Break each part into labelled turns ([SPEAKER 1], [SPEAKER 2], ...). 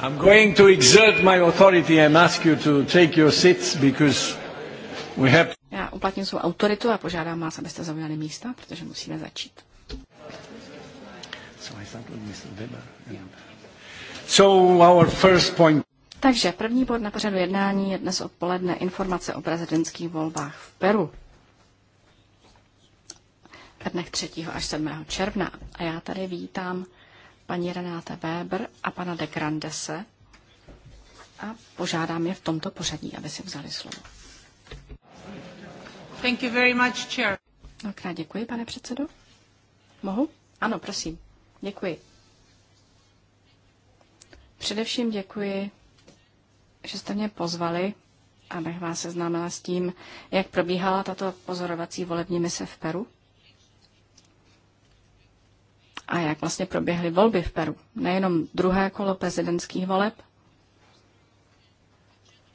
[SPEAKER 1] I'm going to exert my authority and ask you to take your seats because we have
[SPEAKER 2] Já uplatním svou autoritu a požádám vás, abyste zaujali místa, protože musíme začít.
[SPEAKER 3] So, I start with Mr.
[SPEAKER 1] Weber and... so our first point.
[SPEAKER 2] Takže první bod na pořadu jednání je dnes odpoledne informace o prezidentských volbách v Peru ve dnech 3. až 7. června. A já tady vítám paní Renáta Weber a pana de Grandese a požádám je v tomto pořadí, aby si vzali slovo.
[SPEAKER 3] Thank you very much, chair.
[SPEAKER 2] Mnohokrát děkuji, pane předsedo. Mohu? Ano, prosím. Děkuji. Především děkuji, že jste mě pozvali, abych vás seznámila s tím, jak probíhala tato pozorovací volební mise v Peru a jak vlastně proběhly volby v Peru. Nejenom druhé kolo prezidentských voleb,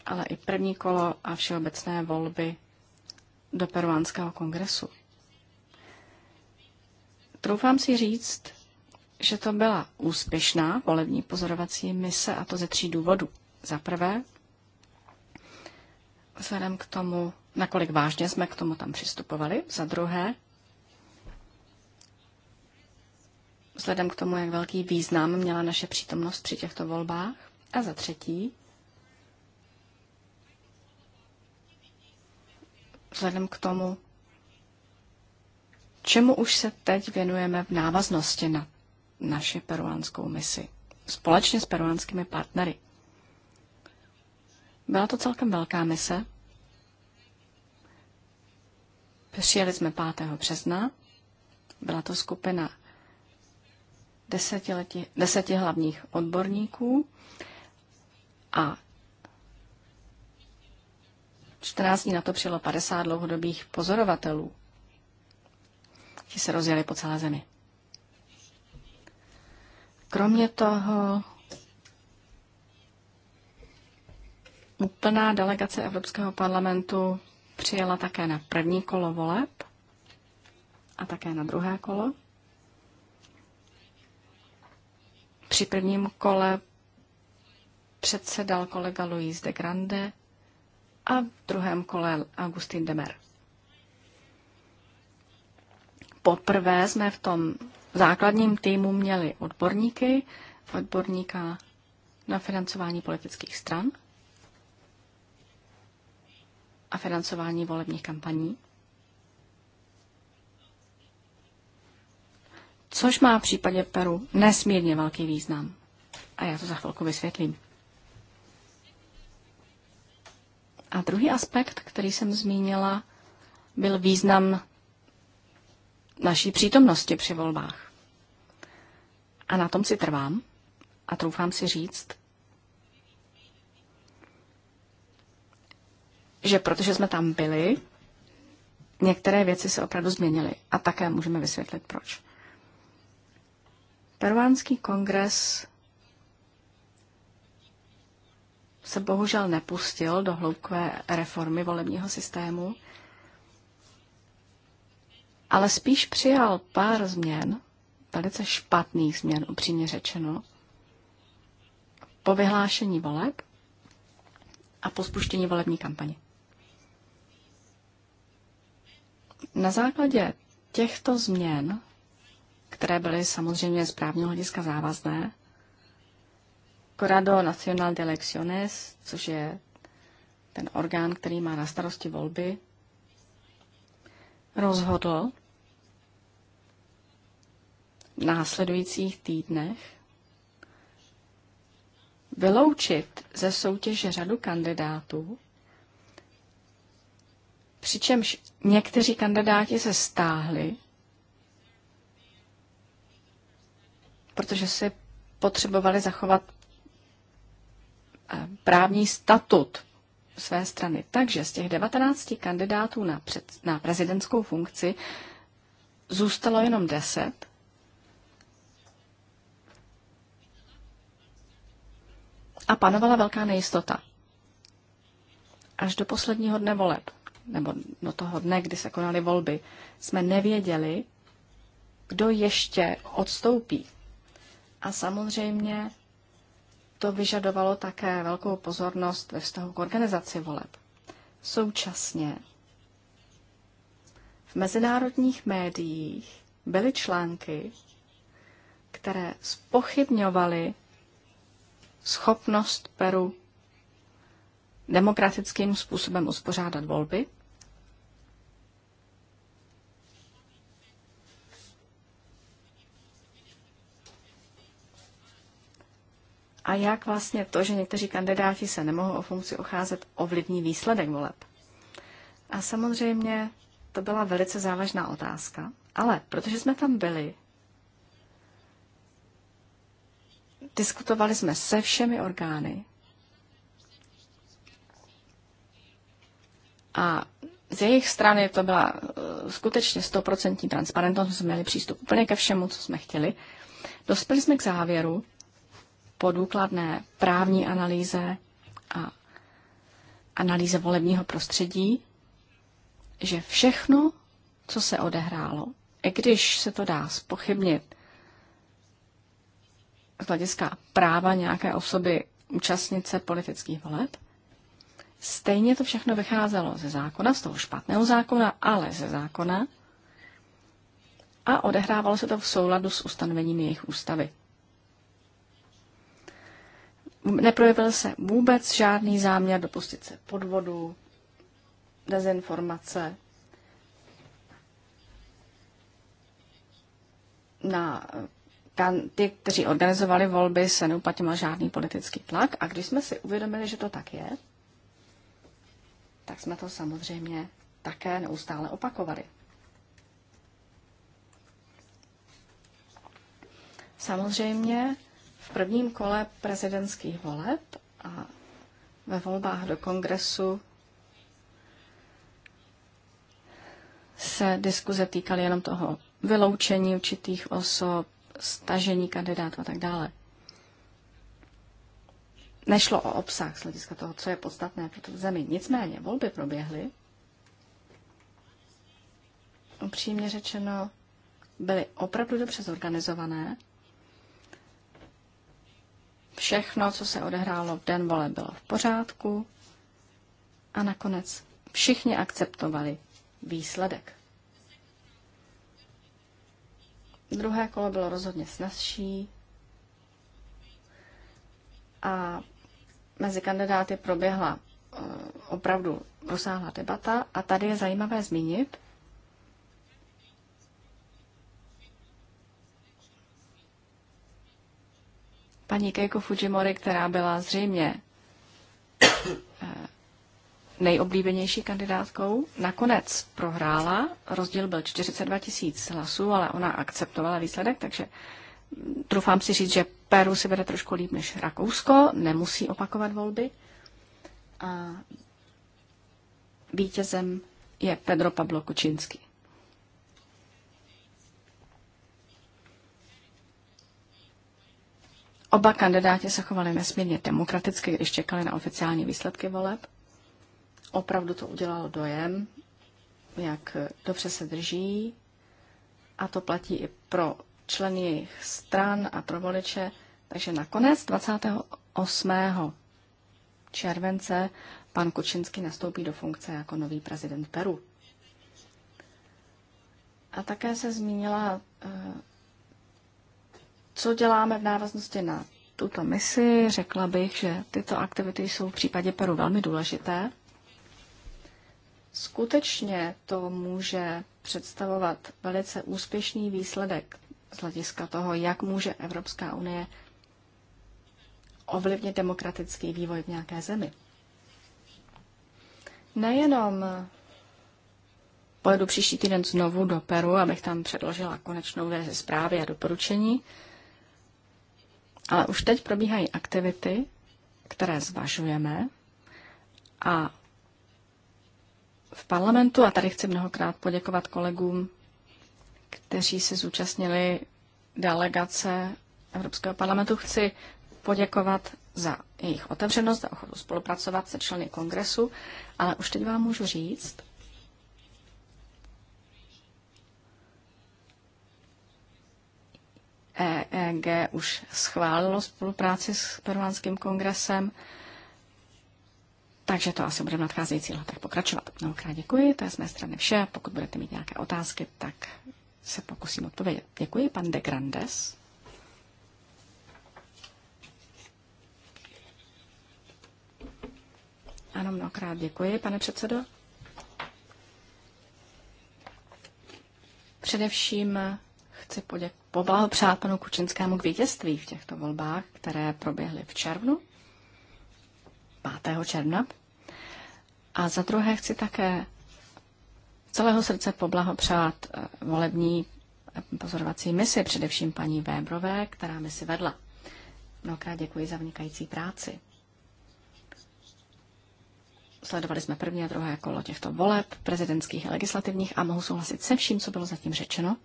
[SPEAKER 2] ale i první kolo a všeobecné volby do peruánského kongresu. Troufám si říct, že to byla úspěšná volební pozorovací mise a to ze tří důvodů. Za prvé, vzhledem k tomu, nakolik vážně jsme k tomu tam přistupovali. Za druhé, vzhledem k tomu, jak velký význam měla naše přítomnost při těchto volbách. A za třetí, vzhledem k tomu, čemu už se teď věnujeme v návaznosti na naši peruánskou misi, společně s peruánskými partnery. Byla to celkem velká mise. Přijeli jsme 5. března. Byla to skupina desetiletí, deseti hlavních odborníků a 14 dní na to přijelo 50 dlouhodobých pozorovatelů. kteří se rozjeli po celé zemi. Kromě toho úplná delegace Evropského parlamentu přijela také na první kolo voleb a také na druhé kolo. Při prvním kole předsedal kolega Luis de Grande a v druhém kole Augustin Demer. Poprvé jsme v tom základním týmu měli odborníky, odborníka na financování politických stran a financování volebních kampaní. což má v případě Peru nesmírně velký význam. A já to za chvilku vysvětlím. A druhý aspekt, který jsem zmínila, byl význam naší přítomnosti při volbách. A na tom si trvám a troufám si říct, že protože jsme tam byli, některé věci se opravdu změnily a také můžeme vysvětlit proč. Peruánský kongres se bohužel nepustil do hloubkové reformy volebního systému, ale spíš přijal pár změn, velice špatných změn, upřímně řečeno, po vyhlášení voleb a po spuštění volební kampaně. Na základě těchto změn které byly samozřejmě z právního hlediska závazné. Corado Nacional de Elecciones, což je ten orgán, který má na starosti volby, rozhodl v následujících týdnech vyloučit ze soutěže řadu kandidátů, přičemž někteří kandidáti se stáhli protože si potřebovali zachovat eh, právní statut své strany. Takže z těch 19 kandidátů na, před, na prezidentskou funkci zůstalo jenom 10. A panovala velká nejistota. Až do posledního dne voleb, nebo do toho dne, kdy se konaly volby, jsme nevěděli, kdo ještě odstoupí a samozřejmě to vyžadovalo také velkou pozornost ve vztahu k organizaci voleb. Současně v mezinárodních médiích byly články, které spochybňovaly schopnost Peru demokratickým způsobem uspořádat volby a jak vlastně to, že někteří kandidáti se nemohou o funkci ocházet, ovlivní výsledek voleb. A samozřejmě to byla velice závažná otázka, ale protože jsme tam byli, diskutovali jsme se všemi orgány a z jejich strany to byla eh, skutečně stoprocentní transparentnost, jsme měli přístup úplně ke všemu, co jsme chtěli. Dospěli jsme k závěru, po důkladné právní analýze a analýze volebního prostředí, že všechno, co se odehrálo, i když se to dá spochybnit z hlediska práva nějaké osoby účastnice politických voleb, stejně to všechno vycházelo ze zákona, z toho špatného zákona, ale ze zákona, a odehrávalo se to v souladu s ustanoveními jejich ústavy neprojevil se vůbec žádný záměr dopustit se podvodu, dezinformace na ty, kteří organizovali volby, se neuplatnil žádný politický tlak. A když jsme si uvědomili, že to tak je, tak jsme to samozřejmě také neustále opakovali. Samozřejmě prvním kole prezidentských voleb a ve volbách do kongresu se diskuze týkaly jenom toho vyloučení určitých osob, stažení kandidátů a tak dále. Nešlo o obsah z hlediska toho, co je podstatné pro tu zemi. Nicméně volby proběhly. Upřímně řečeno, byly opravdu dobře zorganizované všechno, co se odehrálo v den vole, bylo v pořádku a nakonec všichni akceptovali výsledek. Druhé kolo bylo rozhodně snazší a mezi kandidáty proběhla eh, opravdu rozsáhlá debata a tady je zajímavé zmínit, paní Keiko Fujimori, která byla zřejmě eh, nejoblíbenější kandidátkou, nakonec prohrála. Rozdíl byl 42 tisíc hlasů, ale ona akceptovala výsledek, takže trufám si říct, že Peru si vede trošku líp než Rakousko, nemusí opakovat volby. A vítězem je Pedro Pablo Kučinský. Oba kandidáti se chovali nesmírně demokraticky, když čekali na oficiální výsledky voleb. Opravdu to udělalo dojem, jak dobře se drží. A to platí i pro členy jejich stran a pro voliče. Takže nakonec 28. července pan Kučinsky nastoupí do funkce jako nový prezident Peru. A také se zmínila eh, co děláme v návaznosti na tuto misi? Řekla bych, že tyto aktivity jsou v případě Peru velmi důležité. Skutečně to může představovat velice úspěšný výsledek z hlediska toho, jak může Evropská unie ovlivnit demokratický vývoj v nějaké zemi. Nejenom pojedu příští týden znovu do Peru, abych tam předložila konečnou verzi zprávy a doporučení, ale už teď probíhají aktivity, které zvažujeme a v parlamentu, a tady chci mnohokrát poděkovat kolegům, kteří se zúčastnili delegace Evropského parlamentu, chci poděkovat za jejich otevřenost, za ochotu spolupracovat se členy kongresu, ale už teď vám můžu říct, EEG už schválilo spolupráci s peruánským kongresem, takže to asi bude v nadcházející letech pokračovat. Mnohokrát děkuji, to je z mé strany vše. Pokud budete mít nějaké otázky, tak se pokusím odpovědět. Děkuji, pan de Grandes. Ano, mnohokrát děkuji, pane předsedo. Především chci poděk- poblahopřát panu Kučinskému k vítězství v těchto volbách, které proběhly v červnu, 5. června. A za druhé chci také celého srdce poblahopřát eh, volební pozorovací misi, především paní Vébrové, která misi vedla. Mnohokrát děkuji za vynikající práci. Sledovali jsme první a druhé kolo těchto voleb, prezidentských a legislativních, a mohu souhlasit se vším, co bylo zatím řečeno.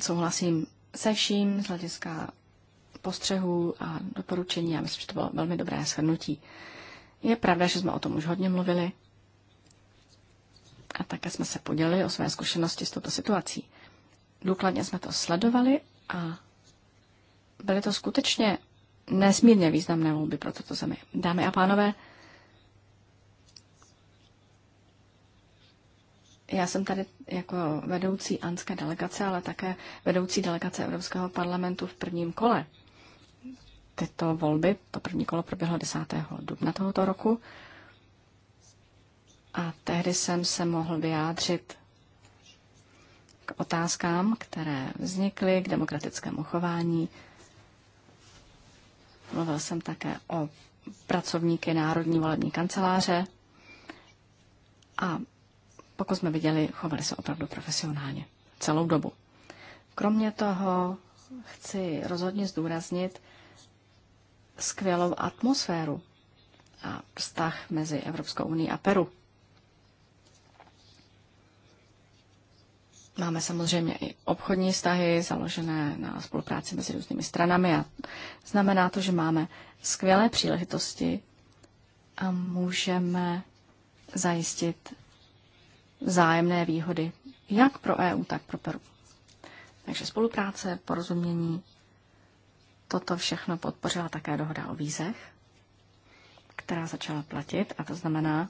[SPEAKER 2] Souhlasím se vším z hlediska postřehů a doporučení. Já myslím, že to bylo velmi dobré shrnutí. Je pravda, že jsme o tom už hodně mluvili a také jsme se podělili o své zkušenosti s touto situací. Důkladně jsme to sledovali a byly to skutečně nesmírně významné volby pro tuto zemi. Dámy a pánové, Já jsem tady jako vedoucí anské delegace, ale také vedoucí delegace Evropského parlamentu v prvním kole. Tyto volby, to první kolo proběhlo 10. dubna tohoto roku a tehdy jsem se mohl vyjádřit k otázkám, které vznikly k demokratickému chování. Mluvil jsem také o pracovníky Národní volební kanceláře a pokud jsme viděli, chovali se opravdu profesionálně celou dobu. Kromě toho chci rozhodně zdůraznit skvělou atmosféru a vztah mezi Evropskou unii a Peru. Máme samozřejmě i obchodní vztahy založené na spolupráci mezi různými stranami a znamená to, že máme skvělé příležitosti a můžeme zajistit vzájemné výhody jak pro EU, tak pro Peru. Takže spolupráce, porozumění, toto všechno podpořila také dohoda o vízech, která začala platit a to znamená,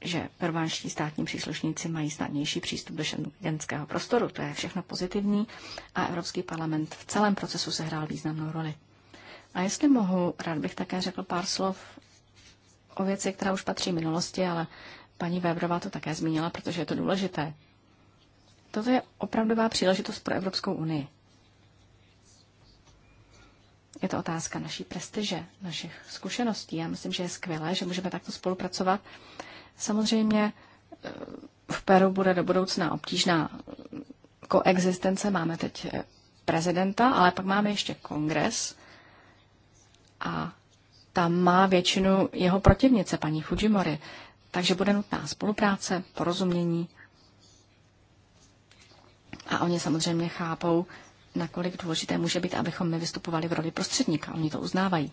[SPEAKER 2] že peruánští státní příslušníci mají snadnější přístup do šengenského prostoru. To je všechno pozitivní a Evropský parlament v celém procesu sehrál významnou roli. A jestli mohu, rád bych také řekl pár slov o věci, která už patří minulosti, ale Paní Weberová to také zmínila, protože je to důležité. Toto je opravdová příležitost pro Evropskou unii. Je to otázka naší prestiže, našich zkušeností. Já myslím, že je skvělé, že můžeme takto spolupracovat. Samozřejmě eh, v Peru bude do budoucna obtížná koexistence. Máme teď eh, prezidenta, ale pak máme ještě kongres a tam má většinu jeho protivnice, paní Fujimori. Takže bude nutná spolupráce, porozumění. A oni samozřejmě chápou, nakolik důležité může být, abychom my vystupovali v roli prostředníka. Oni to uznávají.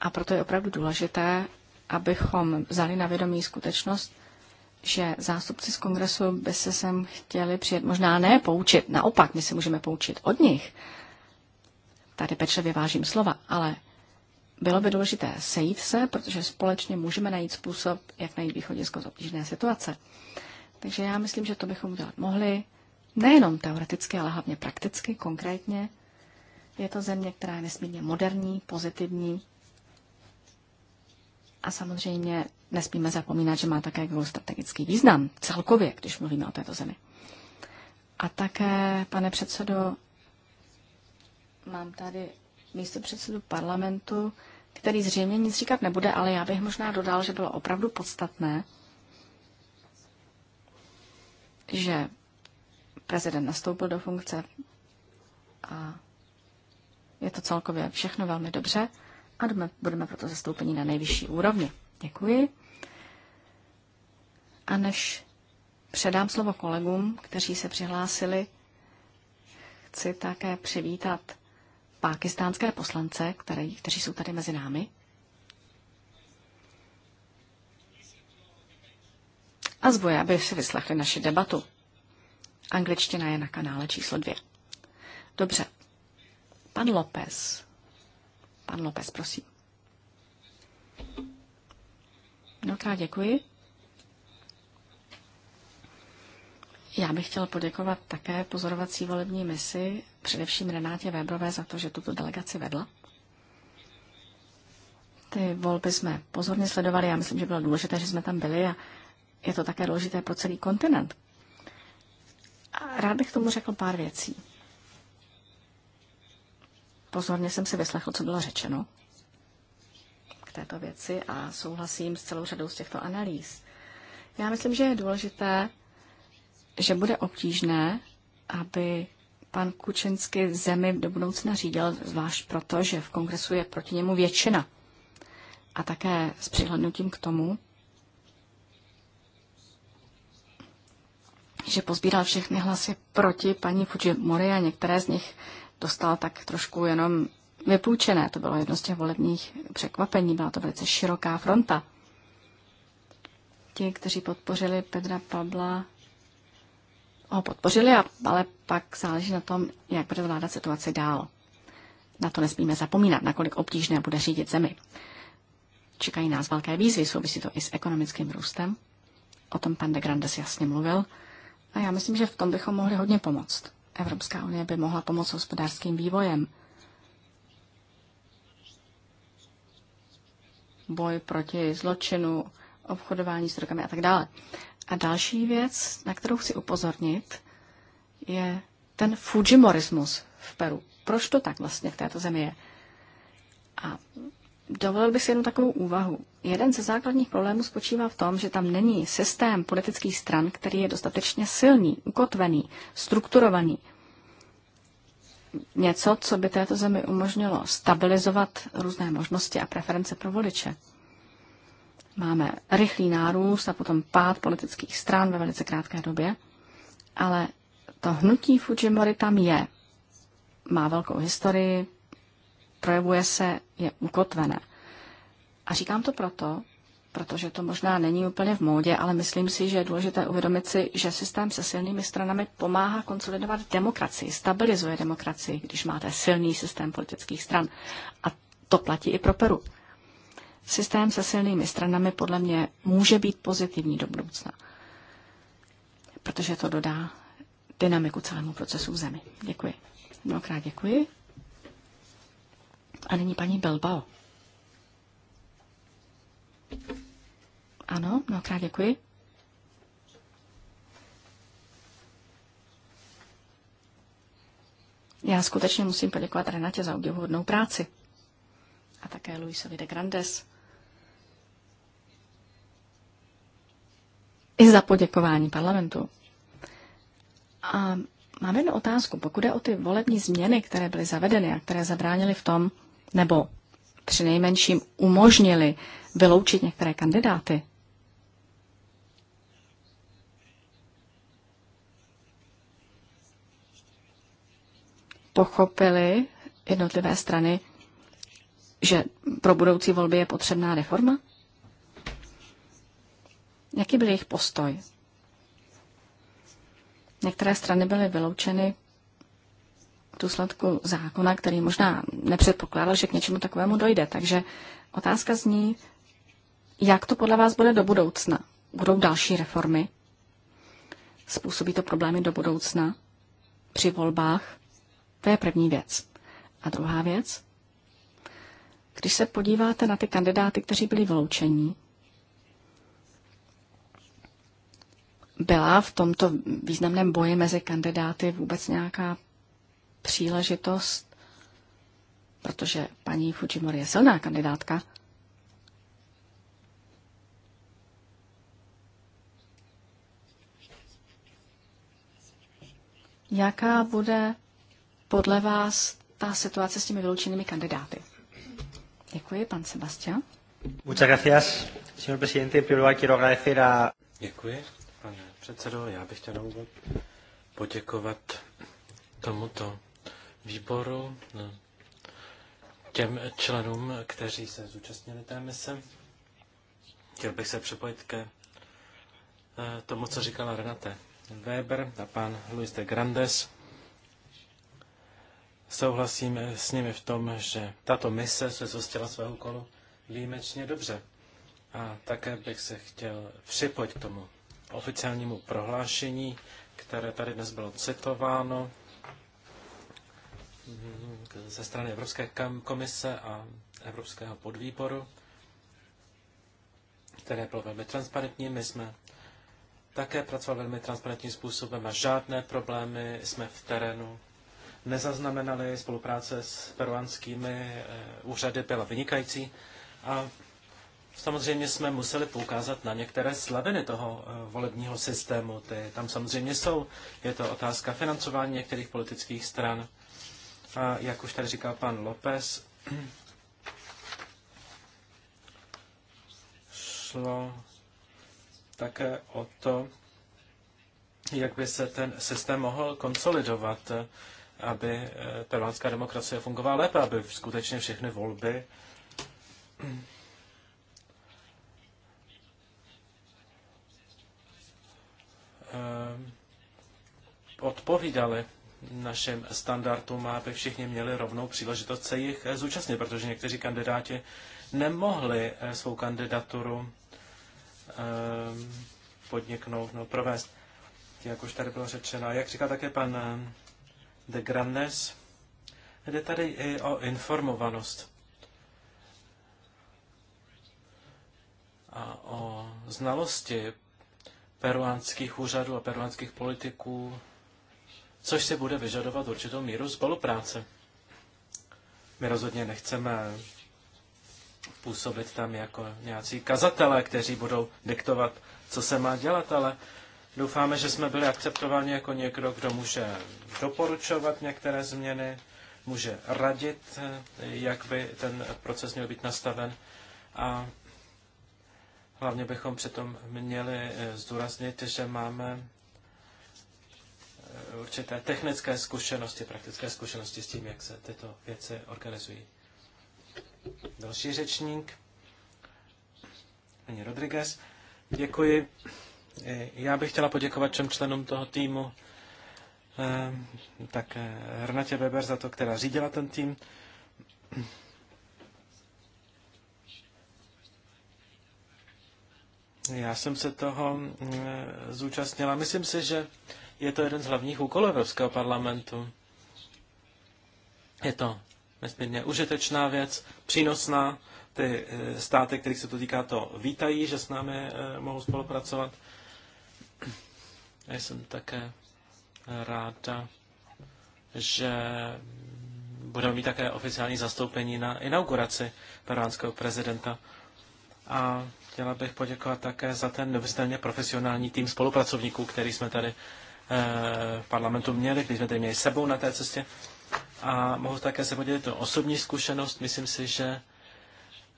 [SPEAKER 2] A proto je opravdu důležité, abychom vzali na vědomí skutečnost, že zástupci z kongresu by se sem chtěli přijet, možná ne poučit, naopak, my se můžeme poučit od nich. Tady pečlivě vážím slova, ale bylo by důležité sejít se, protože společně můžeme najít způsob, jak najít východisko z obtížné situace. Takže já myslím, že to bychom udělat mohli, nejenom teoreticky, ale hlavně prakticky, konkrétně. Je to země, která je nesmírně moderní, pozitivní a samozřejmě nesmíme zapomínat, že má také strategický význam celkově, když mluvíme o této zemi. A také, pane předsedo, mám tady místo předsedu parlamentu, který zřejmě nic říkat nebude, ale já bych možná dodal, že bylo opravdu podstatné, že prezident nastoupil do funkce a je to celkově všechno velmi dobře a budeme proto zastoupení na nejvyšší úrovni. Děkuji. A než předám slovo kolegům, kteří se přihlásili, chci také přivítat pákistánské poslance, které, kteří jsou tady mezi námi. A zvoje, aby si vyslechli naši debatu. Angličtina je na kanále číslo dvě. Dobře. Pan López. Pan López, prosím. Mnohokrát děkuji. Já bych chtěl poděkovat také pozorovací volební misi, především Renátě Webrové, za to, že tuto delegaci vedla. Ty volby jsme pozorně sledovali, já myslím, že bylo důležité, že jsme tam byli a je to také důležité pro celý kontinent. A rád bych tomu řekl pár věcí. Pozorně jsem si vyslechl, co bylo řečeno k této věci a souhlasím s celou řadou z těchto analýz. Já myslím, že je důležité že bude obtížné, aby pan Kučensky zemi do budoucna řídil, zvlášť proto, že v kongresu je proti němu většina. A také s přihlednutím k tomu, že pozbíral všechny hlasy proti paní Fujimori a některé z nich dostal tak trošku jenom vypůjčené. To bylo jedno z těch volebních překvapení, byla to velice široká fronta. Ti, kteří podpořili Pedra Pabla, ho podpořili, ale pak záleží na tom, jak bude vládat situace dál. Na to nesmíme zapomínat, nakolik obtížné bude řídit zemi. Čekají nás velké výzvy, souvisí to i s ekonomickým růstem. O tom pan de Grandes jasně mluvil. A já myslím, že v tom bychom mohli hodně pomoct. Evropská unie by mohla pomoct hospodářským vývojem. Boj proti zločinu, obchodování s drogami a tak dále. A další věc, na kterou chci upozornit, je ten Fujimorismus v Peru. Proč to tak vlastně v této zemi je? A dovolil bych si jednu takovou úvahu. Jeden ze základních problémů spočívá v tom, že tam není systém politických stran, který je dostatečně silný, ukotvený, strukturovaný. Něco, co by této zemi umožnilo stabilizovat různé možnosti a preference pro voliče. Máme rychlý nárůst a potom pád politických stran ve velice krátké době, ale to hnutí Fujimori tam je. Má velkou historii, projevuje se, je ukotvené. A říkám to proto, protože to možná není úplně v módě, ale myslím si, že je důležité uvědomit si, že systém se silnými stranami pomáhá konsolidovat demokracii, stabilizuje demokracii, když máte silný systém politických stran. A to platí i pro Peru. Systém se silnými stranami podle mě může být pozitivní do budoucna, protože to dodá dynamiku celému procesu v zemi. Děkuji. Mnohokrát děkuji. A nyní paní Belbao. Ano, mnohokrát děkuji. Já skutečně musím poděkovat Renatě za obdivuhodnou práci. A také Luisovi de Grandes. i za poděkování parlamentu. A mám jednu otázku. Pokud je o ty volební změny, které byly zavedeny a které zabránily v tom, nebo při nejmenším umožnili vyloučit některé kandidáty, pochopili jednotlivé strany, že pro budoucí volby je potřebná reforma? Jaký byl jejich postoj? Některé strany byly vyloučeny v důsledku zákona, který možná nepředpokládal, že k něčemu takovému dojde. Takže otázka zní, jak to podle vás bude do budoucna? Budou další reformy? Způsobí to problémy do budoucna? Při volbách? To je první věc. A druhá věc? Když se podíváte na ty kandidáty, kteří byli vyloučení, byla v tomto významném boji mezi kandidáty vůbec nějaká příležitost, protože paní Fujimori je silná kandidátka, Jaká bude podle vás ta situace s těmi vyloučenými kandidáty? Děkuji, pan Sebastian.
[SPEAKER 4] Muchas gracias, señor presidente. En primer lugar, quiero agradecer a... Děkuji předsedo. Já bych chtěl na úvod poděkovat tomuto výboru, no, těm členům, kteří se zúčastnili té mise. Chtěl bych se připojit ke eh, tomu, co říkala Renate Weber a pan Luis de Grandes. Souhlasím s nimi v tom, že tato mise se zhostila svého úkolu výjimečně dobře. A také bych se chtěl připojit k tomu oficiálnímu prohlášení, které tady dnes bylo citováno mm, ze strany Evropské komise a Evropského podvýboru, které bylo velmi transparentní. My jsme také pracovali velmi transparentním způsobem a žádné problémy jsme v terénu nezaznamenali. Spolupráce s peruanskými eh, úřady byla vynikající a Samozřejmě jsme museli poukázat na některé slabiny toho eh, volebního systému. Ty tam samozřejmě jsou. Je to otázka financování některých politických stran. A jak už tady říkal pan López, šlo také o to, jak by se ten systém mohl konsolidovat, aby eh, peruánská demokracie fungovala lépe, aby skutečně všechny volby odpovídaly našim standardům aby všichni měli rovnou příležitost se jich zúčastnit, protože někteří kandidáti nemohli eh, svou kandidaturu ehm, podniknout, no, provést. Jak už tady bylo řečeno, jak říká také pan eh, de Grandes, jde tady i o informovanost a o znalosti peruánských úřadů a peruánských politiků což si bude vyžadovat určitou míru spolupráce. My rozhodně nechceme působit tam jako nějací kazatelé, kteří budou diktovat, co se má dělat, ale doufáme, že jsme byli akceptováni jako někdo, kdo může doporučovat některé změny, může radit, jak by ten proces měl být nastaven a hlavně bychom přitom měli eh, zdůraznit, že máme určité technické zkušenosti, praktické zkušenosti s tím, jak se tyto věci organizují. Další řečník, paní Rodriguez. Děkuji. Já bych chtěla poděkovat všem členům toho týmu, eh, tak Renatě Weber za to, která řídila ten tým. Já jsem se toho eh, zúčastnila. Myslím si, že je to jeden z hlavních úkolů Evropského parlamentu. Je to nesmírně užitečná věc, přínosná. Ty eh, státy, kterých se to týká, to vítají, že s námi eh, mohou spolupracovat. Já jsem také ráda, že budeme mít také oficiální zastoupení na inauguraci peruánského prezidenta. A chtěla bych poděkovat také za ten neuvěřitelně profesionální tým spolupracovníků, který jsme tady Eh, v parlamentu měli, když jsme tady měli sebou na té cestě. A mohu také se podělit o osobní zkušenost. Myslím si, že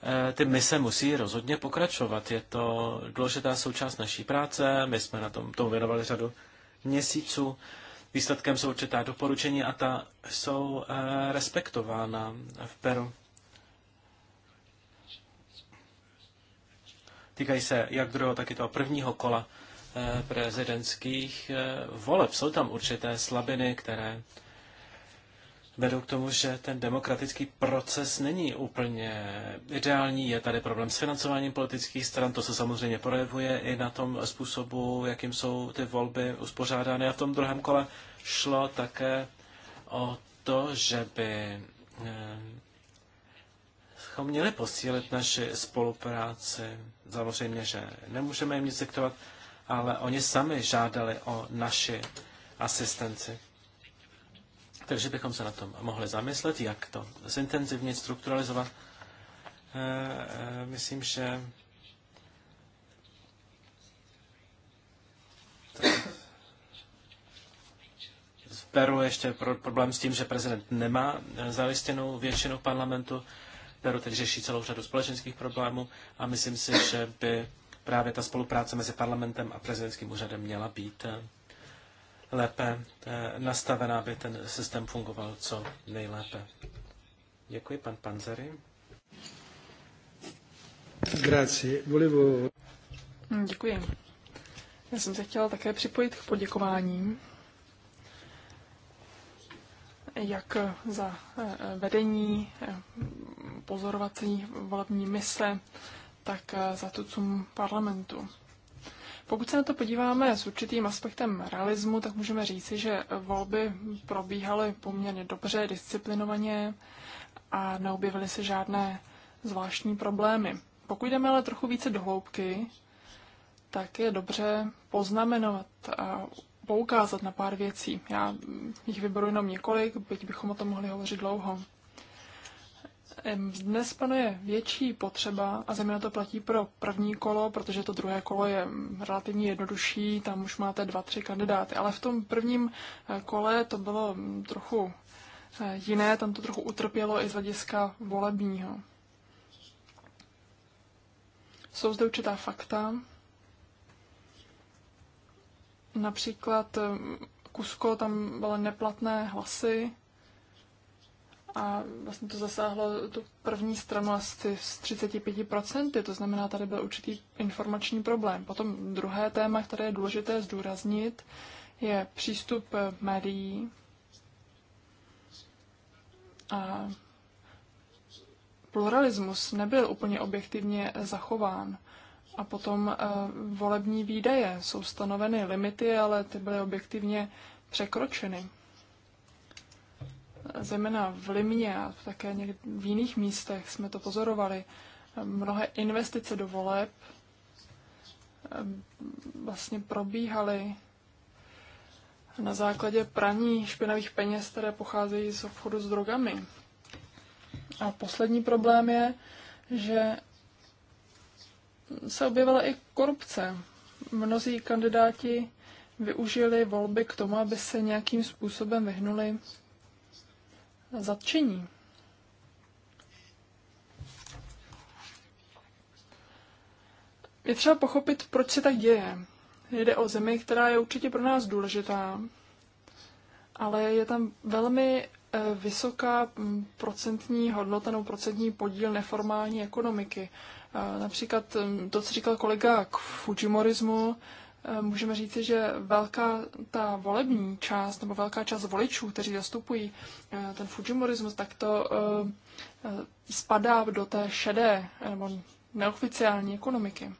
[SPEAKER 4] eh, ty mise musí rozhodně pokračovat. Je to důležitá součást naší práce. My jsme na tom tomu věnovali řadu měsíců. Výsledkem jsou určitá doporučení a ta jsou eh, respektována v Peru. Týkají se jak druhého, tak i toho prvního kola Eh, prezidentských eh, voleb. Jsou tam určité slabiny, které vedou k tomu, že ten demokratický proces není úplně ideální. Je tady problém s financováním politických stran, to se samozřejmě projevuje i na tom způsobu, jakým jsou ty volby uspořádány. A v tom druhém kole šlo také o to, že by bychom eh, měli posílit naši spolupráci. Samozřejmě, že nemůžeme jim nic diktovat, ale oni sami žádali o naši asistenci. Takže bychom se na tom mohli zamyslet, jak to zintenzivně strukturalizovat. Eh, eh, myslím, že v Peru ještě problém s tím, že prezident nemá eh, zalistěnou většinu parlamentu. Peru teď řeší celou řadu společenských problémů a myslím si, že by právě ta spolupráce mezi parlamentem a prezidentským úřadem měla být eh, lépe eh, nastavená, aby ten systém fungoval co nejlépe. Děkuji, pan Panzeri.
[SPEAKER 1] Grazie. Volevo...
[SPEAKER 3] Hm, děkuji. Já jsem se chtěla také připojit k poděkováním, jak za eh, vedení pozorovací volební mise, tak eh, zatůcům parlamentu. Pokud se na to podíváme s určitým aspektem realismu, tak můžeme říci, že volby probíhaly poměrně dobře, disciplinovaně a neobjevily se žádné zvláštní problémy. Pokud jdeme ale trochu více do hloubky, tak je dobře poznamenovat a poukázat na pár věcí. Já jich vyberu jenom několik, byť bychom o tom mohli hovořit dlouho. Dnes panuje větší potřeba, a zejména to platí pro první kolo, protože to druhé kolo je mm, relativně jednodušší, tam už máte dva, tři kandidáty. Ale v tom prvním eh, kole to bylo mm, trochu eh, jiné, tam to trochu utrpělo i z hlediska volebního. Jsou zde určitá fakta, například eh, Kusko, tam byly neplatné hlasy, a vlastně to zasáhlo tu první stranu asi z 35%, to znamená, tady byl určitý informační problém. Potom druhé téma, které je důležité zdůraznit, je přístup eh, médií a pluralismus nebyl úplně objektivně eh, zachován. A potom eh, volební výdaje jsou stanoveny limity, ale ty byly objektivně překročeny zejména v Limně a také v jiných místech jsme to pozorovali, mnohé investice do voleb ehm, vlastně probíhaly na základě praní špinavých peněz, které pocházejí z obchodu s drogami. A poslední problém je, že se objevila i korupce. Mnozí kandidáti využili volby k tomu, aby se nějakým způsobem vyhnuli zatčení. Je třeba pochopit, proč se tak děje. Jde o zemi, která je určitě pro nás důležitá, ale je tam velmi eh, vysoká mm, procentní hodnota nebo procentní podíl neformální ekonomiky. Eh, například mm, to, co říkal kolega k fujimorismu, Eh, můžeme říci, že velká ta volební část nebo velká část voličů, kteří zastupují eh, ten Fujimorismus, tak to eh, spadá do té šedé nebo neoficiální ekonomiky.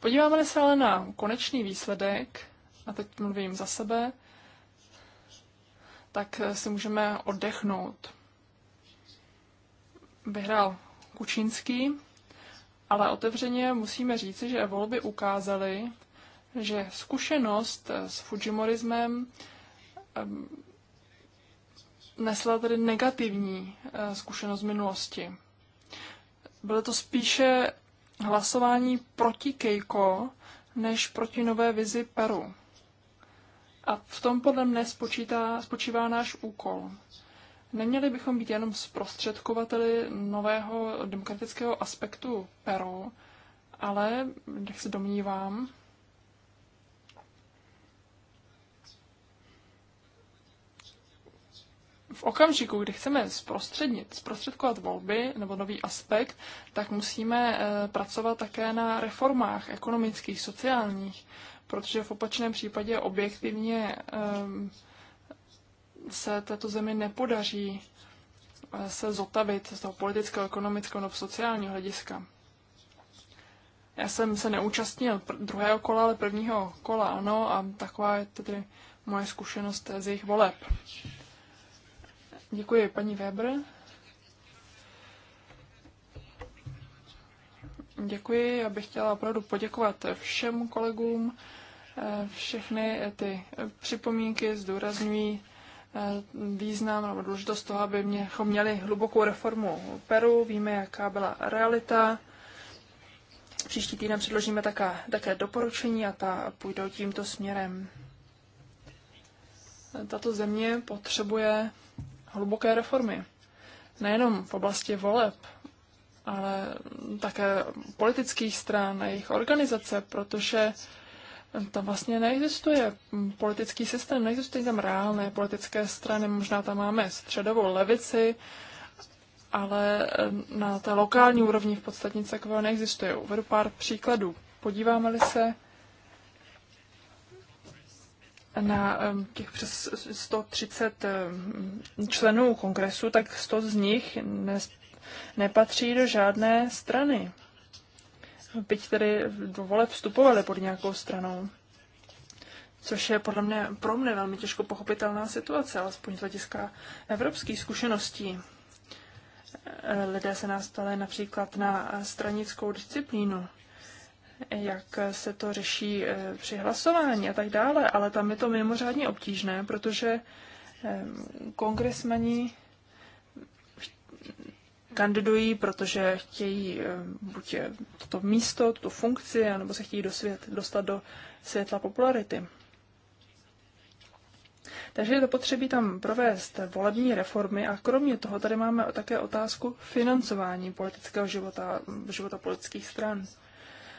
[SPEAKER 3] Podíváme se ale na konečný výsledek, a teď mluvím za sebe, tak si můžeme oddechnout. Vyhrál Kučínský, ale otevřeně musíme říci, že volby ukázaly, že zkušenost s Fujimorismem nesla tedy negativní e, zkušenost z minulosti. Bylo to spíše hlasování proti Keiko než proti nové vizi Peru. A v tom podle mne spočítá, spočívá náš úkol. Neměli bychom být jenom zprostředkovateli nového demokratického aspektu Peru, ale, jak se domnívám, v okamžiku, kdy chceme zprostřednit, zprostředkovat volby nebo nový aspekt, tak musíme eh, pracovat také na reformách ekonomických, sociálních, protože v opačném případě objektivně ehm, se této zemi nepodaří eh, se zotavit z toho politického, ekonomického nebo sociálního hlediska. Já jsem se neúčastnil druhého kola, ale prvního kola ano a taková je tedy moje zkušenost z jejich voleb. Děkuji, paní Weber. Děkuji, já bych chtěla opravdu poděkovat všem kolegům. Eh, Všechny ty připomínky zdůrazňují Eh, význam nebo důležitost toho, aby měchom měli hlubokou reformu Peru. Víme, jaká byla realita. Příští týden předložíme také, také doporučení a ta půjdou tímto směrem. Tato země potřebuje hluboké reformy. Nejenom v oblasti voleb, ale také politických stran a jejich organizace, protože tam vlastně neexistuje politický systém, neexistují tam reálné politické strany, možná tam máme středovou levici, ale eh, na té lokální úrovni v podstatě nic takového neexistuje. Uvedu pár příkladů. Podíváme-li se na eh, těch přes 130 eh, členů kongresu, tak 100 z nich nepatří do žádné strany byť tedy do voleb vstupovali pod nějakou stranou. Což je podle mě, pro mě velmi těžko pochopitelná situace, alespoň z hlediska evropských zkušeností. Eh, lidé se nás ptali například na stranickou disciplínu, jak se to řeší eh, při hlasování a tak dále, ale tam je to mimořádně obtížné, protože eh, kongresmani kandidují, protože chtějí eh, buď toto místo, tuto funkci, anebo se chtějí do svět, dostat do světla popularity. Takže je potřebí tam provést volební reformy a kromě toho tady máme také otázku financování politického života, života politických stran.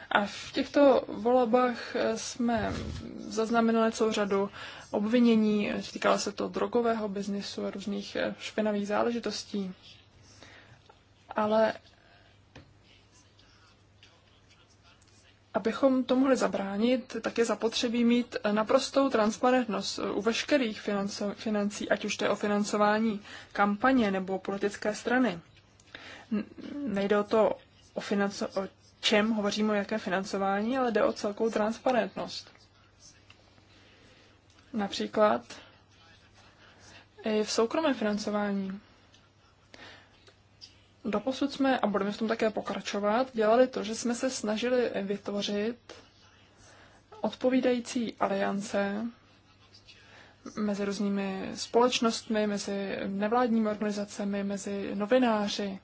[SPEAKER 3] A v těchto volbách eh, jsme zaznamenali celou řadu obvinění, týkalo se to drogového biznisu a různých eh, špinavých záležitostí ale abychom to mohli zabránit, tak je zapotřebí mít naprostou transparentnost u veškerých financo- financí, ať už to je o financování kampaně nebo politické strany. Nejde o to, o, financo- o čem hovoříme, o jaké financování, ale jde o celkovou transparentnost. Například i v soukromém financování. Doposud jsme, a budeme v tom také pokračovat, dělali to, že jsme se snažili vytvořit odpovídající aliance mezi různými společnostmi, mezi nevládními organizacemi, mezi novináři,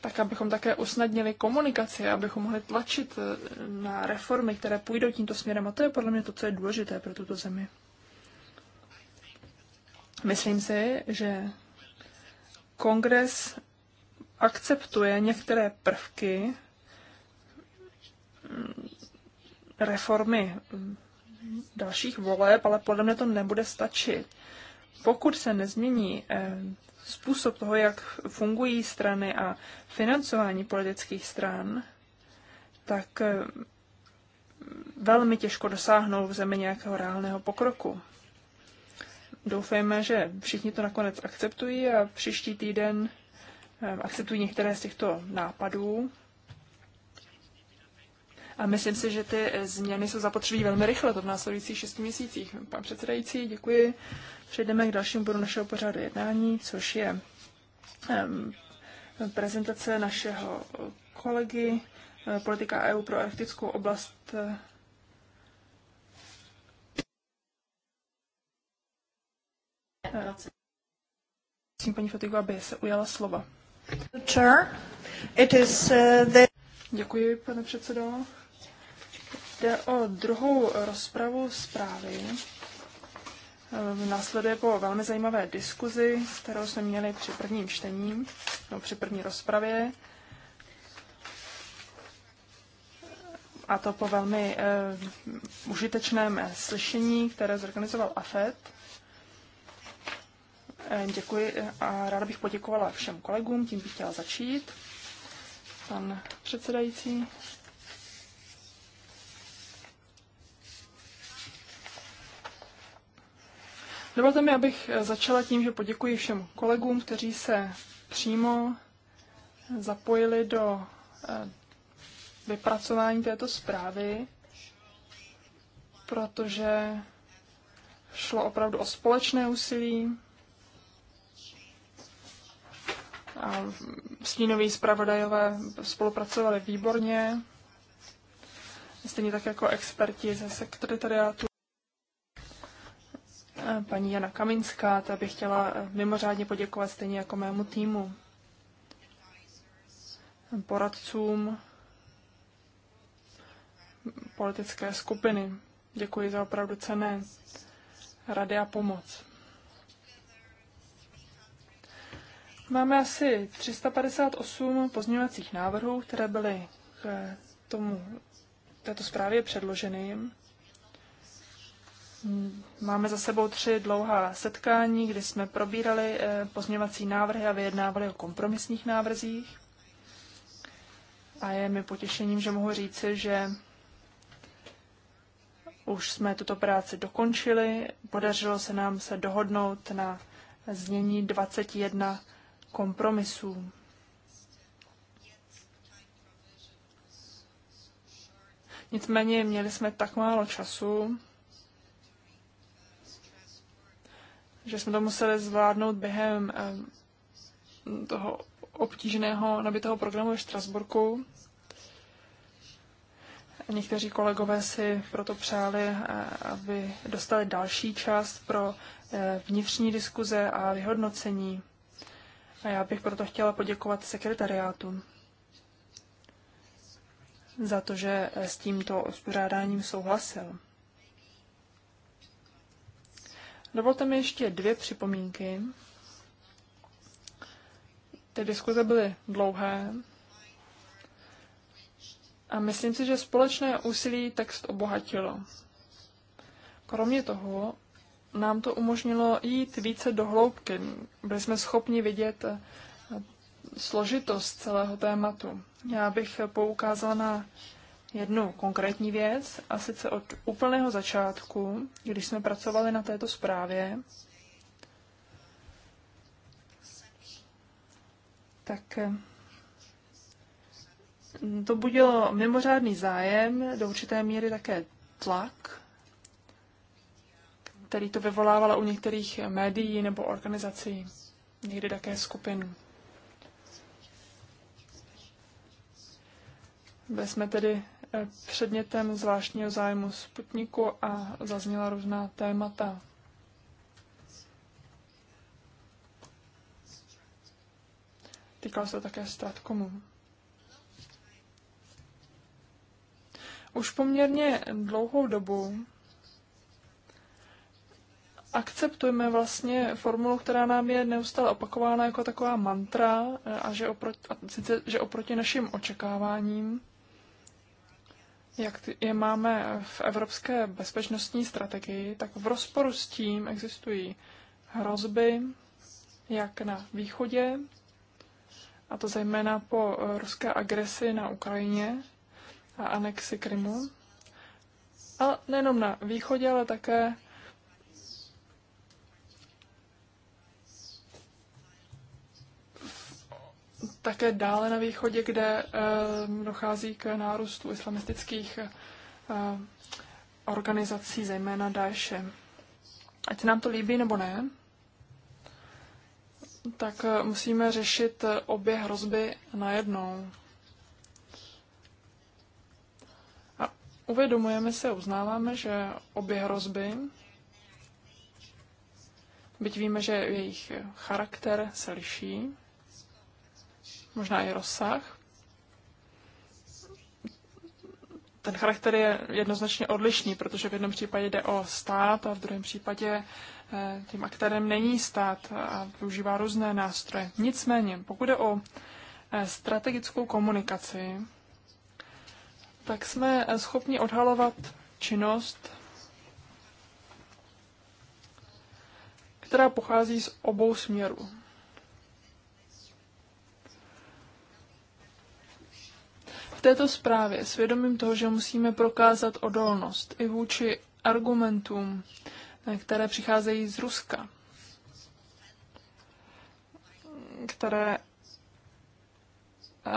[SPEAKER 3] tak abychom také usnadnili komunikaci, abychom mohli tlačit eh, na reformy, které půjdou tímto směrem. A to je podle mě to, co je důležité pro tuto zemi. Myslím si, že kongres akceptuje některé prvky mm, reformy mm, dalších voleb, ale podle mě to nebude stačit. Pokud se nezmění eh, způsob toho, jak fungují strany a financování politických stran, tak eh, velmi těžko dosáhnou v zemi nějakého reálného pokroku. Doufejme, že všichni to nakonec akceptují a příští týden Ehm, akceptují některé z těchto nápadů. A myslím si, že ty změny jsou zapotřebí velmi rychle, to v následujících šesti měsících. Pan předsedající, děkuji. Přejdeme k dalšímu bodu našeho pořadu jednání, což je ehm, prezentace našeho kolegy, eh, politika EU pro arktickou oblast eh, Prosím paní Fatigu, aby se ujala slova. Uh, Děkuji, pane předsedo. Jde o druhou rozpravu zprávy. Um, následuje po velmi zajímavé diskuzi, kterou jsme měli při prvním čtení, no, při první rozpravě. A to po velmi uh, užitečném eh, slyšení, které zorganizoval AFET Eh, děkuji eh, a ráda bych poděkovala všem kolegům, tím bych chtěla začít. Pan předsedající. Dovolte mi, abych eh, začala tím, že poděkuji všem kolegům, kteří se přímo zapojili do vypracování této zprávy, protože šlo opravdu o společné úsilí a stínoví zpravodajové spolupracovali výborně, stejně tak jako experti ze sekretariátu. Paní Jana Kaminská, ta bych chtěla mimořádně poděkovat stejně jako mému týmu, poradcům politické skupiny. Děkuji za opravdu cené rady a pomoc. Máme asi 358 pozměňovacích návrhů, které byly k tomu, této zprávě předloženy. Máme za sebou tři dlouhá setkání, kdy jsme probírali eh, pozměňovací návrhy a vyjednávali o kompromisních návrzích. A je mi potěšením, že mohu říci, že už jsme tuto práci dokončili. Podařilo se nám se dohodnout na znění 21 kompromisů. Nicméně měli jsme tak málo času, že jsme to museli zvládnout během eh, toho obtížného nabitého programu ve Štrasburku. Někteří kolegové si proto přáli, eh, aby dostali další část pro eh, vnitřní diskuze a vyhodnocení. A já bych proto chtěla poděkovat sekretariátu za to, že s tímto uspořádáním souhlasil. Dovolte mi ještě dvě připomínky. Ty diskuze byly dlouhé a myslím si, že společné úsilí text obohatilo. Kromě toho nám to umožnilo jít více do hloubky. Byli jsme schopni vidět eh, složitost celého tématu. Já bych poukázala na jednu konkrétní věc, a sice od úplného začátku, když jsme pracovali na této zprávě, tak eh, to budilo mimořádný zájem, do určité míry také tlak který to vyvolávalo u některých médií nebo organizací, někdy také skupin. Byli jsme tedy eh, předmětem zvláštního zájmu Sputniku a zazněla různá témata. Týkalo se to také Stratkomu. Už poměrně dlouhou dobu akceptujme vlastně formulu, která nám je neustále opakována jako taková mantra, eh, a že oproti, a sice, že oproti našim očekáváním, jak je máme v evropské bezpečnostní strategii, tak v rozporu s tím existují hrozby, jak na východě, a to zejména po eh, ruské agresi na Ukrajině a anexi Krymu. A nejenom na východě, ale také také dále na východě, kde eh, dochází k nárůstu islamistických eh, organizací, zejména Daeše. Ať se nám to líbí nebo ne, tak eh, musíme řešit obě hrozby najednou. A uvědomujeme se, uznáváme, že obě hrozby, byť víme, že jejich charakter se liší, možná i rozsah. Ten charakter je jednoznačně odlišný, protože v jednom případě jde o stát a v druhém případě eh, tím aktérem není stát a využívá různé nástroje. Nicméně, pokud jde o eh, strategickou komunikaci, tak jsme eh, schopni odhalovat činnost, která pochází z obou směrů. této zprávě svědomím toho, že musíme prokázat odolnost i vůči argumentům, eh, které přicházejí z Ruska, které eh,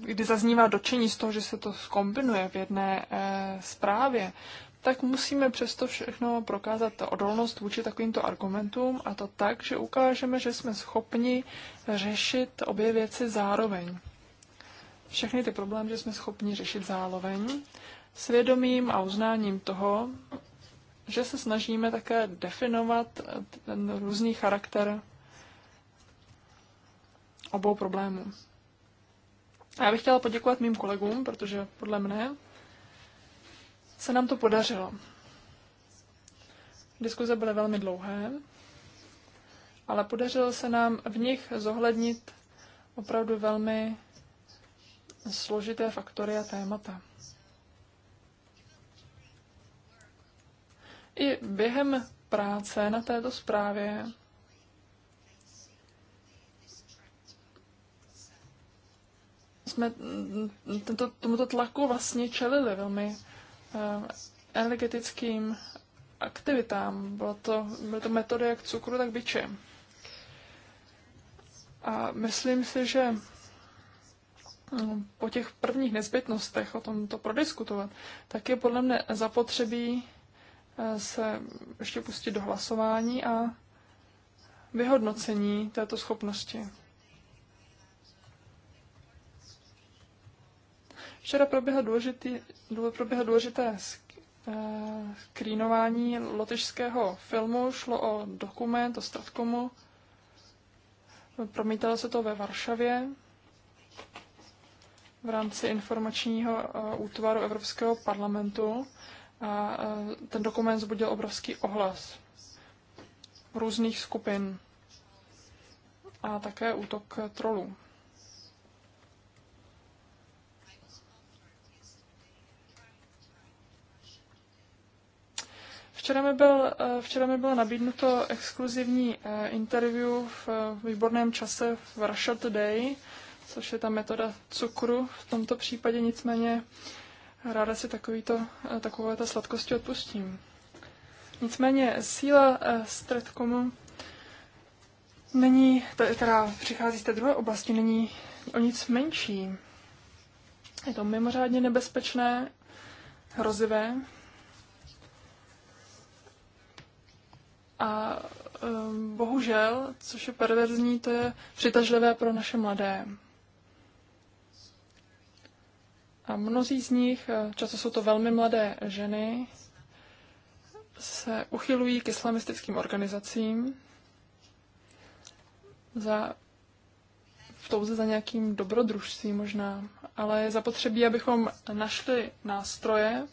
[SPEAKER 3] kdy zaznívá dočení z toho, že se to skombinuje v jedné eh, zprávě, tak musíme přesto všechno prokázat odolnost vůči takovýmto argumentům a to tak, že ukážeme, že jsme schopni řešit obě věci zároveň všechny ty problémy, že jsme schopni řešit zároveň, svědomím a uznáním toho, že se snažíme také definovat ten různý charakter obou problémů. A já bych chtěla poděkovat mým kolegům, protože podle mne se nám to podařilo. Diskuze byly velmi dlouhé, ale podařilo se nám v nich zohlednit opravdu velmi složité faktory a témata. I během práce na této zprávě jsme tento, tomuto tlaku vlastně čelili velmi eh, energetickým aktivitám. Bylo to, bylo to metody jak cukru, tak byče. A myslím si, že po těch prvních nezbytnostech o tom to prodiskutovat, tak je podle mne zapotřebí eh, se ještě pustit do hlasování a vyhodnocení této schopnosti. Včera proběhlo, důležitý, proběhlo důležité eh, skrýnování lotyšského filmu. Šlo o dokument, o statkomu. Promítalo se to ve Varšavě v rámci informačního eh, útvaru Evropského parlamentu a eh, ten dokument zbudil obrovský ohlas různých skupin a také útok trolů. Včera mi, byl, eh, včera mi bylo nabídnuto exkluzivní interview v výborném čase v Russia Today což je ta metoda cukru v tomto případě, nicméně ráda si takovýto, eh, takové ta sladkosti odpustím. Nicméně síla eh, stretkomu není, která přichází z té druhé oblasti, není o nic menší. Je to mimořádně nebezpečné, hrozivé a eh, bohužel, což je perverzní, to je přitažlivé pro naše mladé. A mnozí z nich, eh, často jsou to velmi mladé ženy, se uchylují k islamistickým organizacím za v touze za nějakým dobrodružstvím možná, ale je zapotřebí, abychom našli nástroje,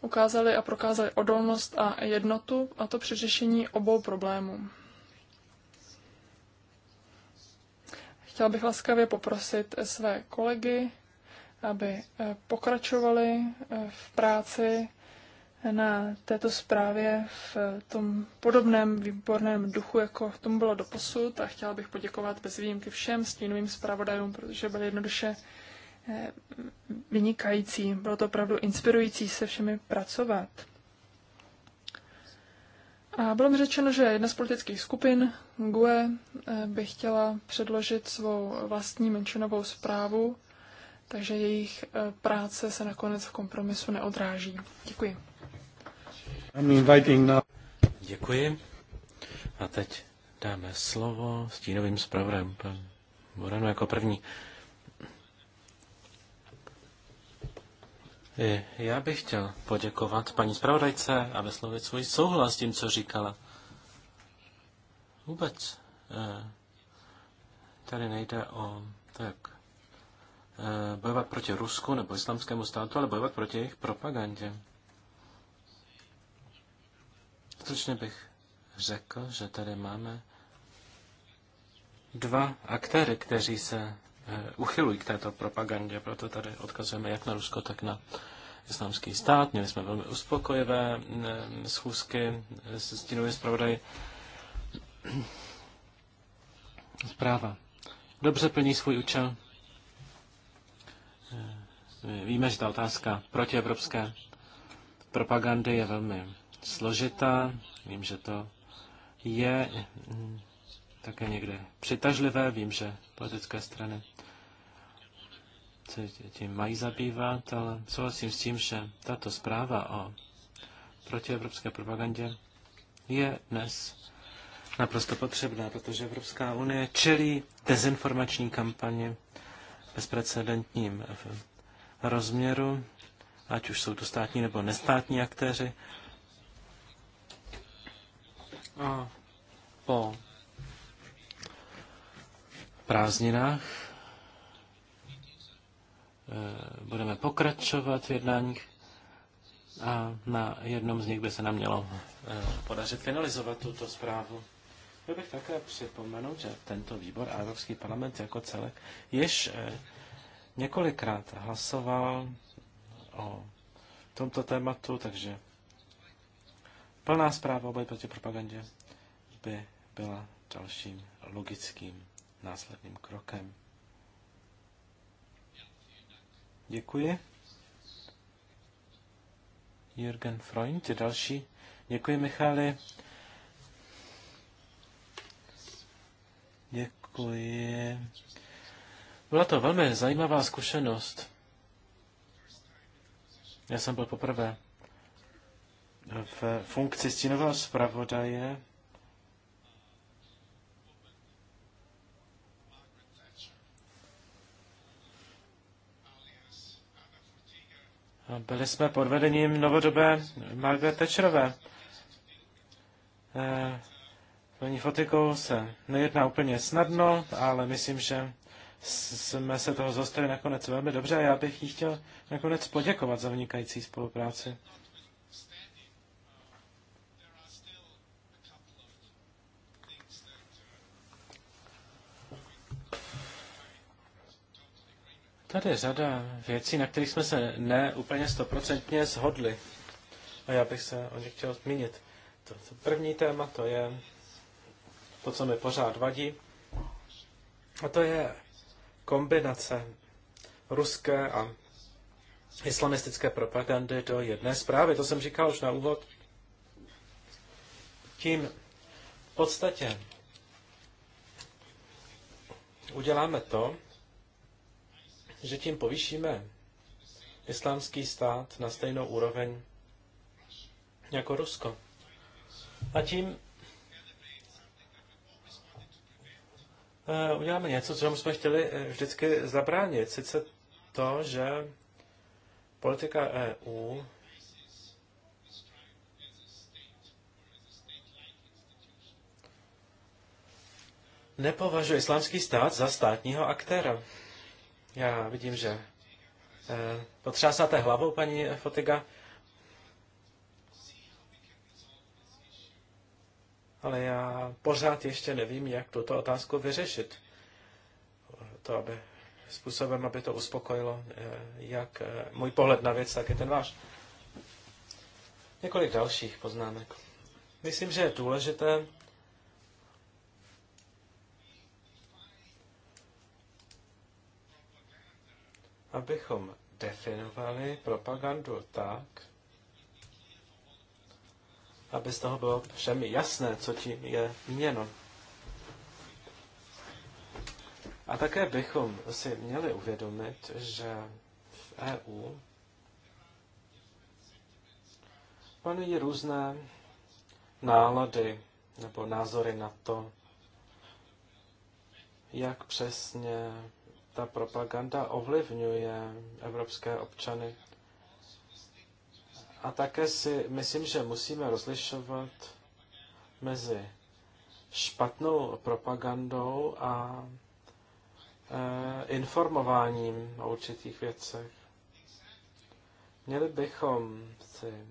[SPEAKER 3] ukázali a prokázali odolnost a jednotu, a to při řešení obou problémů. Chtěla bych laskavě poprosit své kolegy, aby eh, pokračovali eh, v práci na této zprávě v eh, tom podobném výborném duchu, jako tomu bylo doposud. A chtěla bych poděkovat bez výjimky všem stínovým zpravodajům, protože byli jednoduše vynikající. Bylo to opravdu inspirující se všemi pracovat. A bylo mi řečeno, že jedna z politických skupin, GUE, by chtěla předložit svou vlastní menšinovou zprávu takže jejich eh, práce se nakonec v kompromisu neodráží. Děkuji.
[SPEAKER 4] Děkuji. A teď dáme slovo stínovým zpravodajem, pan Morano jako první. Já bych chtěl poděkovat paní zpravodajce a vyslovit svůj souhlas s tím, co říkala. Vůbec eh, tady nejde o tak Eh, bojovat proti Rusku nebo islamskému státu, ale bojovat proti jejich propagandě. Stručně bych řekl, že tady máme dva aktéry, kteří se eh, uchylují k této propagandě, proto tady odkazujeme jak na Rusko, tak na islámský stát. Měli jsme velmi uspokojivé eh, schůzky se stínovým zpravodaji. Zpráva. Dobře plní svůj účel. Víme, že ta otázka protievropské propagandy je velmi složitá. Vím, že to je také někde přitažlivé. Vím, že politické strany se tím mají zabývat, ale souhlasím s tím, že tato zpráva o protievropské propagandě je dnes naprosto potřebná, protože Evropská unie čelí dezinformační kampani bezprecedentním rozměru, ať už jsou to státní nebo nestátní aktéři. A po prázdninách eh, budeme pokračovat v jednáních a na jednom z nich by se nám mělo eh, podařit finalizovat tuto zprávu. Chtěl bych také připomenout, že tento výbor a Evropský parlament jako celek již eh, několikrát hlasoval o tomto tématu, takže plná zpráva o boji proti propagandě by byla dalším logickým následným krokem. Děkuji. Jürgen Freund je další. Děkuji, Michali. Děkuji byla to velmi zajímavá zkušenost. Já jsem byl poprvé v funkci stínového zpravodaje Byli jsme pod vedením novodobé Margaret Thatcherové. Eh, paní Fotikou se nejedná úplně snadno, ale myslím, že jsme se toho zastali nakonec velmi dobře a já bych jí chtěl nakonec poděkovat za vynikající spolupráci. Tady je řada věcí, na kterých jsme se ne úplně stoprocentně shodli. A já bych se o nich chtěl zmínit. To, to první téma, to je to, co mi pořád vadí. A to je kombinace ruské a islamistické propagandy do jedné zprávy. To jsem říkal už na úvod. Tím v podstatě uděláme to, že tím povýšíme islámský stát na stejnou úroveň jako Rusko. A tím Eh, uděláme něco, čemu jsme chtěli eh, vždycky zabránit. Sice to, že politika EU nepovažuje islámský stát za státního aktéra. Já vidím, že eh, potřásáte hlavou, paní Fotiga. ale já pořád ještě nevím, jak tuto otázku vyřešit. To, aby způsobem, aby to uspokojilo eh, jak eh, můj pohled na věc, tak i ten váš. Několik dalších poznámek. Myslím, že je důležité abychom definovali propagandu tak, aby z toho bylo všem jasné, co ti je míněno. A také bychom si měli uvědomit, že v EU panují různé nálady nebo názory na to, jak přesně ta propaganda ovlivňuje evropské občany. A také si myslím, že musíme rozlišovat mezi špatnou propagandou a e, informováním o určitých věcech. Měli bychom si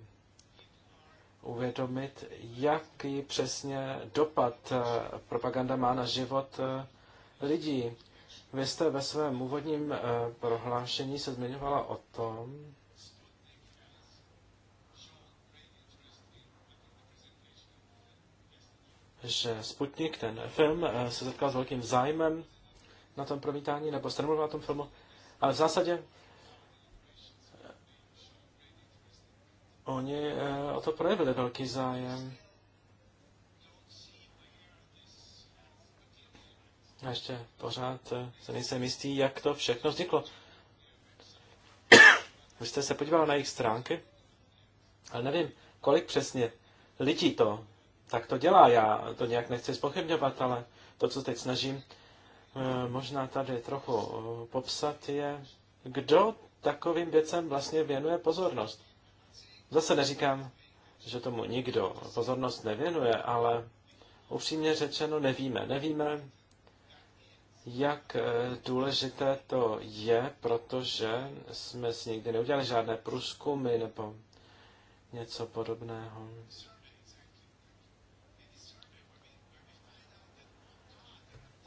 [SPEAKER 4] uvědomit, jaký přesně dopad eh, propaganda má na život eh, lidí. Vy jste ve svém úvodním prohlášení se zmiňovala o tom, že Sputnik, ten film, eh, se setkal s velkým zájmem na tom promítání, nebo jste na tom filmu, ale v zásadě eh, oni eh, o to projevili velký zájem. A ještě pořád se nejsem jistý, jak to všechno vzniklo. Vy jste se podíval na jejich stránky, ale nevím, kolik přesně lidí to tak to dělá. Já to nějak nechci spochybňovat, ale to, co teď snažím eh, možná tady trochu eh, popsat, je, kdo takovým věcem vlastně věnuje pozornost. Zase neříkám, že tomu nikdo pozornost nevěnuje, ale upřímně řečeno nevíme. Nevíme, jak eh, důležité to je, protože jsme si nikdy neudělali žádné průzkumy nebo něco podobného.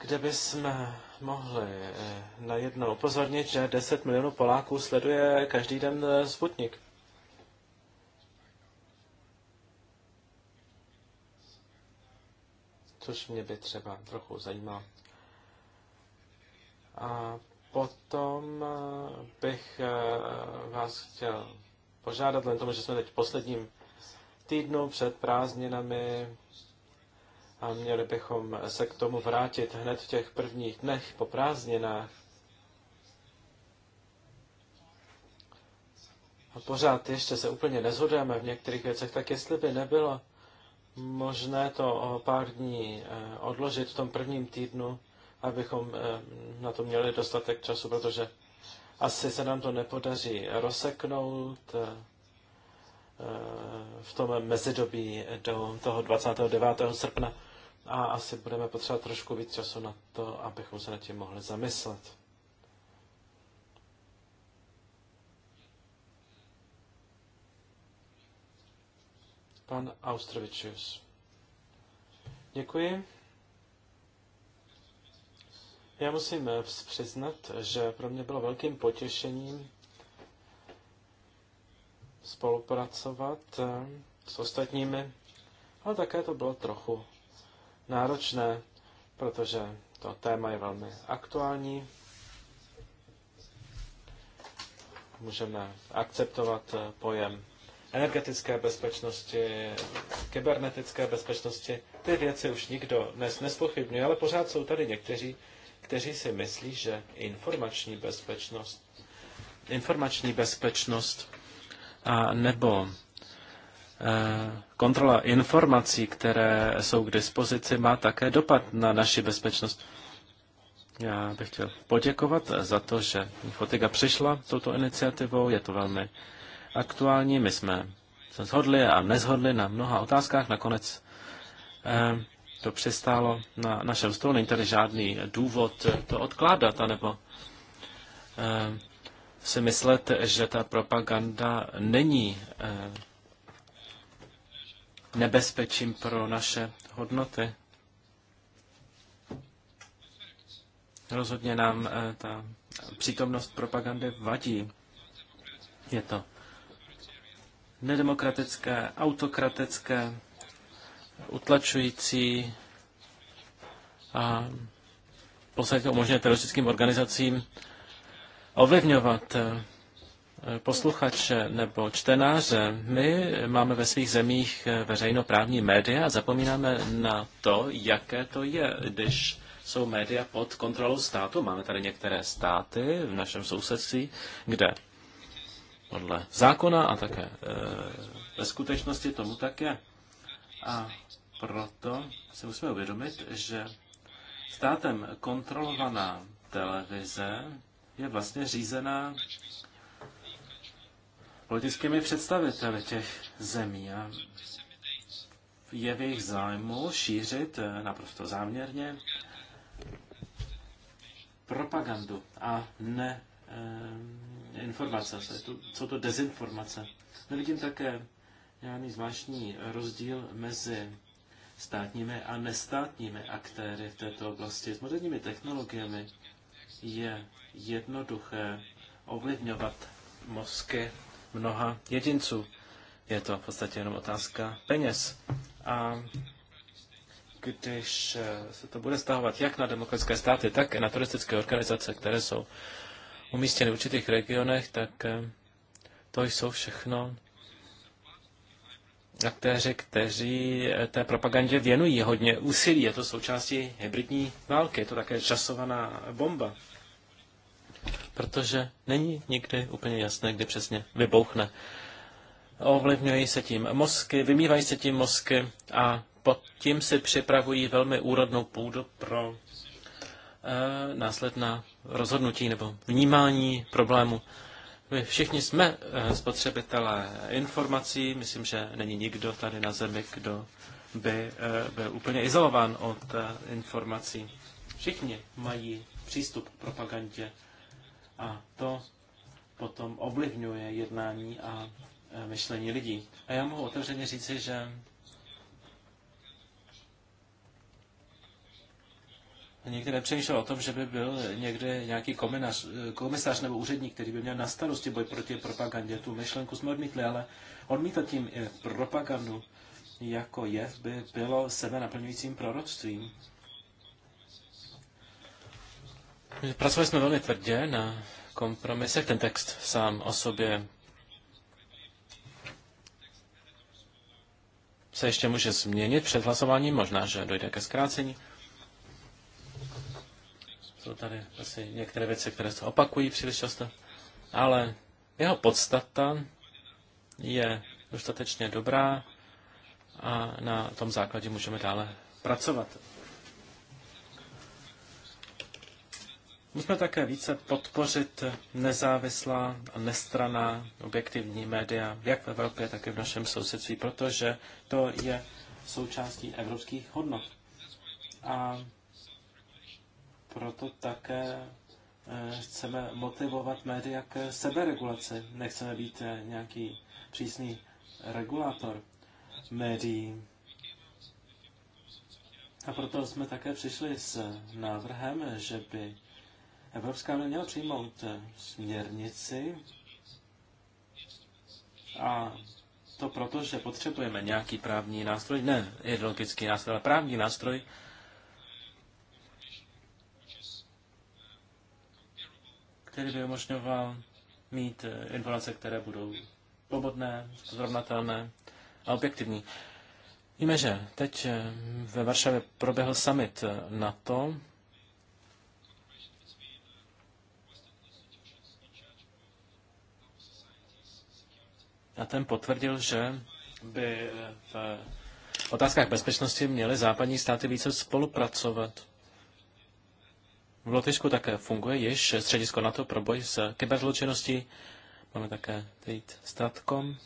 [SPEAKER 4] kde bychom mohli eh, najednou upozornit, že 10 milionů Poláků sleduje každý den eh, Sputnik. Což mě by třeba trochu zajímalo. A potom eh, bych vás chtěl požádat, len tomu, že jsme teď v posledním týdnu před prázdninami, a měli bychom se k tomu vrátit hned v těch prvních dnech po prázdninách. A pořád ještě se úplně nezhodujeme v některých věcech, tak jestli by nebylo možné to o pár dní eh, odložit v tom prvním týdnu, abychom eh, na to měli dostatek času, protože asi se nám to nepodaří rozseknout eh, v tom mezidobí do toho 29. srpna a asi budeme potřebovat trošku víc času na to, abychom se na tím mohli zamyslet. Pan Austrovičius. Děkuji. Já musím eh, přiznat, že pro mě bylo velkým potěšením spolupracovat eh, s ostatními, ale také to bylo trochu náročné, protože to téma je velmi aktuální. Můžeme akceptovat eh, pojem energetické bezpečnosti, kybernetické bezpečnosti. Ty věci už nikdo dnes nespochybňuje, ale pořád jsou tady někteří, kteří si myslí, že informační bezpečnost, informační bezpečnost a nebo Eh, kontrola informací, které jsou k dispozici, má také dopad na naši bezpečnost. Já bych chtěl poděkovat za to, že Fotiga přišla touto iniciativou. Je to velmi aktuální. My jsme se shodli a nezhodli na mnoha otázkách. Nakonec eh, to přistálo na našem stolu. Není tady žádný důvod to odkládat, anebo eh, si myslet, že ta propaganda není nebezpečím pro naše hodnoty. Rozhodně nám eh, ta přítomnost propagandy vadí. Je to nedemokratické, autokratické, utlačující a v podstatě umožňuje teroristickým organizacím ovlivňovat eh, Eh, posluchače nebo čtenáře. My máme ve svých zemích eh, veřejnoprávní média a zapomínáme na to, jaké to je, když jsou média pod kontrolou státu. Máme tady některé státy v našem sousedství, kde podle zákona a také eh, ve skutečnosti tomu tak je. A proto si musíme uvědomit, že státem kontrolovaná televize je vlastně řízená politickými představiteli těch zemí. A je v jejich zájmu šířit eh, naprosto záměrně propagandu a ne e, informace. Jsou to, co to dezinformace. Nevidím také žádný zvláštní rozdíl mezi státními a nestátními aktéry v této oblasti. S moderními technologiemi je jednoduché ovlivňovat mozky mnoha jedinců. Je to v podstatě jenom otázka peněz. A když eh, se to bude stahovat jak na demokratické státy, tak i na turistické organizace, které jsou umístěny v určitých regionech, tak eh, to jsou všechno aktéři, kteří eh, té propagandě věnují hodně úsilí. Je to součástí hybridní války, je to také časovaná bomba protože není nikdy úplně jasné, kdy přesně vybouchne. Ovlivňují se tím mozky, vymývají se tím mozky a pod tím si připravují velmi úrodnou půdu pro e, následná rozhodnutí nebo vnímání problému. My všichni jsme eh, spotřebitelé informací, myslím, že není nikdo tady na zemi, kdo by eh, byl úplně izolován od informací. Všichni mají přístup k propagandě a to potom ovlivňuje jednání a e, myšlení lidí. A já mohu otevřeně říci, že Někdy nepřemýšlel o tom, že by byl někde nějaký komisař, e, komisař nebo úředník, který by měl na starosti boj proti propagandě. Tu myšlenku jsme odmítli, ale odmítat tím propagandu jako jev by bylo sebe naplňujícím proroctvím. Pracovali jsme velmi tvrdě na kompromisech. Ten text sám o sobě se ještě může změnit před hlasováním, možná, že dojde ke zkrácení. Jsou tady asi některé věci, které se opakují příliš často, ale jeho podstata je dostatečně dobrá a na tom základě můžeme dále pracovat. Musíme také více podpořit nezávislá a nestraná objektivní média, jak v Evropě, tak i v našem sousedství, protože to je součástí evropských hodnot. A proto také eh, chceme motivovat média k seberegulaci. Nechceme být eh, nějaký přísný regulátor médií. A proto jsme také přišli s návrhem, že by Evropská unie měla přijmout eh, směrnici a to proto, že potřebujeme nějaký právní nástroj, ne ideologický nástroj, ale právní nástroj, který by umožňoval mít eh, informace, které budou svobodné, zrovnatelné a objektivní. Víme, že teď eh, ve Varšavě proběhl summit NATO a ten potvrdil, že by v otázkách bezpečnosti měly západní státy více spolupracovat. V Lotyšku také funguje již středisko NATO pro boj s kyberzločinností. Máme také teď statkom,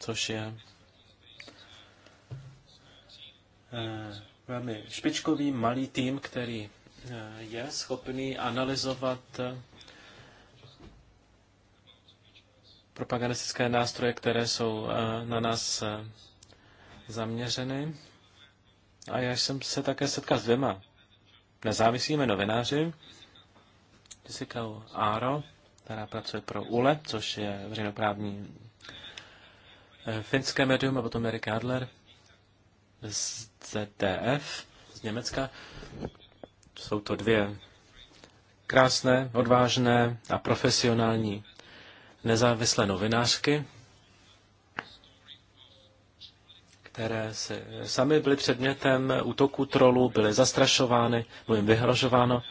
[SPEAKER 4] což je eh, velmi špičkový malý tým, který eh, je schopný analyzovat propagandistické nástroje, které jsou eh, na nás eh, zaměřeny. A já jsem se také setkal s dvěma nezávislými novináři, Jessica Aro, která pracuje pro ULE, což je veřejnoprávní eh, finské médium, a potom Erik Adler z ZDF, z Německa. Jsou to dvě krásné, odvážné a profesionální nezávislé novinářky, které se, sami byly předmětem útoku trolů, byly zastrašovány, byly jim vyhrožováno.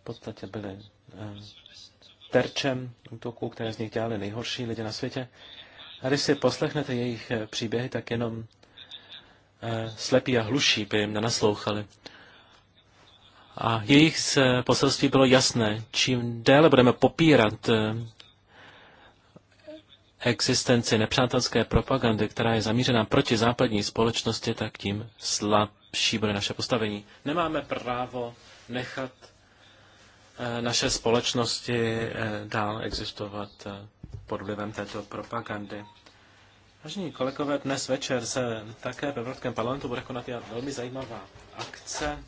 [SPEAKER 4] V podstatě byly eh, terčem útoků, které z nich dělali nejhorší lidi na světě. A když si poslechnete jejich eh, příběhy, tak jenom eh, slepí a hluší by jim nenaslouchali. A jejich poselství bylo jasné. Čím déle budeme popírat eh, existenci nepřátelské propagandy, která je zamířena proti západní společnosti, tak tím slabší bude naše postavení. Nemáme právo nechat eh, naše společnosti eh, dál existovat pod vlivem této propagandy. Vážení kolegové, dnes večer se také ve Evropském parlamentu bude konat velmi zajímavá akce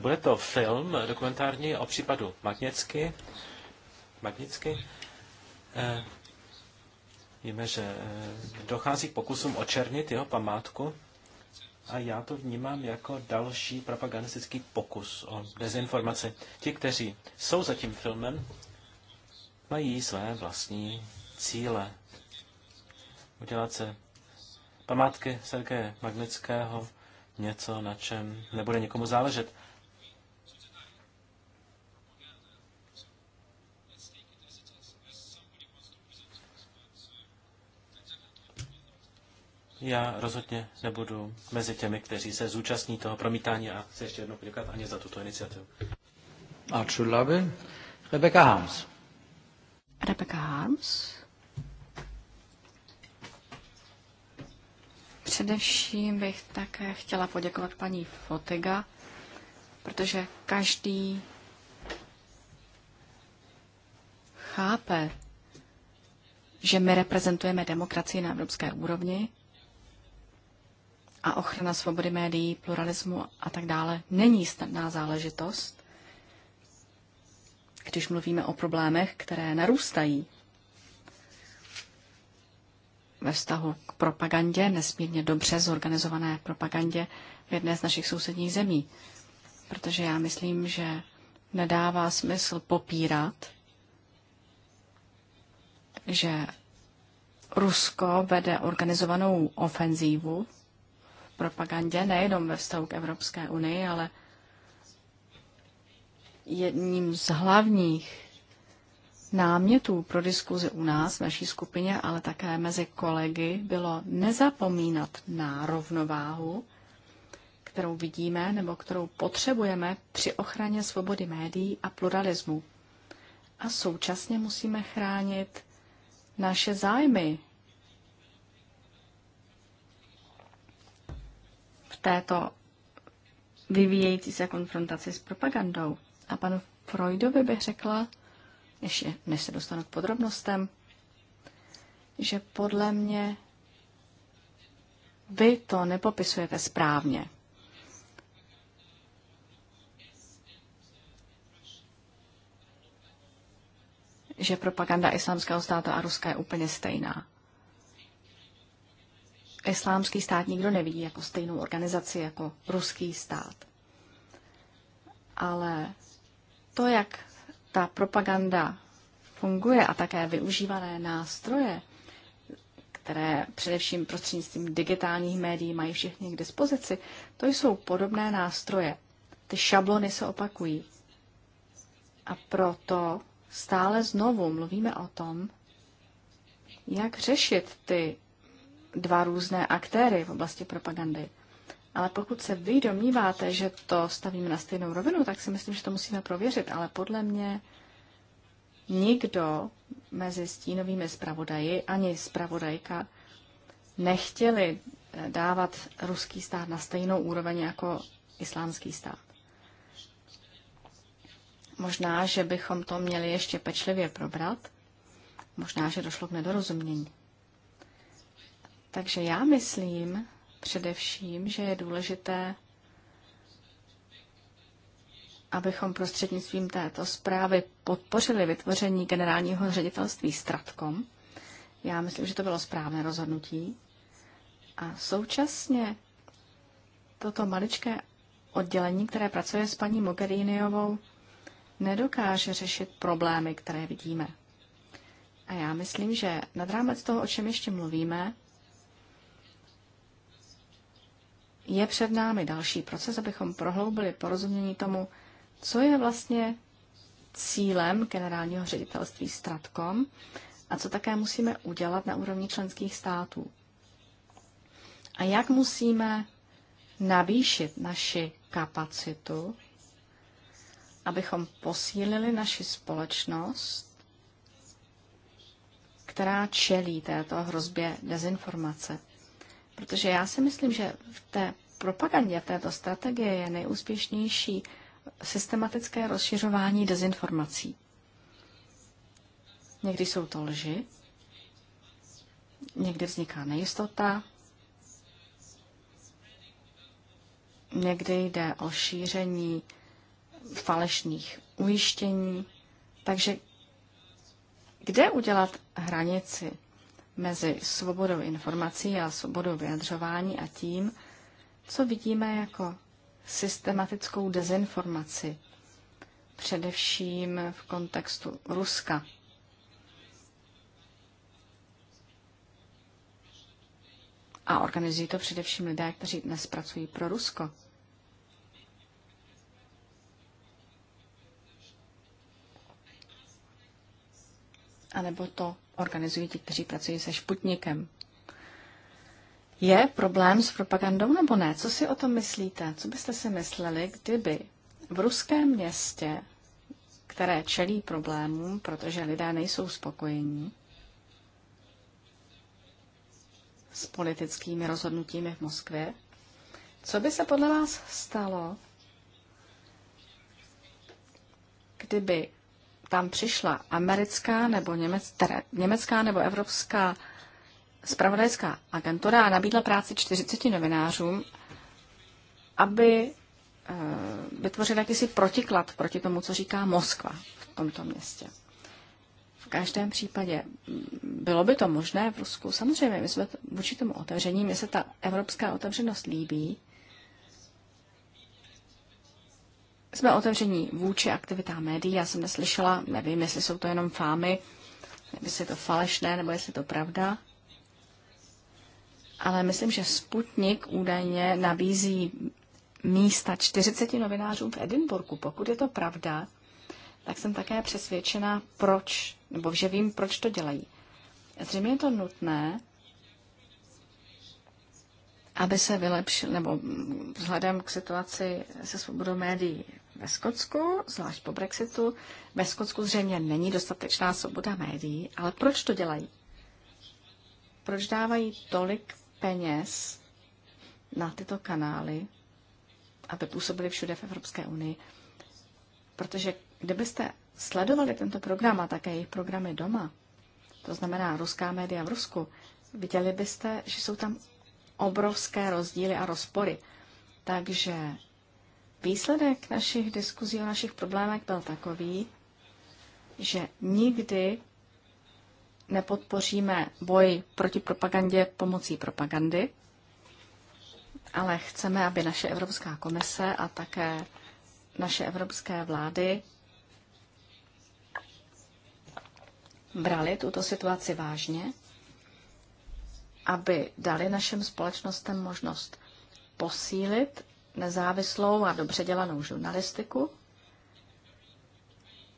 [SPEAKER 4] bude to film dokumentární o případu Magnicky. Magnicky. Eh, víme, že eh, dochází k pokusům očernit jeho památku a já to vnímám jako další propagandistický pokus o dezinformaci. Ti, kteří jsou za tím filmem, mají své vlastní cíle. Udělat se památky Sergeje Magnického něco, na čem nebude nikomu záležet. Já rozhodně nebudu mezi těmi, kteří se zúčastní toho promítání a se ještě jednou poděkat ani za tuto iniciativu.
[SPEAKER 2] A čulaby? Rebecca Harms. Rebecca Harms. Především bych také chtěla poděkovat paní Fotega, protože každý chápe, že my reprezentujeme demokracii na evropské úrovni a ochrana svobody médií, pluralismu a tak dále není snadná záležitost, když mluvíme o problémech, které narůstají ve vztahu k propagandě, nesmírně dobře zorganizované propagandě v jedné z našich sousedních zemí. Protože já myslím, že nedává smysl popírat, že Rusko vede organizovanou ofenzívu propagandě, nejenom ve vztahu k Evropské unii, ale jedním z hlavních námětů pro diskuzi u nás, v naší skupině, ale také mezi kolegy, bylo nezapomínat na rovnováhu, kterou vidíme nebo kterou potřebujeme při ochraně svobody médií a pluralismu. A současně musíme chránit naše zájmy této vyvíjející se konfrontaci s propagandou. A panu Freudovi bych řekla, ještě než se dostanu k podrobnostem, že podle mě vy to nepopisujete správně. Že propaganda islámského státu a ruska je úplně stejná islámský stát nikdo nevidí jako stejnou organizaci jako ruský stát. Ale to, jak ta propaganda funguje a také využívané nástroje, které především prostřednictvím digitálních médií mají všichni k dispozici, to jsou podobné nástroje. Ty šablony se opakují. A proto stále znovu mluvíme o tom, jak řešit ty dva různé aktéry v oblasti propagandy. Ale pokud se vy domníváte, že to stavíme na stejnou rovinu, tak si myslím, že to musíme prověřit. Ale podle mě nikdo mezi stínovými zpravodaji ani zpravodajka nechtěli eh, dávat ruský stát na stejnou úroveň jako islámský stát. Možná, že bychom to měli ještě pečlivě probrat. Možná, že došlo k nedorozumění. Takže já myslím především, že je důležité, abychom prostřednictvím této zprávy podpořili vytvoření generálního ředitelství Stratkom. Já myslím, že to bylo správné rozhodnutí. A současně toto maličké oddělení, které pracuje s paní Mogheriniovou, nedokáže řešit problémy, které vidíme. A já myslím, že nad rámec toho, o čem ještě mluvíme, je před námi další proces, abychom prohloubili porozumění tomu, co je vlastně cílem generálního ředitelství Stratkom a co také musíme udělat na úrovni členských států. A jak musíme navýšit naši kapacitu, abychom posílili naši společnost, která čelí této hrozbě dezinformace. Protože já si myslím, že v té propagandě, v této strategii je nejúspěšnější systematické rozšiřování dezinformací. Někdy jsou to lži, někdy vzniká nejistota, někdy jde o šíření falešných ujištění. Takže kde udělat hranici mezi svobodou informací a svobodou vyjadřování a tím, co vidíme jako systematickou dezinformaci, především v kontextu Ruska. A organizují to především lidé, kteří dnes pracují pro Rusko. anebo to organizují ti, kteří pracují se Šputnikem. Je problém s propagandou nebo ne? Co si o tom myslíte? Co byste si mysleli, kdyby v ruském městě, které čelí problémům, protože lidé nejsou spokojení s politickými rozhodnutími v Moskvě, co by se podle vás stalo, kdyby tam přišla americká nebo němec, tere, německá nebo evropská spravodajská agentura a nabídla práci 40 novinářům, aby eh, vytvořil jakýsi protiklad proti tomu, co říká Moskva v tomto městě. V každém případě mm, bylo by to možné v Rusku. Samozřejmě, my jsme vůči tomu otevření, mně se ta evropská otevřenost líbí, Jsme otevření vůči aktivitám médií. Já jsem neslyšela, nevím, jestli jsou to jenom fámy, jestli je to falešné, nebo jestli je to pravda. Ale myslím, že Sputnik údajně nabízí místa 40 novinářům v Edinburgu. Pokud je to pravda, tak jsem také přesvědčena, proč, nebo že vím, proč to dělají. Zřejmě je to nutné, aby se vylepšil, nebo vzhledem k situaci se svobodou médií ve Skotsku, zvlášť po Brexitu, ve Skotsku zřejmě není dostatečná svoboda médií, ale proč to dělají? Proč dávají tolik peněz na tyto kanály, aby působili všude v Evropské unii? Protože kdybyste sledovali tento program a také jejich programy doma, to znamená ruská média v Rusku, viděli byste, že jsou tam obrovské rozdíly a rozpory. Takže výsledek našich diskuzí o našich problémech byl takový, že nikdy nepodpoříme boj proti propagandě pomocí propagandy, ale chceme, aby naše Evropská komise a také naše evropské vlády brali tuto situaci vážně aby dali našim společnostem možnost posílit nezávislou a dobře dělanou žurnalistiku,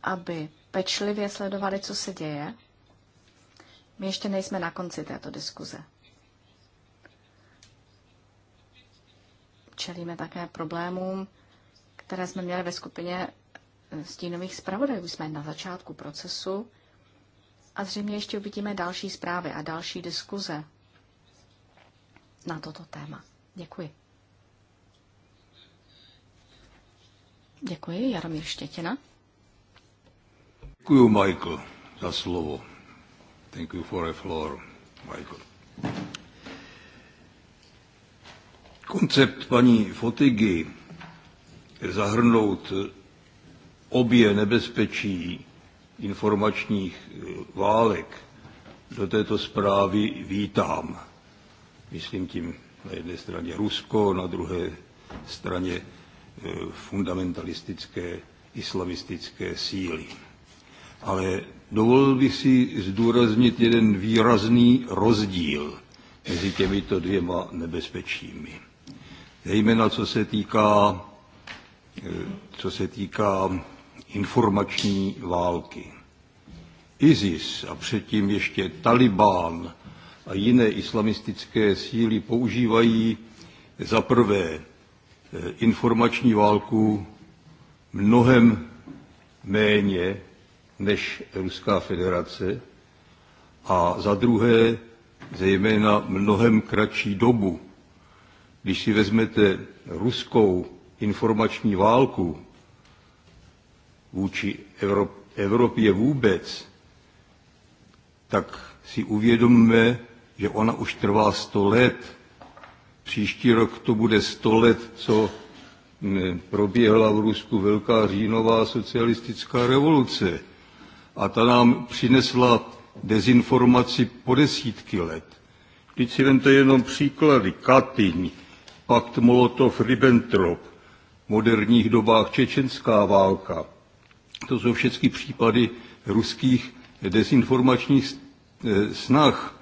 [SPEAKER 2] aby pečlivě sledovali, co se děje. My ještě nejsme na konci této diskuze. Čelíme také problémům, které jsme měli ve skupině stínových zpravodajů. Jsme na začátku procesu a zřejmě ještě uvidíme další zprávy a další diskuze na toto téma. Děkuji. Děkuji, Jaromír Štětina.
[SPEAKER 1] Děkuji, Michael, za slovo. Thank you for the floor, Michael. Koncept paní Fotigy zahrnout obě nebezpečí informačních válek do této zprávy vítám myslím tím na jedné straně Rusko, na druhé straně e, fundamentalistické islamistické síly. Ale dovolil bych si zdůraznit jeden výrazný rozdíl mezi těmito dvěma nebezpečími. Zejména co se týká, e, co se týká informační války. ISIS a předtím ještě Taliban a jiné islamistické síly používají za prvé eh, informační válku mnohem méně než Ruská federace a za druhé zejména mnohem kratší dobu. Když si vezmete ruskou informační válku vůči Evropě vůbec, tak si uvědomme, že ona už trvá 100 let. Příští rok to bude 100 let, co mm, proběhla v Rusku velká říjnová socialistická revoluce. A ta nám přinesla dezinformaci po desítky let. Teď si vemte jenom příklady. Katyň, pakt Molotov-Ribbentrop, v moderních dobách čečenská válka. To jsou všechny případy ruských dezinformačních e, snah.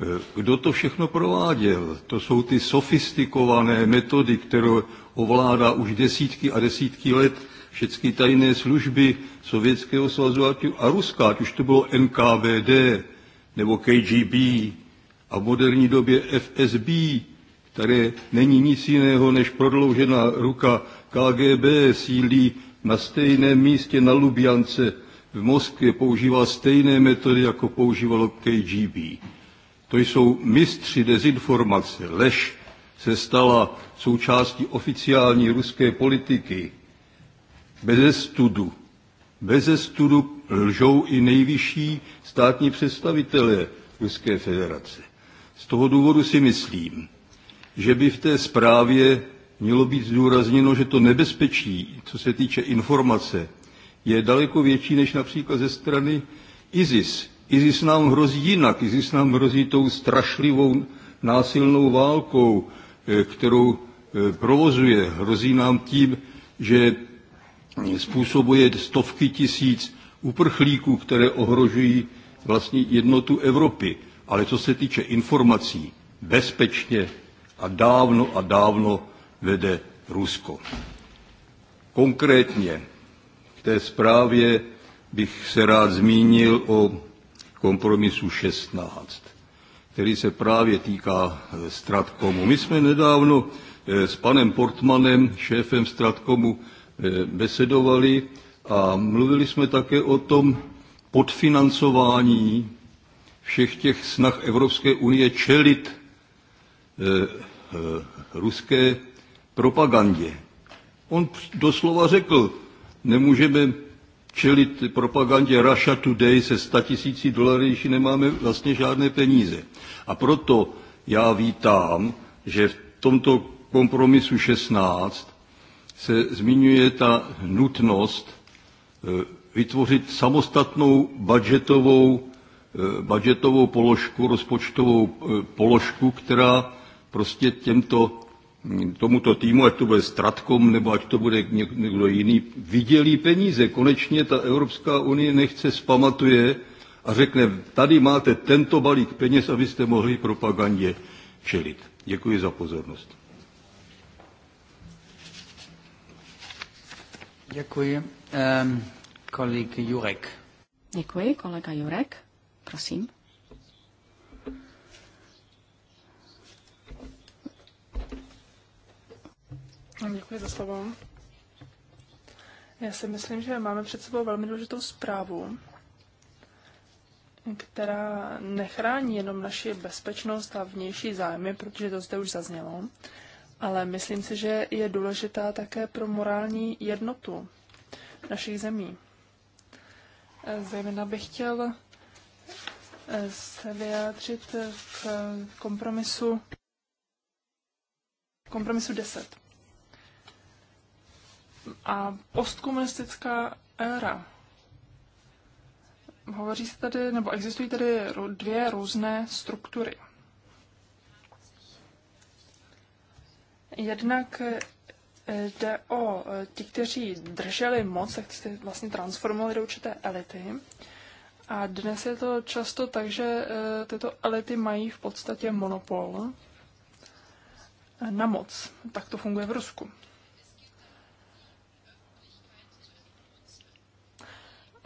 [SPEAKER 1] Eh, kdo to všechno prováděl? To jsou ty sofistikované metody, které ovládá už desítky a desítky let všechny tajné služby Sovětského svazu a Ruska, ať už to bylo NKVD nebo KGB a v moderní době FSB, které není nic jiného než prodloužená ruka KGB, sílí na stejném místě na Lubjance v Moskvě, používá stejné metody, jako používalo KGB. To jsou mistři dezinformace. Lež se stala součástí oficiální ruské politiky. Bez studu. Bez studu lžou i nejvyšší státní představitelé Ruské federace. Z toho důvodu si myslím, že by v té zprávě mělo být zdůrazněno, že to nebezpečí, co se týče informace, je daleko větší než například ze strany ISIS, ISIS nám hrozí jinak. ISIS nám hrozí tou strašlivou násilnou válkou, eh, kterou eh, provozuje. Hrozí nám tím, že eh, způsobuje stovky tisíc uprchlíků, které ohrožují vlastně jednotu Evropy. Ale co se týče informací, bezpečně a dávno a dávno vede Rusko. Konkrétně k té zprávě bych se rád zmínil o kompromisu 16, který se právě týká eh, Stratkomu. My jsme nedávno eh, s panem Portmanem, šéfem Stratkomu, eh, besedovali a mluvili jsme také o tom podfinancování všech těch snah Evropské unie čelit ruské propagandě. On doslova řekl, nemůžeme čelit propagandě Russia Today se 100 tisící dolarů, když nemáme vlastně žádné peníze. A proto já vítám, že v tomto kompromisu 16 se zmiňuje ta nutnost e, vytvořit samostatnou budgetovou, e, budgetovou položku, rozpočtovou e, položku, která prostě těmto tomuto týmu, ať to bude Stratkom nebo ať to bude někdo jiný, vydělí peníze. Konečně ta Evropská unie nechce spamatuje a řekne, tady máte tento balík peněz, abyste mohli propagandě čelit. Děkuji za pozornost.
[SPEAKER 4] Děkuji. Um,
[SPEAKER 2] kolik Jurek. Děkuji, kolega Jurek. Prosím.
[SPEAKER 3] Děkuji za slovo. Já si myslím, že máme před sebou velmi důležitou zprávu, která nechrání jenom naši bezpečnost a vnější zájmy, protože to zde už zaznělo, ale myslím si, že je důležitá také pro morální jednotu našich zemí. Zejména bych chtěl eh, se vyjádřit v kompromisu, kompromisu 10 a postkomunistická éra. Hovoří se tady, nebo existují tady dvě různé struktury. Jednak jde o eh, ti, kteří drželi moc, tak se vlastně transformovali do určité elity. A dnes je to často tak, že eh, tyto elity mají v podstatě monopol na moc. Tak to funguje v Rusku.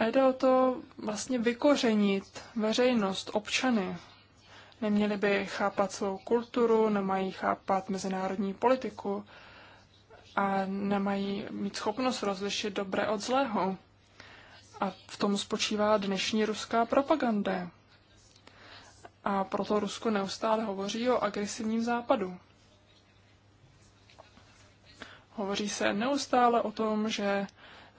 [SPEAKER 3] A jde o to vlastně vykořenit veřejnost, občany. Neměli by chápat svou kulturu, nemají chápat mezinárodní politiku a nemají mít schopnost rozlišit dobré od zlého. A v tom spočívá dnešní ruská propaganda. A proto Rusko neustále hovoří o agresivním západu. Hovoří se neustále o tom, že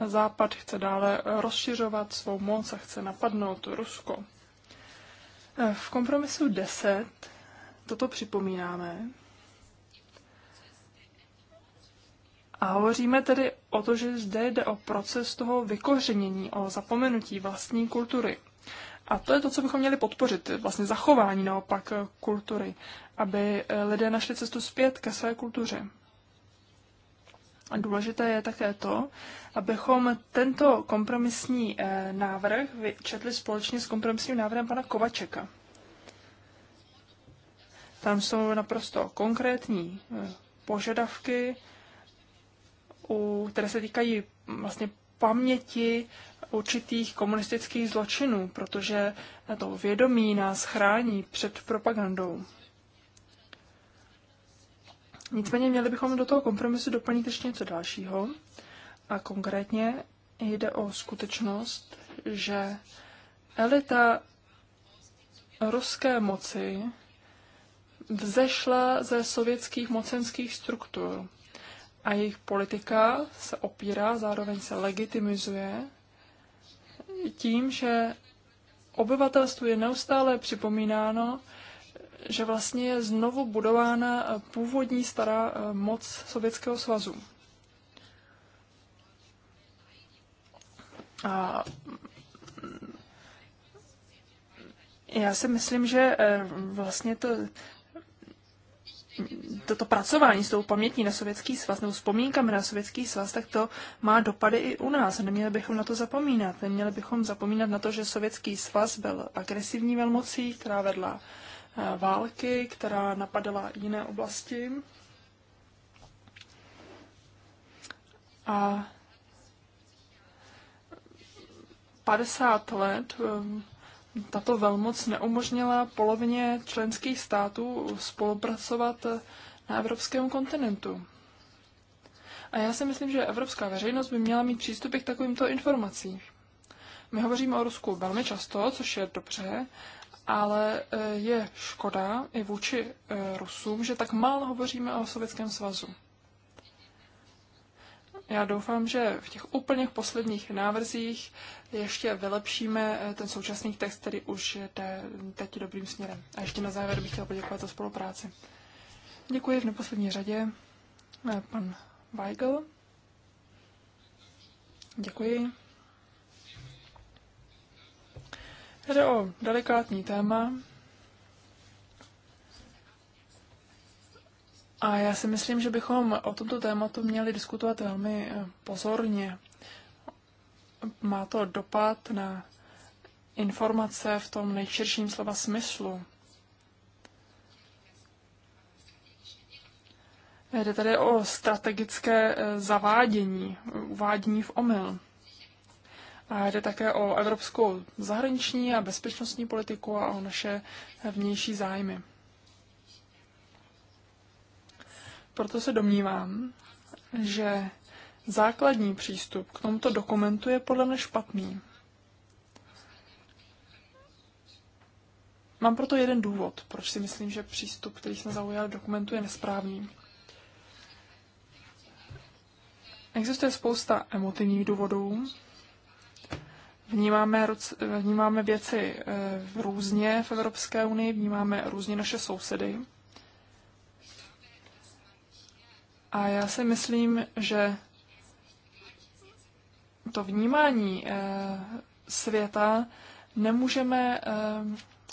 [SPEAKER 3] Západ chce dále rozšiřovat svou moc a chce napadnout Rusko. V kompromisu 10 toto připomínáme a hovoříme tedy o to, že zde jde o proces toho vykořenění, o zapomenutí vlastní kultury. A to je to, co bychom měli podpořit, vlastně zachování naopak kultury, aby lidé našli cestu zpět ke své kultuře. A důležité je také to, abychom tento kompromisní eh, návrh četli společně s kompromisním návrhem pana Kovačeka. Tam jsou naprosto konkrétní eh, požadavky, které se týkají mm, vlastně paměti určitých komunistických zločinů, protože to vědomí nás chrání před propagandou. Nicméně měli bychom do toho kompromisu doplnit ještě něco dalšího. A konkrétně jde o skutečnost, že elita ruské moci vzešla ze sovětských mocenských struktur a jejich politika se opírá, zároveň se legitimizuje tím, že obyvatelstvu je neustále připomínáno, že vlastně je znovu budována eh, původní stará eh, moc Sovětského svazu. A mm, já si myslím, že eh, vlastně to, mm, toto pracování s tou pamětí na Sovětský svaz nebo vzpomínkami na Sovětský svaz, tak to má dopady i u nás. Neměli bychom na to zapomínat. Neměli bychom zapomínat na to, že Sovětský svaz byl agresivní velmocí, která vedla Eh, války, která napadala jiné oblasti. A 50 let eh, tato velmoc neumožnila polovině členských států spolupracovat eh, na evropském kontinentu. A já si myslím, že evropská veřejnost by měla mít přístup k takovýmto informacím. My hovoříme o Rusku velmi často, což je dobře, ale e, je škoda i vůči e, Rusům, že tak málo hovoříme o Sovětském svazu. Já doufám, že v těch úplně posledních návrzích ještě vylepšíme e, ten současný text, který už jde teď dobrým směrem. A ještě na závěr bych chtěl poděkovat za spolupráci. Děkuji v neposlední řadě pan Weigel. Děkuji. Jde o delikátní téma. A já si myslím, že bychom o tomto tématu měli diskutovat velmi eh, pozorně. Má to dopad na informace v tom nejširším slova smyslu. Jde tady o strategické eh, zavádění, eh, uvádění v omyl. A jde také o evropskou zahraniční a bezpečnostní politiku a o naše vnější zájmy. Proto se domnívám, že základní přístup k tomuto dokumentu je podle mě špatný. Mám proto jeden důvod, proč si myslím, že přístup, který jsme zaujali dokumentu, je nesprávný. Existuje spousta emotivních důvodů, Vnímáme, vnímáme věci eh, různě v Evropské unii, vnímáme různě naše sousedy. A já si myslím, že to vnímání eh, světa nemůžeme, eh,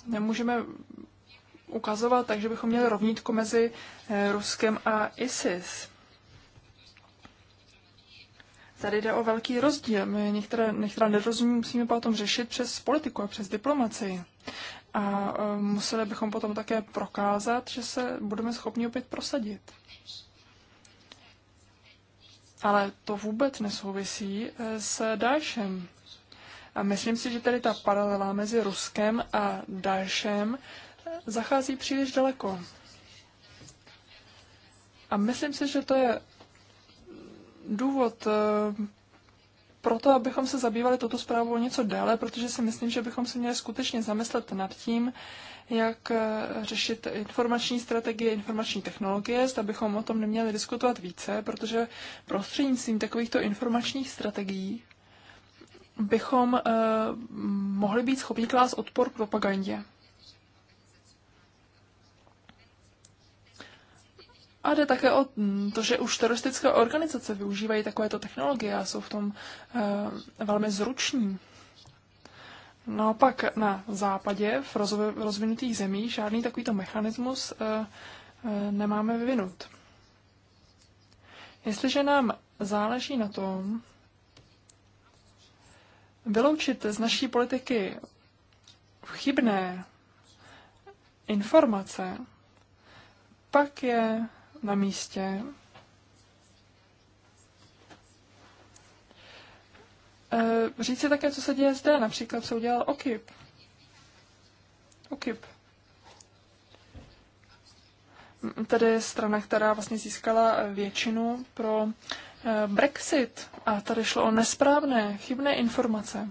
[SPEAKER 3] nemůžeme ukazovat tak, že bychom měli rovnítko mezi Ruskem a ISIS. Tady jde o velký rozdíl. My některé, některé nerozumí. musíme potom řešit přes politiku a přes diplomacii. A e, museli bychom potom také prokázat, že se budeme schopni opět prosadit. Ale to vůbec nesouvisí e, s Dášem. A myslím si, že tady ta paralela mezi Ruskem a Dášem e, zachází příliš daleko. A myslím si, že to je důvod eh, pro to, abychom se zabývali toto zprávou něco déle, protože si myslím, že bychom se měli skutečně zamyslet nad tím, jak eh, řešit informační strategie, informační technologie, zda bychom o tom neměli diskutovat více, protože prostřednictvím takovýchto informačních strategií bychom eh, mohli být schopni klást odpor propagandě. A jde také o to, že už teroristické organizace využívají takovéto technologie a jsou v tom e, velmi zruční. Naopak na západě, v rozvinutých zemích, žádný takovýto mechanismus e, e, nemáme vyvinut. Jestliže nám záleží na tom, vyloučit z naší politiky chybné informace, pak je na místě. Eh, Říci také, co se děje zde, například co udělal OKIP. OKIP. Tedy strana, která vlastně získala eh, většinu pro eh, Brexit. A tady šlo o nesprávné, chybné informace.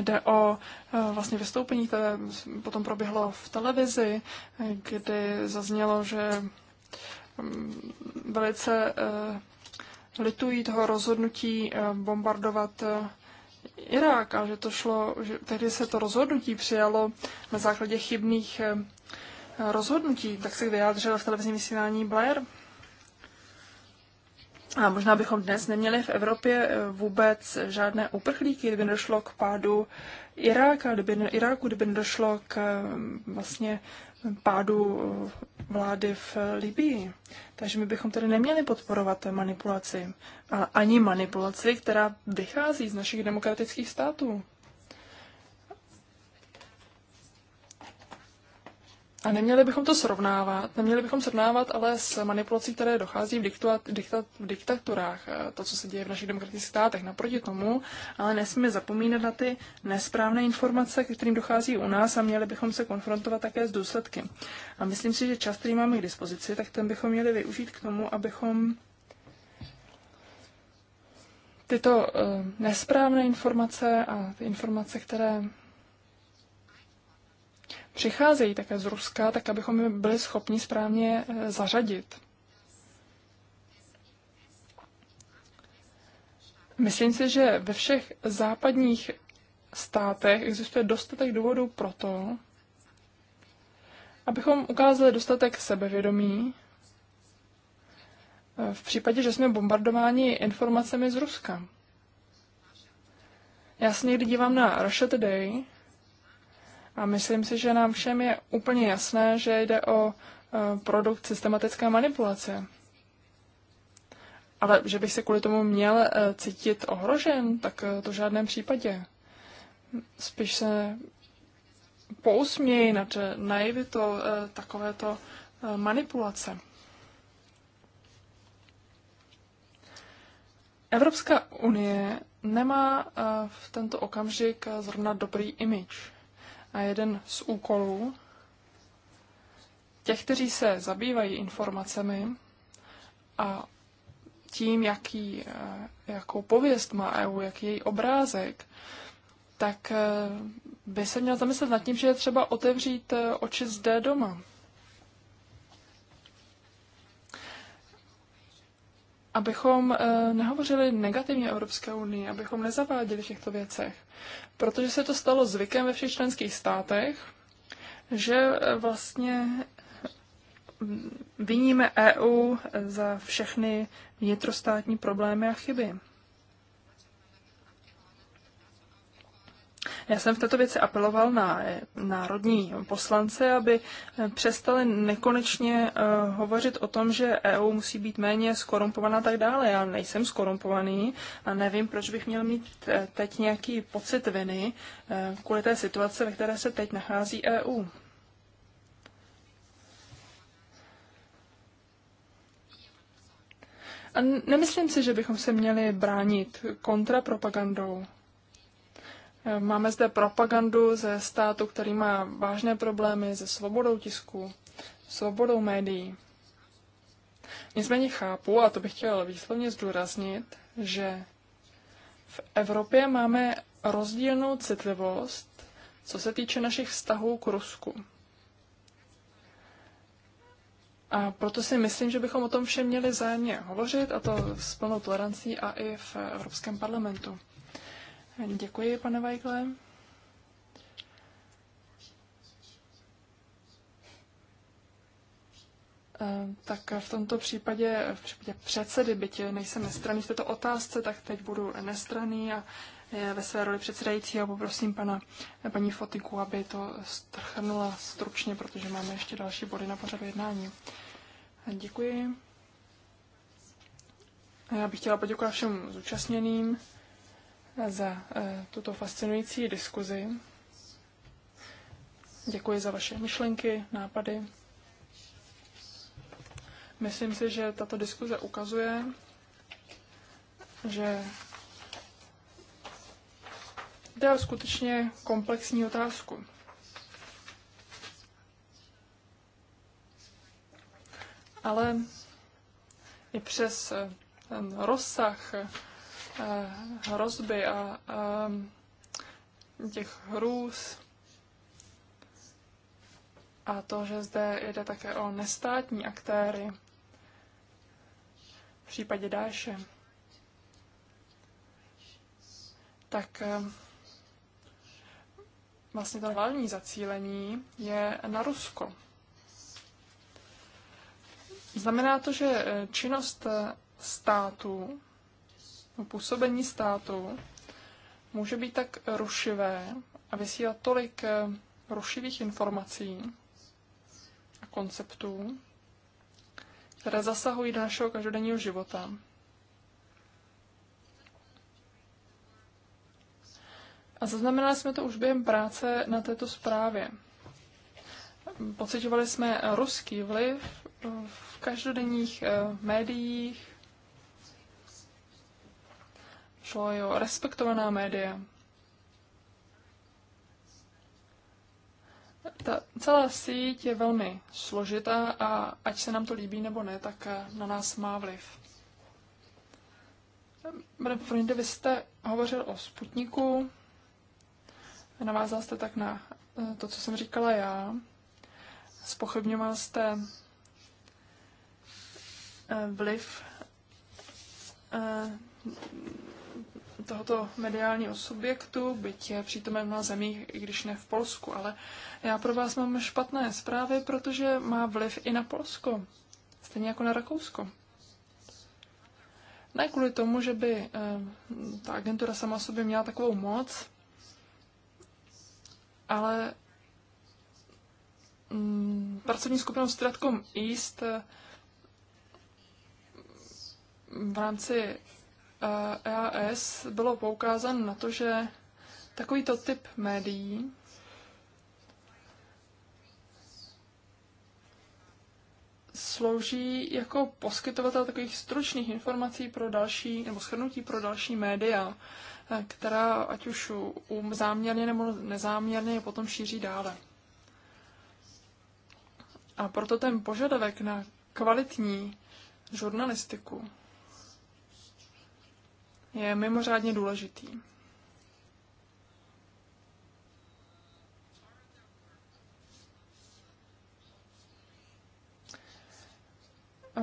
[SPEAKER 3] Jde o eh, vlastně vystoupení, které potom proběhlo v televizi, eh, kdy zaznělo, že mm, velice eh, litují toho rozhodnutí bombardovat Irák a že to šlo, že tehdy se to rozhodnutí přijalo na základě chybných rozhodnutí, tak se vyjádřil v televizním vysílání Blair a možná bychom dnes neměli v Evropě eh, vůbec žádné uprchlíky, kdyby nedošlo k pádu Iráka, kdyby, Iráku, kdyby nedošlo k eh, vlastně pádu eh, vlády v Libii. Takže my bychom tedy neměli podporovat manipulaci, ale ani manipulaci, která vychází z našich demokratických států. A neměli bychom to srovnávat, neměli bychom srovnávat ale s manipulací, které dochází v, diktua, dikta, v diktaturách, eh, to, co se děje v našich demokratických státech. Naproti tomu, ale nesmíme zapomínat na ty nesprávné informace, kterým dochází u nás a měli bychom se konfrontovat také s důsledky. A myslím si, že čas, který máme k dispozici, tak ten bychom měli využít k tomu, abychom tyto eh, nesprávné informace a ty informace, které přicházejí také z Ruska, tak abychom je byli schopni správně eh, zařadit. Myslím si, že ve všech západních státech existuje dostatek důvodů pro to, abychom ukázali dostatek sebevědomí eh, v případě, že jsme bombardováni informacemi z Ruska. Já se někdy dívám na Russia Today a myslím si, že nám všem je úplně jasné, že jde o e, produkt systematické manipulace. Ale že bych se kvůli tomu měl e, cítit ohrožen, tak e, to v žádném případě. Spíš se pousměj nad naivitou takovéto manipulace. Evropská unie nemá v tento okamžik zrovna dobrý image. A jeden z úkolů těch, kteří se zabývají informacemi a tím, jaký, eh, jakou pověst má EU, jaký její obrázek, tak eh, by se měl zamyslet nad tím, že je třeba otevřít eh, oči zde doma. abychom eh, nehovořili negativně o Evropské unii, abychom nezaváděli v těchto věcech. Protože se to stalo zvykem ve všech členských státech, že eh, vlastně hm, viníme EU za všechny vnitrostátní problémy a chyby. Já jsem v této věci apeloval na eh, národní poslance, aby eh, přestali nekonečně eh, hovořit o tom, že EU musí být méně skorumpovaná a tak dále. Já nejsem skorumpovaný a nevím, proč bych měl mít teď nějaký pocit viny kvůli té situace, ve které se teď nachází EU. A nemyslím si, že bychom se měli bránit kontrapropagandou. Máme zde propagandu ze státu, který má vážné problémy se svobodou tisku, svobodou médií. Nicméně chápu, a to bych chtěl výslovně zdůraznit, že v Evropě máme rozdílnou citlivost, co se týče našich vztahů k Rusku. A proto si myslím, že bychom o tom všem měli zájemně hovořit, a to s plnou tolerancí a i v Evropském parlamentu. Děkuji, pane Vajkle. Eh, tak v tomto případě, v případě předsedy, byť nejsem nestraný v této otázce, tak teď budu nestraný a ve své roli předsedajícího poprosím pana, paní Fotiku, aby to strhnula stručně, protože máme ještě další body na pořadu jednání. Děkuji. Já bych chtěla poděkovat všem zúčastněným za eh, tuto fascinující diskuzi. Děkuji za vaše myšlenky, nápady. Myslím si, že tato diskuze ukazuje, že jde o skutečně komplexní otázku. Ale i přes eh, ten rozsah Eh, hrozby a těch hrůz a to, že zde jde také o nestátní aktéry v případě Dáše, tak vlastně to hlavní zacílení je na Rusko. Znamená to, že eh, činnost eh, státu působení státu může být tak rušivé a vysílat tolik eh, rušivých informací a konceptů, které zasahují do našeho každodenního života. A zaznamenali jsme to už během práce na této zprávě. Pocitovali jsme ruský vliv v každodenních eh, médiích, šlo i o respektovaná média. Ta celá síť je velmi složitá a ať se nám to líbí nebo ne, tak eh, na nás má vliv. Pane Frinde, vy jste hovořil o Sputniku, navázal jste tak na eh, to, co jsem říkala já. Spochybňoval jste eh, vliv tohoto mediálního subjektu, byť je přítomen na zemích, i když ne v Polsku. Ale já pro vás mám špatné zprávy, protože má vliv i na Polsko, stejně jako na Rakousko. Ne kvůli tomu, že by eh, ta agentura sama sobě měla takovou moc, ale mm, pracovní skupinou Stratcom East eh, v rámci EAS bylo poukázáno na to, že takovýto typ médií slouží jako poskytovatel takových stručných informací pro další, nebo shrnutí pro další média, eh, která ať už um, záměrně nebo nezáměrně je potom šíří dále. A proto ten požadavek na kvalitní žurnalistiku je mimořádně důležitý.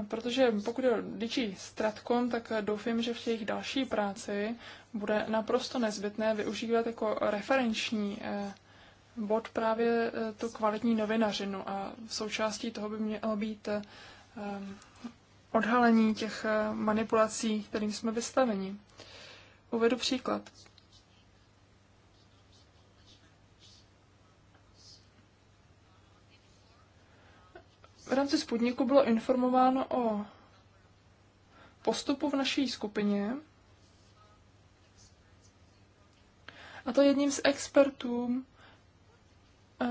[SPEAKER 3] Protože pokud je DG stratkom, tak doufím, že v těch další práci bude naprosto nezbytné využívat jako referenční eh, bod právě eh, tu kvalitní novinařinu a součástí toho by mělo být eh, odhalení těch eh, manipulací, kterým jsme vystaveni. Uvedu příklad. V rámci Sputniku bylo informováno o postupu v naší skupině, a to jedním z expertů eh,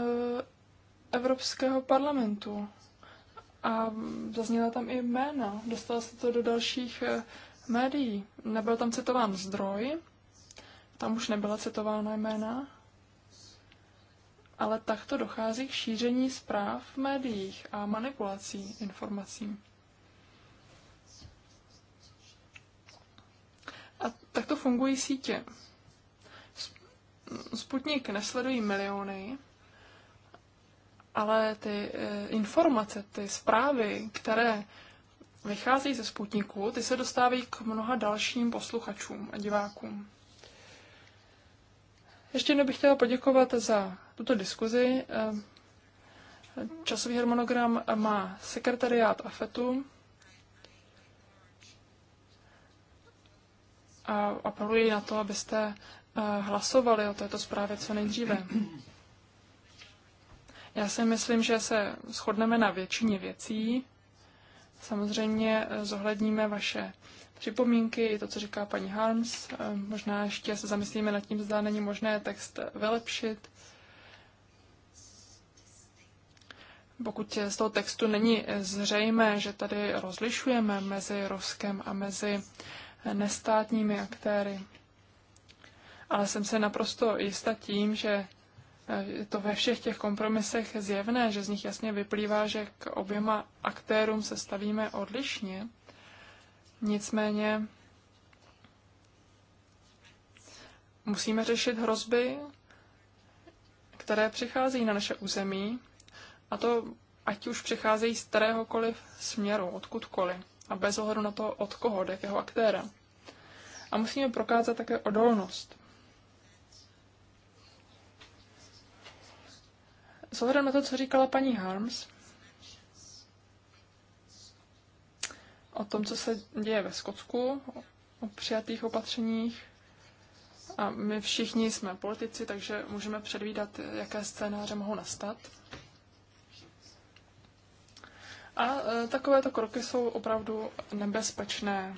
[SPEAKER 3] Evropského parlamentu a zazněla tam i jména. Dostalo se to do dalších eh, médií. Nebyl tam citován zdroj, tam už nebyla citována jména, ale takto dochází k šíření zpráv v médiích a manipulací informací. A takto fungují sítě. Sputnik nesledují miliony, ale ty eh, informace, ty zprávy, které vychází ze Sputniku, ty se dostávají k mnoha dalším posluchačům a divákům. Ještě jednou bych chtěla poděkovat za tuto diskuzi. Eh, časový harmonogram má sekretariát AFETu a apeluji na to, abyste eh, hlasovali o této zprávě co nejdříve. Já si myslím, že se shodneme na většině věcí. Samozřejmě eh, zohledníme vaše připomínky, i to, co říká paní Harms. Eh, možná ještě se zamyslíme nad tím, zda není možné text eh, vylepšit. Pokud z toho textu není zřejmé, že tady rozlišujeme mezi Ruskem a mezi nestátními aktéry, ale jsem se naprosto jista tím, že je to ve všech těch kompromisech zjevné, že z nich jasně vyplývá, že k oběma aktérům se stavíme odlišně. Nicméně musíme řešit hrozby, které přichází na naše území, a to ať už přicházejí z kteréhokoliv směru, odkudkoliv, a bez ohledu na to, od koho, od jakého aktéra. A musíme prokázat také odolnost. S ohledem na to, co říkala paní Harms, o tom, co se děje ve Skotsku, o přijatých opatřeních. A my všichni jsme politici, takže můžeme předvídat, jaké scénáře mohou nastat. A e, takovéto kroky jsou opravdu nebezpečné.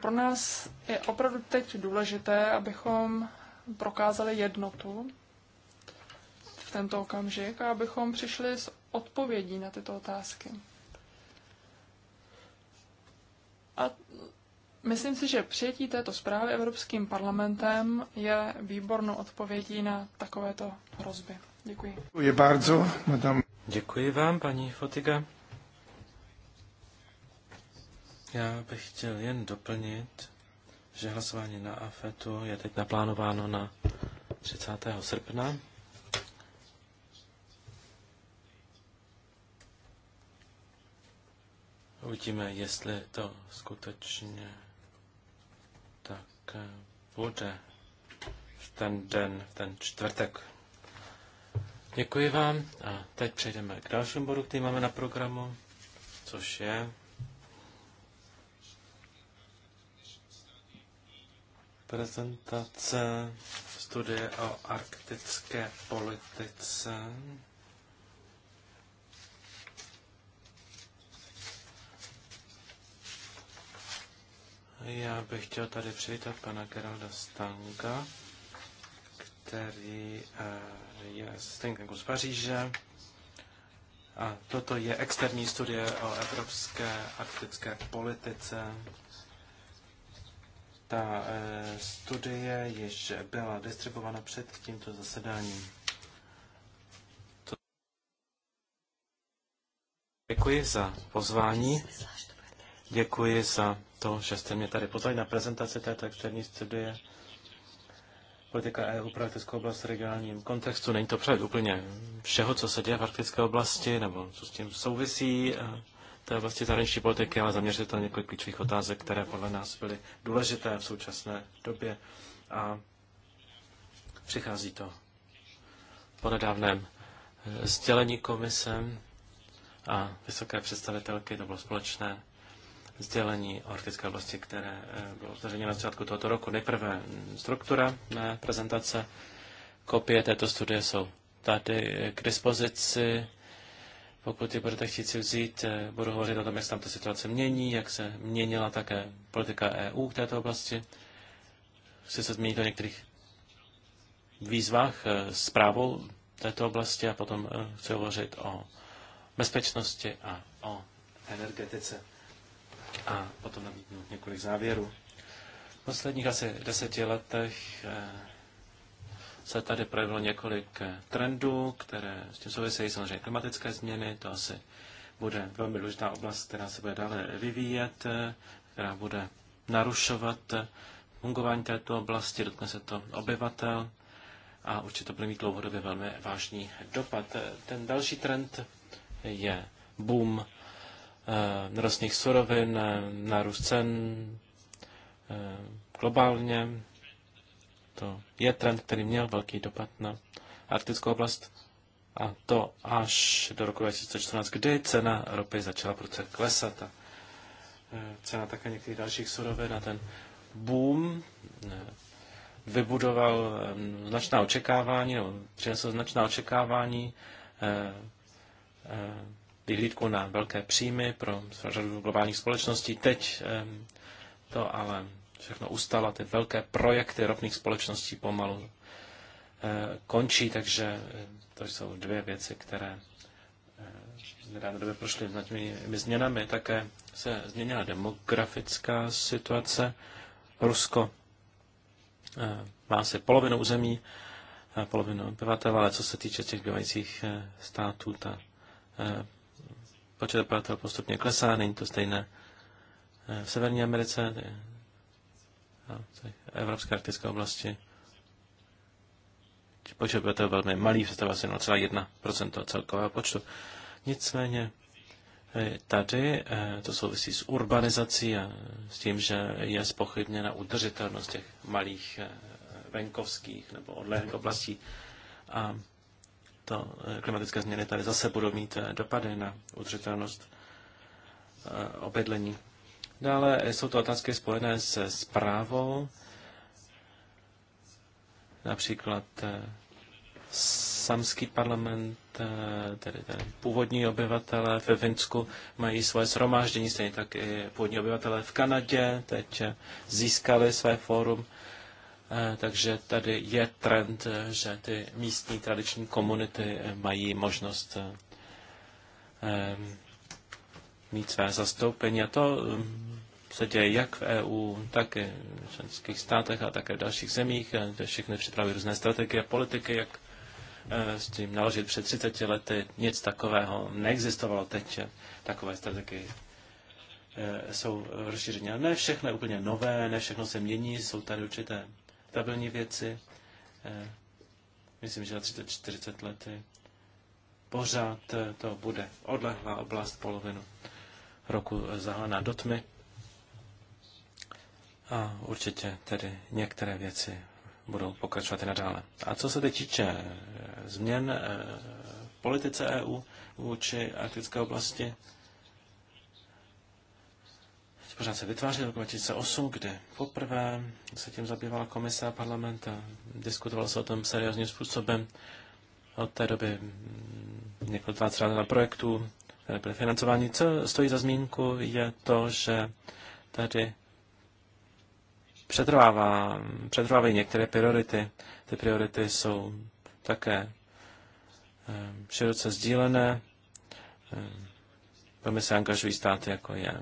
[SPEAKER 3] Pro nás je opravdu teď důležité, abychom prokázali jednotu tento okamžik a abychom přišli s odpovědí na tyto otázky. A myslím si, že přijetí této zprávy Evropským parlamentem je výbornou odpovědí na takovéto hrozby. Děkuji. Děkuji bardzo,
[SPEAKER 4] madam. Děkuji vám, paní Fotiga. Já bych chtěl jen doplnit, že hlasování na AFETu je teď naplánováno na 30. srpna. Uvidíme, jestli to skutečně tak eh, bude v ten den, v ten čtvrtek. Děkuji vám a teď přejdeme k dalšímu bodu, který máme na programu, což je prezentace studie o arktické politice. Já bych chtěl tady přivítat pana Geralda Stanga, který eh, je z Tinkenku z Paříže. A toto je externí studie o evropské arktické politice. Ta eh, studie již byla distribuována před tímto zasedáním. Děkuji za pozvání. Děkuji za to, že jste mě tady pozvali na prezentaci této externí studie politika EU pro arktickou oblast v regionálním kontextu. Není to před úplně všeho, co se děje v arktické oblasti, nebo co s tím souvisí eh, té oblasti zahraniční politiky, ale zaměřit to na několik klíčových otázek, které podle nás byly důležité v současné době. A přichází to po nedávném eh, sdělení komise a vysoké představitelky, to bylo společné sdělení o arktické oblasti, které eh, bylo zveřejněno na začátku tohoto roku. Nejprve struktura mé prezentace. Kopie této studie jsou tady k dispozici. Pokud ji budete chtít si vzít, eh, budu hovořit o tom, jak se tam ta situace mění, jak se měnila také politika EU k této oblasti. Chci se zmínit o některých výzvách s eh, právou této oblasti a potom chci hovořit o bezpečnosti a o energetice a potom nabídnu několik závěrů. V posledních asi deseti letech eh, se tady projevilo několik eh, trendů, které s tím souvisejí samozřejmě klimatické změny, to asi bude velmi důležitá oblast, která se bude dále vyvíjet, eh, která bude narušovat fungování této oblasti, dotkne se to obyvatel a určitě to bude mít dlouhodobě velmi vážný dopad. Ten další trend je boom Eh, nerostných surovin, eh, nárůst cen eh, globálně. To je trend, který měl velký dopad na arktickou oblast. A to až do roku 2014, kdy cena ropy začala proce klesat. A cena také některých dalších surovin a ten boom vybudoval značná očekávání, nebo přinesl značná očekávání vyhlídku na velké příjmy pro řadu globálních společností. Teď to ale všechno ustalo. ty velké projekty ropných společností pomalu eh, končí, takže eh, to jsou dvě věci, které eh, nedávno době prošly značnými změnami. Také se změnila demografická situace. Rusko má asi polovinu území, polovinu obyvatel, ale co se týče těch bývajících států, ta počet obyvatel postupně klesá, není to stejné eh, v Severní Americe, no, v Evropské arktické oblasti. Počet obyvatel velmi malý, představuje asi 0,1% celkového počtu. Nicméně eh, tady eh, to souvisí s urbanizací a s tím, že je spochybněna udržitelnost těch malých venkovských nebo odlehlých oblastí. A tyto eh, klimatické změny tady zase budou mít eh, dopady na udržitelnost eh, obydlení. Dále jsou to otázky spojené se zprávou, například samský parlament, tedy tady původní obyvatele ve Finsku mají svoje shromáždění, stejně tak i původní obyvatele v Kanadě teď získali své fórum Eh, takže tady je trend, eh, že ty místní tradiční komunity eh, mají možnost mít své zastoupení. A to se děje jak v EU, tak i v členských státech a také v dalších zemích. Všechny připravují různé strategie, politiky, jak s tím naložit před 30 lety. Nic takového neexistovalo teď. Takové strategie jsou rozšířené. Ne všechno je úplně nové, ne všechno se mění, jsou tady určité stabilní věci. Eh, myslím, že za 30-40 lety eh, pořád eh, to bude odlehlá oblast polovinu roku zahána do tmy. A určitě tedy některé věci budou pokračovat i nadále. A co se teď týče změn v politice EU vůči arktické oblasti, pořád se vytváří roku 2008, kdy poprvé se tím zabývala komise a parlament a diskutovalo se o tom seriózním způsobem. Od té doby mm, několik dva třeba na projektu, které byly financování. Co stojí za zmínku, je to, že tady přetrvává, přetrvávají některé priority. Ty priority jsou také ehm, široce sdílené. Ehm, velmi se angažují státy, jako je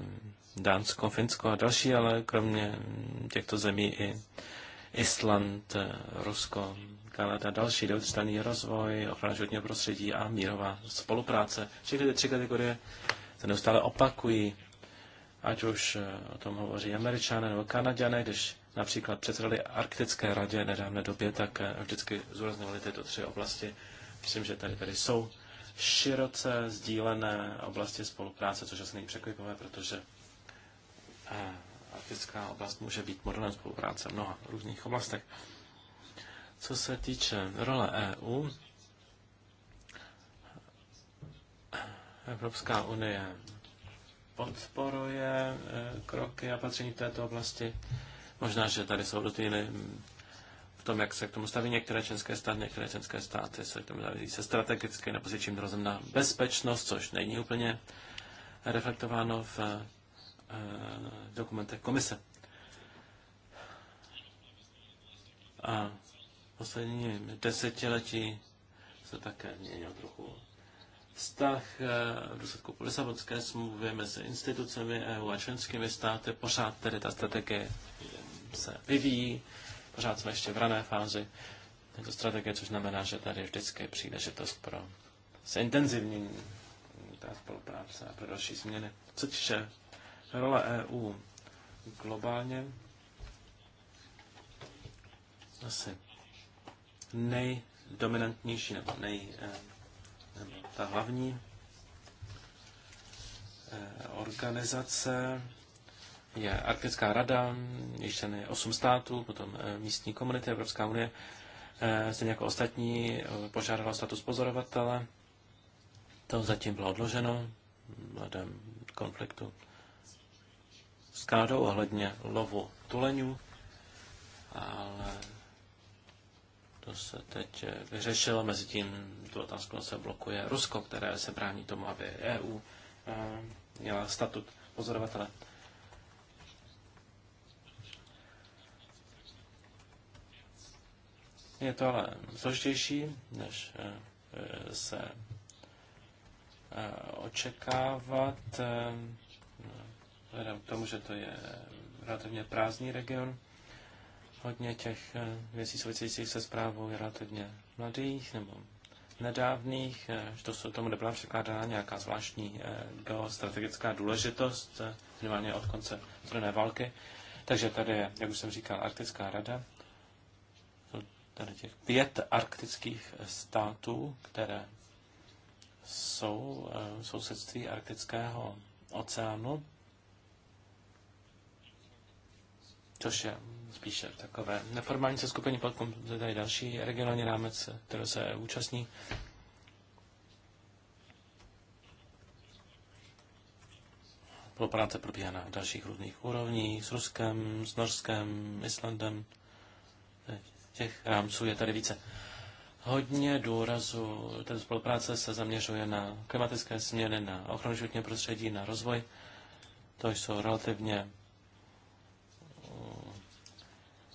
[SPEAKER 4] Dánsko, Finsko a další, ale kromě těchto zemí i Island, Rusko, Kanada, další neudržitelný rozvoj, ochrana životního prostředí a mírová spolupráce. Všechny ty tři kategorie se neustále opakují, ať už eh, o tom hovoří američané nebo kanaděné, když například předsedali Arktické radě nedávné době, tak eh, vždycky zúraznovali tyto tři oblasti. Myslím, že tady, tady jsou široce sdílené oblasti spolupráce, což asi není překvapivé, protože Eh, fyzická oblast může být modelem spolupráce v mnoha různých oblastech. Co se týče role EU, Evropská unie podporuje eh, kroky a patření v této oblasti. Možná, že tady jsou rozdíly v tom, jak se k tomu staví některé členské státy, některé členské státy se k tomu staví se strategicky nebo s čím na bezpečnost, což není úplně reflektováno v eh, Eh, dokumentech komise. A poslední desetiletí se také měnil trochu vztah eh, v důsledku Lisabonské smlouvy mezi institucemi EU a členskými státy. Pořád tedy ta strategie se vyvíjí, pořád jsme ještě v rané fázi této strategie, což znamená, že tady je vždycky příležitost pro intenzivní ta spolupráce a pro další změny. Co je role EU globálně asi nejdominantnější nebo nej, eh, nebo ta hlavní eh, organizace je Arktická rada, ještě člen je států, potom eh, místní komunity Evropská unie, stejně jako ostatní, požádala status pozorovatele. To zatím bylo odloženo vzhledem konfliktu s ohledně lovu tuleňů, ale to se teď vyřešilo. mezi tím tu otázku se blokuje Rusko, které se brání tomu, aby EU eh, měla statut pozorovatele. Je to ale složitější, než eh, se eh, očekávat vzhledem k tomu, že to je relativně prázdný region. Hodně těch eh, věcí souvisejících se zprávou je relativně mladých nebo nedávných, eh, že to se tomu nebyla překládána nějaká zvláštní eh, geostrategická důležitost, minimálně od konce druhé války. Takže tady je, jak už jsem říkal, Arktická rada, tady těch pět arktických států, které jsou v sousedství Arktického oceánu. což je spíše takové neformální seskupení, potom tady další regionální rámec, který se účastní. Spolupráce probíhá na dalších různých úrovních s Ruskem, s Norskem, Islandem. Těch rámců je tady více. Hodně důrazu té spolupráce se zaměřuje na klimatické změny, na ochranu životního prostředí, na rozvoj. To jsou relativně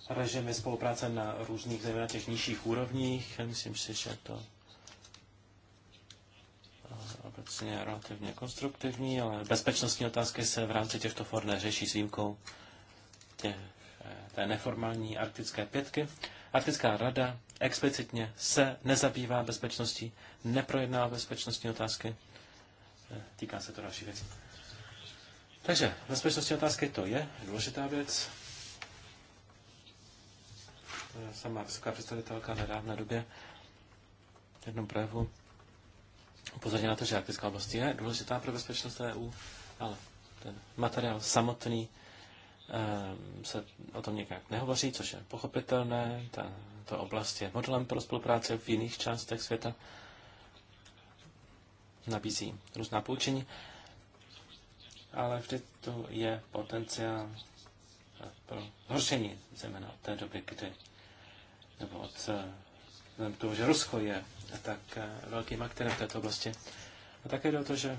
[SPEAKER 4] režimy spolupráce na různých, zejména těch nižších úrovních. Myslím si, že to eh, obecně relativně konstruktivní, ale bezpečnostní otázky se v rámci těchto for neřeší s výjimkou tě, eh, té neformální arktické pětky. Arktická rada explicitně se nezabývá bezpečností, neprojedná bezpečnostní otázky. Eh, týká se to další věc. Takže bezpečnostní otázky to je důležitá věc sama vysoká představitelka v nedávné době v jednom projevu upozornila na to, že arktická oblast je důležitá pro bezpečnost EU, ale ten materiál samotný ehm, se o tom nějak nehovoří, což je pochopitelné. Ta, ta oblast je modelem pro spolupráci v jiných částech světa. Nabízí různá poučení, ale vždy tu je potenciál pro horšení, zejména od té doby, kdy nebo od eh, toho, že Rusko je tak eh, velkým aktérem v této oblasti. A také jde o to, že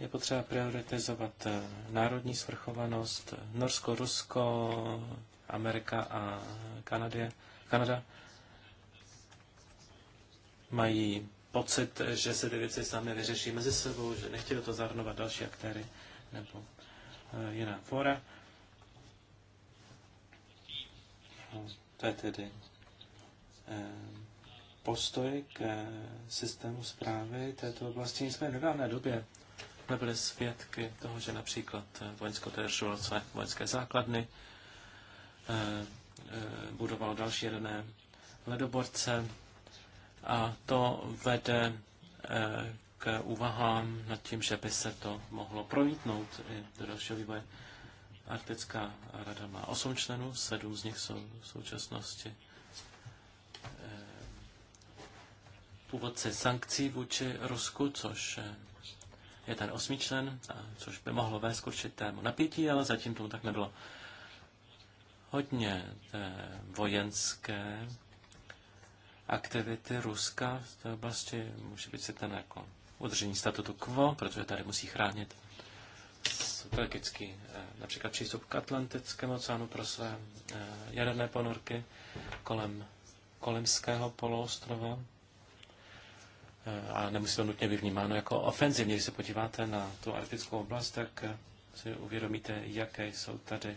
[SPEAKER 4] je potřeba prioritizovat eh, národní svrchovanost Norsko, Rusko, Amerika a Kanadě. Kanada mají pocit, že se ty věci sami vyřeší mezi sebou, že nechtějí to zahrnovat další aktéry nebo jiná fora. No, to je tedy Eh, postoj k eh, systému zprávy této oblasti. Nicméně v nedávné době jsme byli svědky toho, že například eh, vojensko své vojenské základny budovalo další jedné ledoborce a to vede k úvahám nad tím, že by se to mohlo promítnout i do dalšího vývoje. Arktická rada má 8 členů, 7 z nich jsou v současnosti původce sankcí vůči Rusku, což je ten osmičlen, což by mohlo vést k určitému napětí, ale zatím tomu tak nebylo. Hodně eh, vojenské aktivity Ruska v té oblasti může být ten jako udržení statutu quo, protože tady musí chránit strategický eh, například přístup k Atlantickému oceánu pro své eh, jaderné ponorky kolem Kolimského poloostrova a nemusí to nutně být vnímáno jako ofenzivně. Když se podíváte na tu arktickou oblast, tak eh, si uvědomíte, jaké jsou tady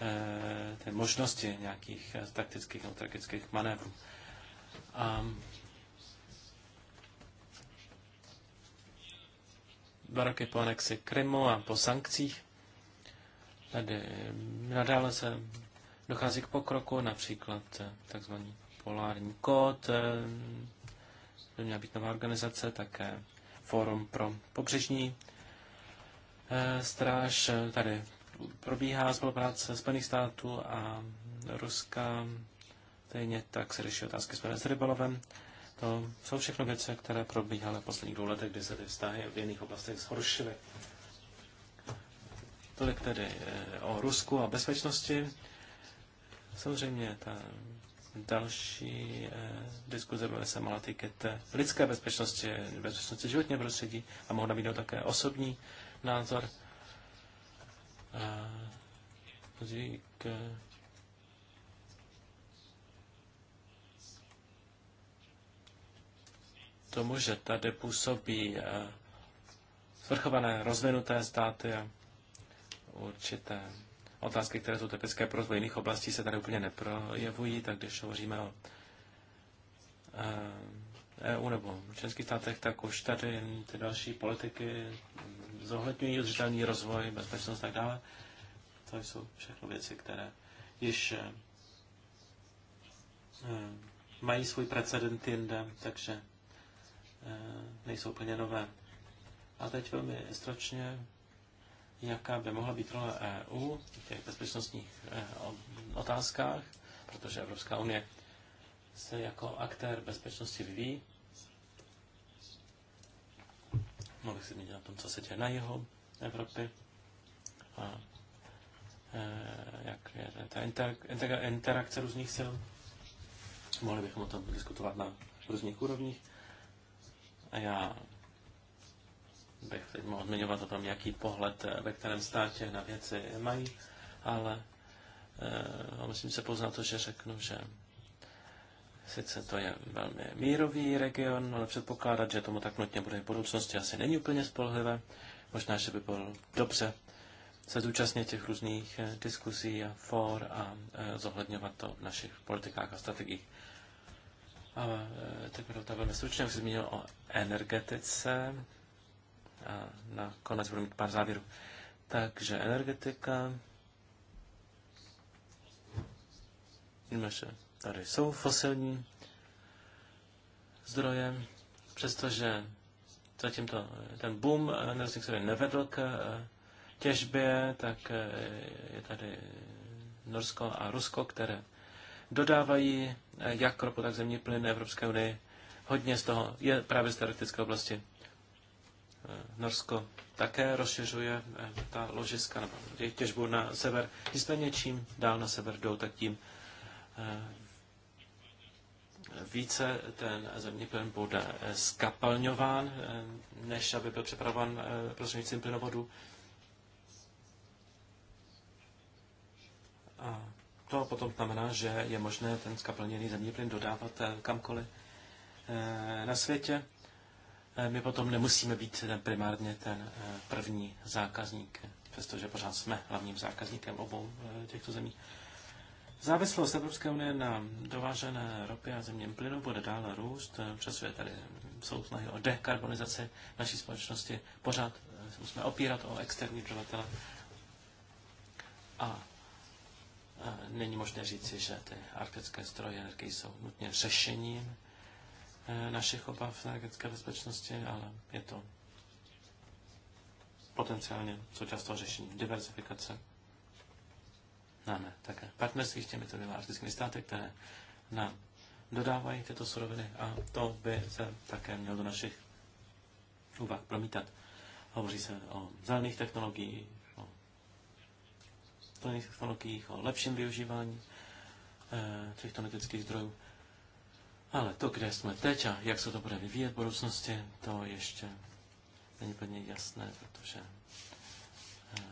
[SPEAKER 4] eh, ty možnosti nějakých eh, taktických nebo tragických manévrů. A dva roky po anexi Krymu a po sankcích tady nadále se dochází k pokroku, například takzvaný polární kód, by měla být nová organizace, také Fórum pro pobřežní eh, stráž. Tady probíhá spolupráce Spojených států a Ruska. Stejně tak se řeší otázky spojené s rybolovem. To jsou všechno věci, které probíhaly v posledních dvou letech, kdy se ty vztahy v jiných oblastech zhoršily. Tolik tedy eh, o Rusku a bezpečnosti. Samozřejmě ta Další eh, diskuze bude se mala týkat eh, lidské bezpečnosti, bezpečnosti životního prostředí a mohla být také osobní názor. Eh, k tomu, že tady působí eh, svrchované rozvinuté státy a určité otázky, které jsou typické pro rozvoj jiných oblastí, se tady úplně neprojevují, tak když hovoříme o EU eh, e nebo členských státech, tak už tady ty další politiky zohledňují udržitelný rozvoj, bezpečnost a tak dále. To jsou všechno věci, které již eh, eh, mají svůj precedent jinde, takže nejsou úplně nové. A teď velmi stročně jaká by mohla být role EU v těch bezpečnostních eh, otázkách, protože Evropská unie se jako aktér bezpečnosti vyvíjí. Mohl bych si mít na tom, co se děje na jihu Evropy a eh, jak je ta interakce různých sil. Mohli bychom o tom diskutovat na různých úrovních. A já bych teď mohl zmiňovat o tom, jaký pohled eh, ve kterém státě na věci mají, ale e, musím se poznat to, že řeknu, že sice to je velmi mírový region, ale předpokládat, že tomu tak nutně bude v budoucnosti, asi není úplně spolehlivé. Možná, že by bylo dobře se zúčastnit těch různých eh, diskusí a for a e, zohledňovat to v našich politikách a strategiích. A teď budu to velmi stručně, už zmínil o energetice a konec budu mít pár závěrů. Takže energetika. Víme, že tady jsou fosilní zdroje, přestože zatím to, ten boom energetiky se nevedl k eh, těžbě, tak eh, je tady Norsko a Rusko, které dodávají eh, jak ropu, tak zemní plyn Evropské unii. Hodně z toho je právě z teoretické oblasti. Eh, Norsko také rozšiřuje eh, ta ložiska nebo těžbu na sever. Nicméně čím dál na sever jdou, tak tím eh, více ten zemní plyn bude skapalňován, než aby byl přepravan prostřednictvím plynovodu. A to potom znamená, že je možné ten skapalněný zemní plyn dodávat kamkoliv na světě. Eh, my potom nemusíme být ten primárně ten eh, první zákazník, přestože pořád jsme hlavním zákazníkem obou eh, těchto zemí. Závislost Evropské unie na dovážené ropě a zemním plynu bude dále růst. Přesuje tady jsou snahy o dekarbonizaci naší společnosti. Pořád musíme opírat o externí dodavatele. A není možné říci, že ty arktické stroje energie jsou nutně řešením Eh, našich obav z energetické bezpečnosti, ale je to potenciálně součást toho řešení. Diversifikace. Máme také partnerství s těmito dvěma arktickými státy, které nám dodávají tyto suroviny a to by se také mělo do našich úvah promítat. Hovoří se o zelených technologiích, o zelených technologiích, o lepším využívání eh, těchto energetických zdrojů. Ale to, kde jsme teď a jak se to bude vyvíjet v budoucnosti, to ještě není plně jasné, protože... Eh,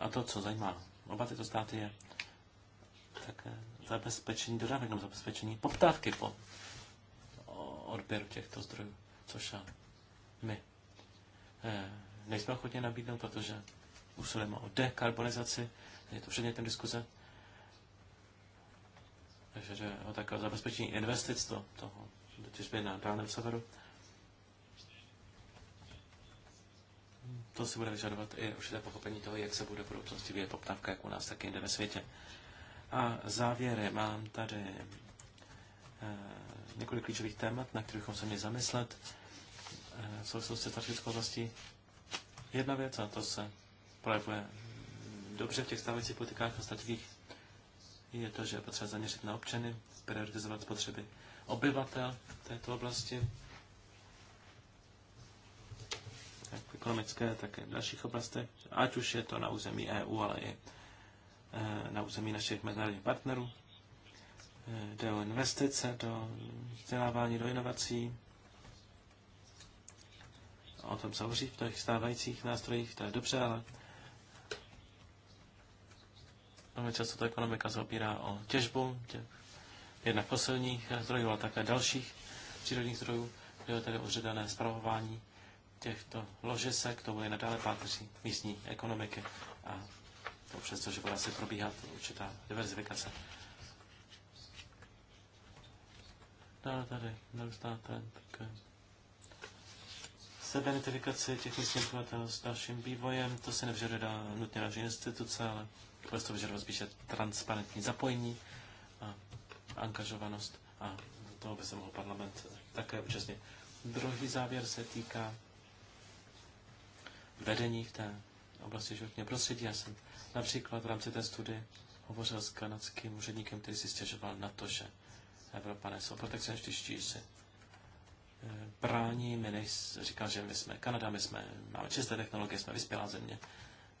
[SPEAKER 4] a to, co zajímá oba tyto státy, je také zabezpečení dodávek nebo zabezpečení poptávky po odběru těchto zdrojů, což my eh, nejsme ochotně nabídnout, protože usilujeme o dekarbonizaci, je to předmětem diskuze, takže že o takové zabezpečení investic do toho, do těžby na dálném severu. To si bude vyžadovat i určité pochopení toho, jak se bude v budoucnosti vyjet poptávka, jak u nás, tak jinde ve světě. A závěry. Mám tady e, několik klíčových témat, na kterých bychom se měli zamyslet e, v souvislosti s tlačickou oblastí. Jedna věc, a to se projevuje dobře v těch stávajících politikách a strategiích, je to, že je potřeba zaměřit na občany, prioritizovat potřeby obyvatel této oblasti, tak v ekonomické, tak i v dalších oblastech, ať už je to na území EU, ale i eh, na území našich mezinárodních partnerů. Eh, jde o investice do vzdělávání, do inovací. O tom se hovoří v těch stávajících nástrojích, to je dobře, ale Velmi často ta ekonomika se opírá o těžbu, tě, jednak fosilních eh, zdrojů, ale také dalších přírodních zdrojů. Jde tedy ořadané zpravování těchto ložisek, to bude nadále páteří místní ekonomiky a to přesto, že bude asi probíhat určitá diverzifikace. Dále tady narůstá trend k sebeidentifikacii těch místních obyvatel s dalším vývojem. To se nevžaduje nutně naše instituce, ale bude to vyžadovat spíše transparentní zapojení a angažovanost a toho by se mohl parlament také účastnit. Druhý závěr se týká vedení v té oblasti životního prostředí. Já jsem například v rámci té studie hovořil s kanadským úředníkem, který si stěžoval na to, že Evropané jsou protekcionističtí, že e, brání, my nejs, říkal, že my jsme Kanada, my jsme, máme čisté technologie, jsme vyspělá země,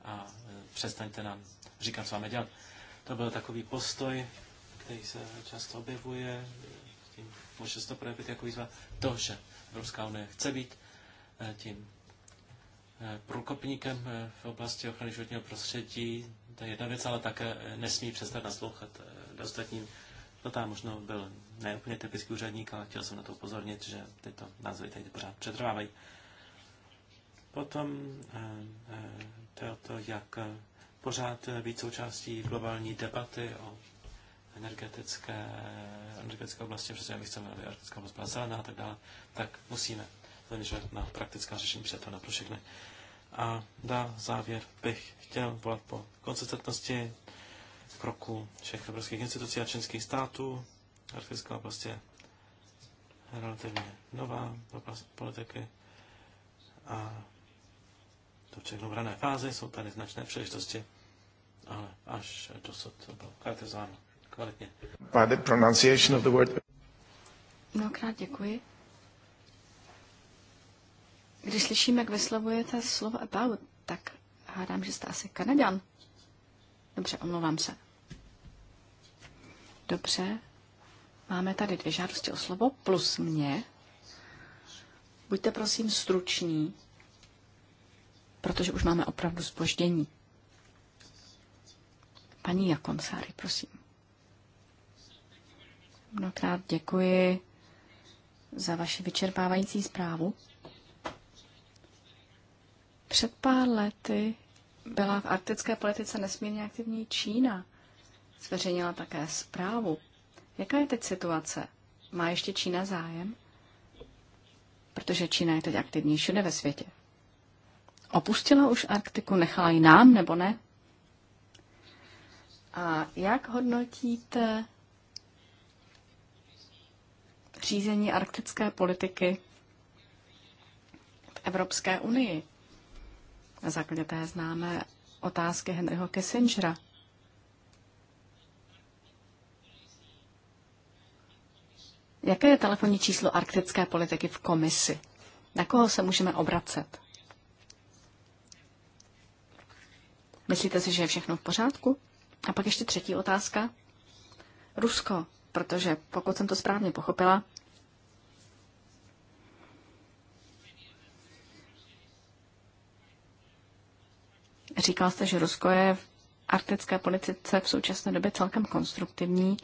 [SPEAKER 4] a e, přestaňte nám říkat, co máme dělat. To byl takový postoj, který se často objevuje, e, tím může se to projevit jako výzva, to, že Evropská unie chce být e, tím průkopníkem v oblasti ochrany životního prostředí, to je jedna věc, ale také nesmí přestat naslouchat ostatním. To no, tam možná byl neúplně typický úředník, ale chtěl jsem na to upozornit, že tyto názvy tady pořád přetrvávají. Potom Jde o to, jak eh, pořád být eh, součástí globální debaty o energetické, energetické oblasti, protože my chceme, aby energetická oblast byla zelená a tak dále, tak musíme zaměřovat na praktická řešení na pro všechny. A na závěr bych chtěl volat po konzistentnosti kroku všech evropských institucí a členských států. Arktická oblast je relativně nová oblast politiky a to všechno v rané fázi, jsou tady značné příležitosti, ale až dosud to bylo charakterizováno kvalitně. By
[SPEAKER 2] the pronunciation of the word. Mnohokrát děkuji. Když slyším, jak vyslovujete slovo about, tak hádám, že jste asi Kanaďan. Dobře, omlouvám se. Dobře, máme tady dvě žádosti o slovo plus mě. Buďte prosím struční, protože už máme opravdu zpoždění. Paní Jakonsáry, prosím. Mnohokrát děkuji za vaši vyčerpávající zprávu. Před pár lety byla v arktické politice nesmírně aktivní Čína. Zveřejnila také zprávu. Jaká je teď situace? Má ještě Čína zájem? Protože Čína je teď aktivní všude ve světě opustila už Arktiku, nechala ji nám nebo ne? A jak hodnotíte řízení arktické politiky v Evropské unii? Na základě té známé otázky Henryho Kissingera. Jaké je telefonní číslo arktické politiky v komisi? Na koho se můžeme obracet? Myslíte si, že je všechno v pořádku? A pak ještě třetí otázka. Rusko, protože pokud jsem to správně pochopila, Říkal jste, že Rusko je v arktické politice v současné době celkem konstruktivní.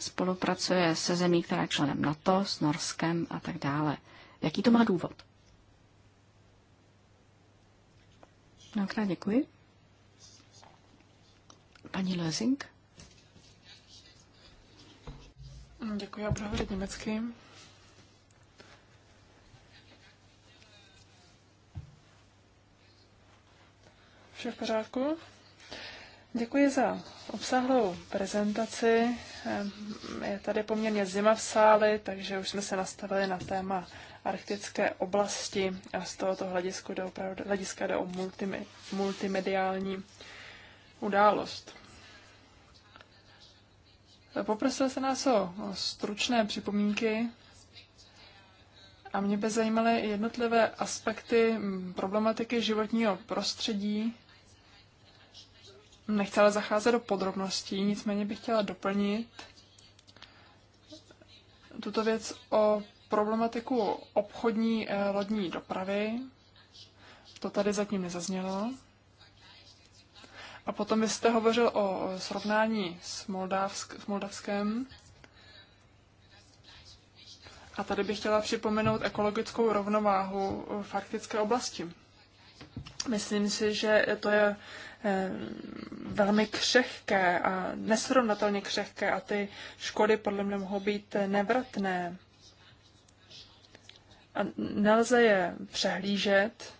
[SPEAKER 2] Spolupracuje se zemí, která je členem NATO, s Norskem a tak dále. Jaký to má důvod? Mnohokrát děkuji. Paní
[SPEAKER 3] Lezing? Děkuji, já budu hovořit německy. Vše v pořádku? Děkuji za obsáhlou prezentaci. Ehm, je tady poměrně zima v sále, takže už jsme se nastavili na téma arktické oblasti a z tohoto hlediska jde opravdu, hlediska jde o multimediální událost. Poprosil se nás o, stručné připomínky a mě by zajímaly jednotlivé aspekty problematiky životního prostředí. Nechcela zacházet do podrobností, nicméně bych chtěla doplnit tuto věc o problematiku obchodní lodní dopravy. To tady zatím nezaznělo. A potom vy jste hovořil o srovnání s, Moldavsk, s Moldavskem. A tady bych chtěla připomenout ekologickou rovnováhu v arktické oblasti. Myslím si, že to je eh, velmi křehké a nesrovnatelně křehké a ty škody podle mě mohou být nevratné. A nelze je přehlížet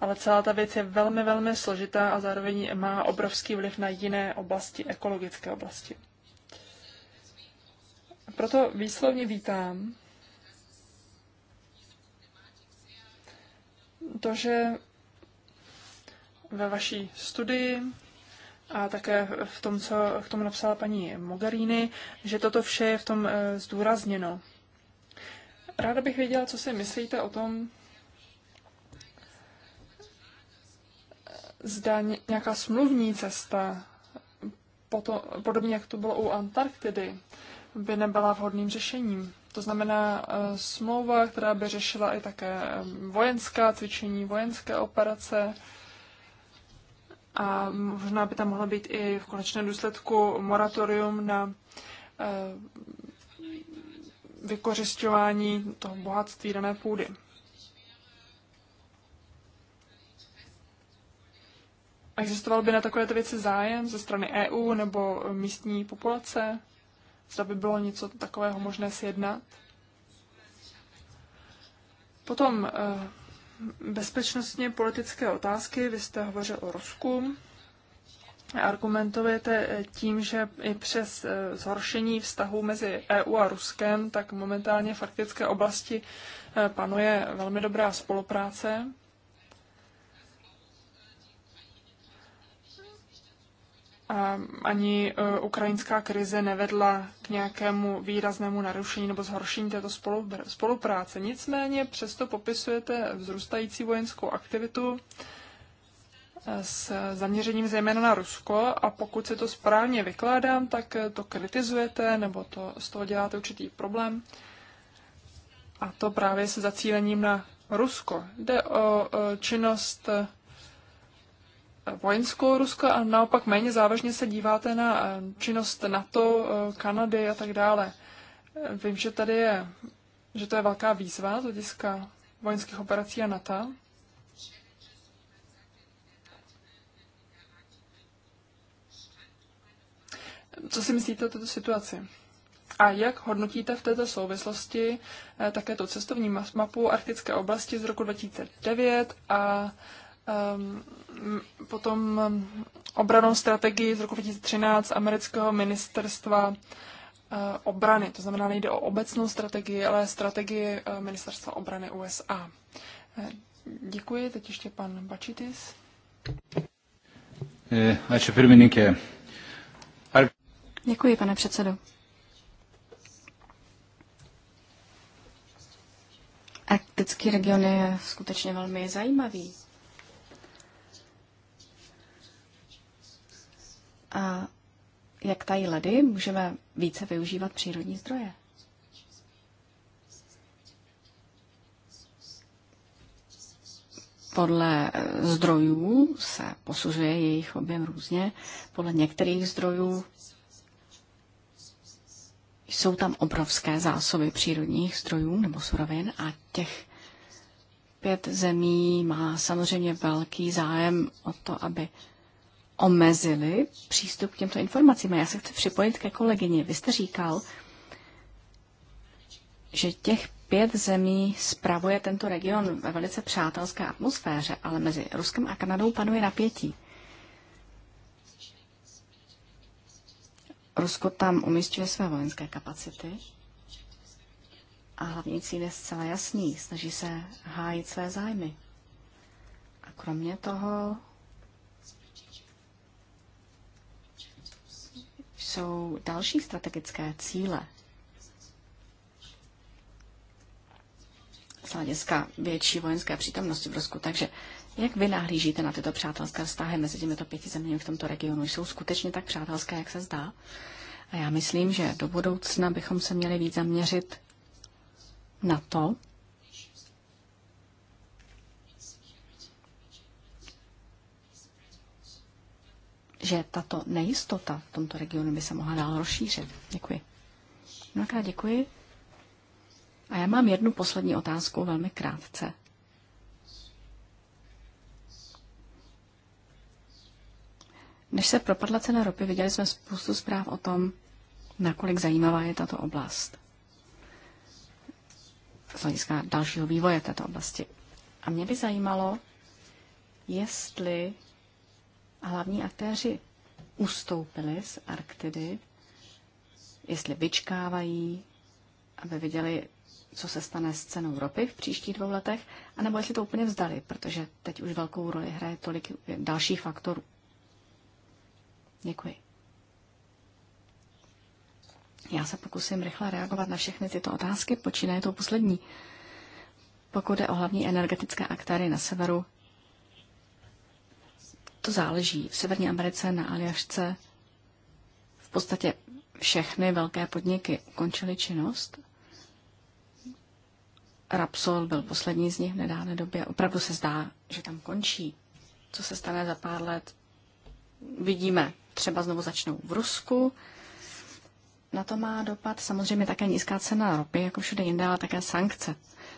[SPEAKER 3] ale celá ta věc je velmi, velmi složitá a zároveň má obrovský vliv na jiné oblasti, ekologické oblasti. Proto výslovně vítám to, že ve vaší studii a také v tom, co k tomu napsala paní Mogherini, že toto vše je v tom eh, zdůrazněno. Ráda bych věděla, co si myslíte o tom, zda nějaká smluvní cesta, potom, podobně jak to bylo u Antarktidy, by nebyla vhodným řešením. To znamená e, smlouva, která by řešila i také e, vojenská cvičení, vojenské operace a možná by tam mohlo být i v konečném důsledku moratorium na e, vykořišťování toho bohatství dané půdy. Existoval by na takovéto věci zájem ze strany EU nebo místní populace? Zda by bylo něco takového možné sjednat? Potom eh, bezpečnostně politické otázky. Vy jste hovořil o Rusku. Argumentujete eh, tím, že i přes eh, zhoršení vztahů mezi EU a Ruskem, tak momentálně v faktické oblasti panuje velmi dobrá spolupráce. ani e, ukrajinská krize nevedla k nějakému výraznému narušení nebo zhoršení této spolupráce. Nicméně přesto popisujete vzrůstající vojenskou aktivitu e, s zaměřením zejména na Rusko a pokud se to správně vykládám, tak to kritizujete nebo to z toho děláte určitý problém. A to právě se zacílením na Rusko. Jde o e, činnost vojenskou Rusko a naopak méně závažně se díváte na eh, činnost NATO, eh, Kanady a tak dále. Vím, že tady je, že to je velká výzva z hlediska vojenských operací a NATO. Co si myslíte o této situaci? A jak hodnotíte v této souvislosti eh, také tu cestovní mapu arktické oblasti z roku 2009 a Ehm, potom ehm, obranou strategii z roku 2013 amerického ministerstva eh, obrany. To znamená, nejde o obecnou strategii, ale strategii eh, ministerstva obrany USA. Eh, děkuji. Teď ještě pan Bačitis. Děkuji, pane předsedo.
[SPEAKER 2] Arktický region je skutečně velmi zajímavý. A jak tají ledy, můžeme více využívat přírodní zdroje. Podle eh, zdrojů se posuzuje jejich objem různě. Podle některých zdrojů jsou tam obrovské zásoby přírodních zdrojů nebo surovin a těch pět zemí má samozřejmě velký zájem o to, aby omezili přístup k těmto informacím. A já se chci připojit ke kolegyni. Vy jste říkal, že těch pět zemí spravuje tento region ve velice přátelské atmosféře, ale mezi Ruskem a Kanadou panuje napětí. Rusko tam umístuje své vojenské kapacity a hlavní cíl je zcela jasný. Snaží se hájit své zájmy. A kromě toho jsou další strategické cíle z hlediska větší vojenské přítomnosti v Rusku. Takže jak vy nahlížíte na tyto přátelské vztahy mezi těmito pěti zeměmi v tomto regionu? Jsou skutečně tak přátelské, jak se zdá? A já myslím, že do budoucna bychom se měli víc zaměřit na to, že tato nejistota v tomto regionu by se mohla dál rozšířit. Děkuji. Mnohokrát děkuji. A já mám jednu poslední otázku velmi krátce. Než se propadla cena ropy, viděli jsme spoustu zpráv o tom, nakolik zajímavá je tato oblast. Z hlediska dalšího vývoje této oblasti. A mě by zajímalo, jestli a hlavní aktéři ustoupili z Arktidy, jestli vyčkávají, aby viděli, co se stane s cenou ropy v příštích dvou letech, anebo jestli to úplně vzdali, protože teď už velkou roli hraje tolik dalších faktorů. Děkuji. Já se pokusím rychle reagovat na všechny tyto otázky, počínaje tou poslední. Pokud je o hlavní energetické aktéry na severu, to záleží. V Severní Americe na Aljašce v podstatě všechny velké podniky ukončily činnost. Rapsol byl poslední z nich v nedávné době. Opravdu se zdá, že tam končí. Co se stane za pár let, vidíme. Třeba znovu začnou v Rusku. Na to má dopad samozřejmě také nízká cena ropy, jako všude jinde, ale také sankce.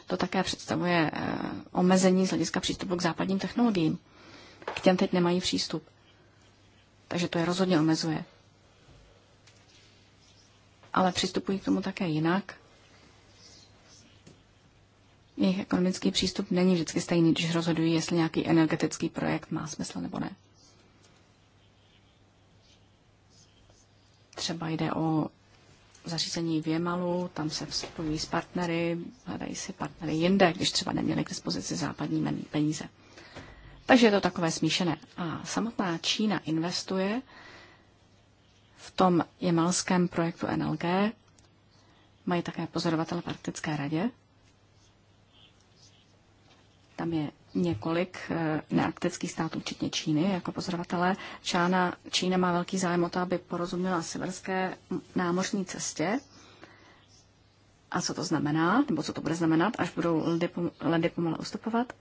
[SPEAKER 2] To také představuje eh, omezení z hlediska přístupu k západním technologiím. K těm teď nemají přístup. Takže to je rozhodně omezuje. Ale přistupují k tomu také jinak. Jejich ekonomický přístup není vždycky stejný, když rozhodují, jestli nějaký energetický projekt má smysl nebo ne. Třeba jde o zařízení v Jemalu, tam se spojují s partnery, hledají si partnery jinde, když třeba neměli k dispozici západní peníze. Takže je to takové smíšené. A samotná Čína investuje v tom jemalském projektu NLG, mají také pozorovatele v Arktické radě. Tam je několik eh, nearktických států, včetně Číny, jako pozorovatele. Čána, Čína má velký zájem o to, aby porozuměla severské námořní cestě. A co to znamená, nebo co to bude znamenat, až budou ledy pomalu ustupovat.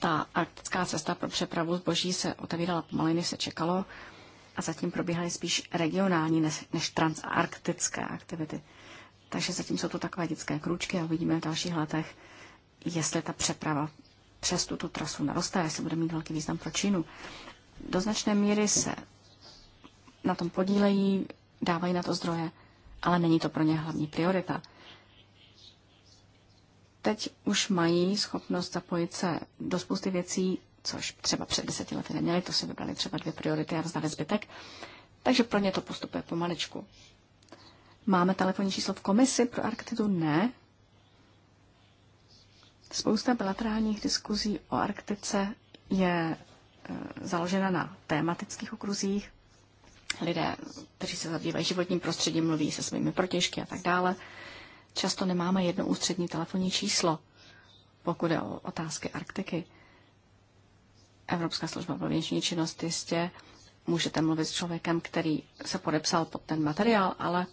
[SPEAKER 2] Ta arktická cesta pro přepravu zboží se otevírala pomaleji, než se čekalo a zatím probíhaly spíš regionální než, než transarktické aktivity. Takže zatím jsou to takové dětské kručky a uvidíme v dalších letech, jestli ta přeprava přes tuto trasu narostá, jestli bude mít velký význam pro Čínu. Do značné míry se na tom podílejí, dávají na to zdroje, ale není to pro ně hlavní priorita teď už mají schopnost zapojit se do spousty věcí, což třeba před deseti lety neměli, to si vybrali třeba dvě priority a vzdali zbytek. Takže pro ně to postupuje pomaličku. Máme telefonní číslo v komisi pro Arktidu? Ne. Spousta bilaterálních diskuzí o Arktice je e, založena na tématických okruzích. Lidé, kteří se zabývají životním prostředím, mluví se svými protěžky a tak dále. Často nemáme jedno ústřední telefonní číslo, pokud je o otázky Arktiky. Evropská služba pro vnitřní činnost jistě můžete mluvit s člověkem, který se podepsal pod ten materiál, ale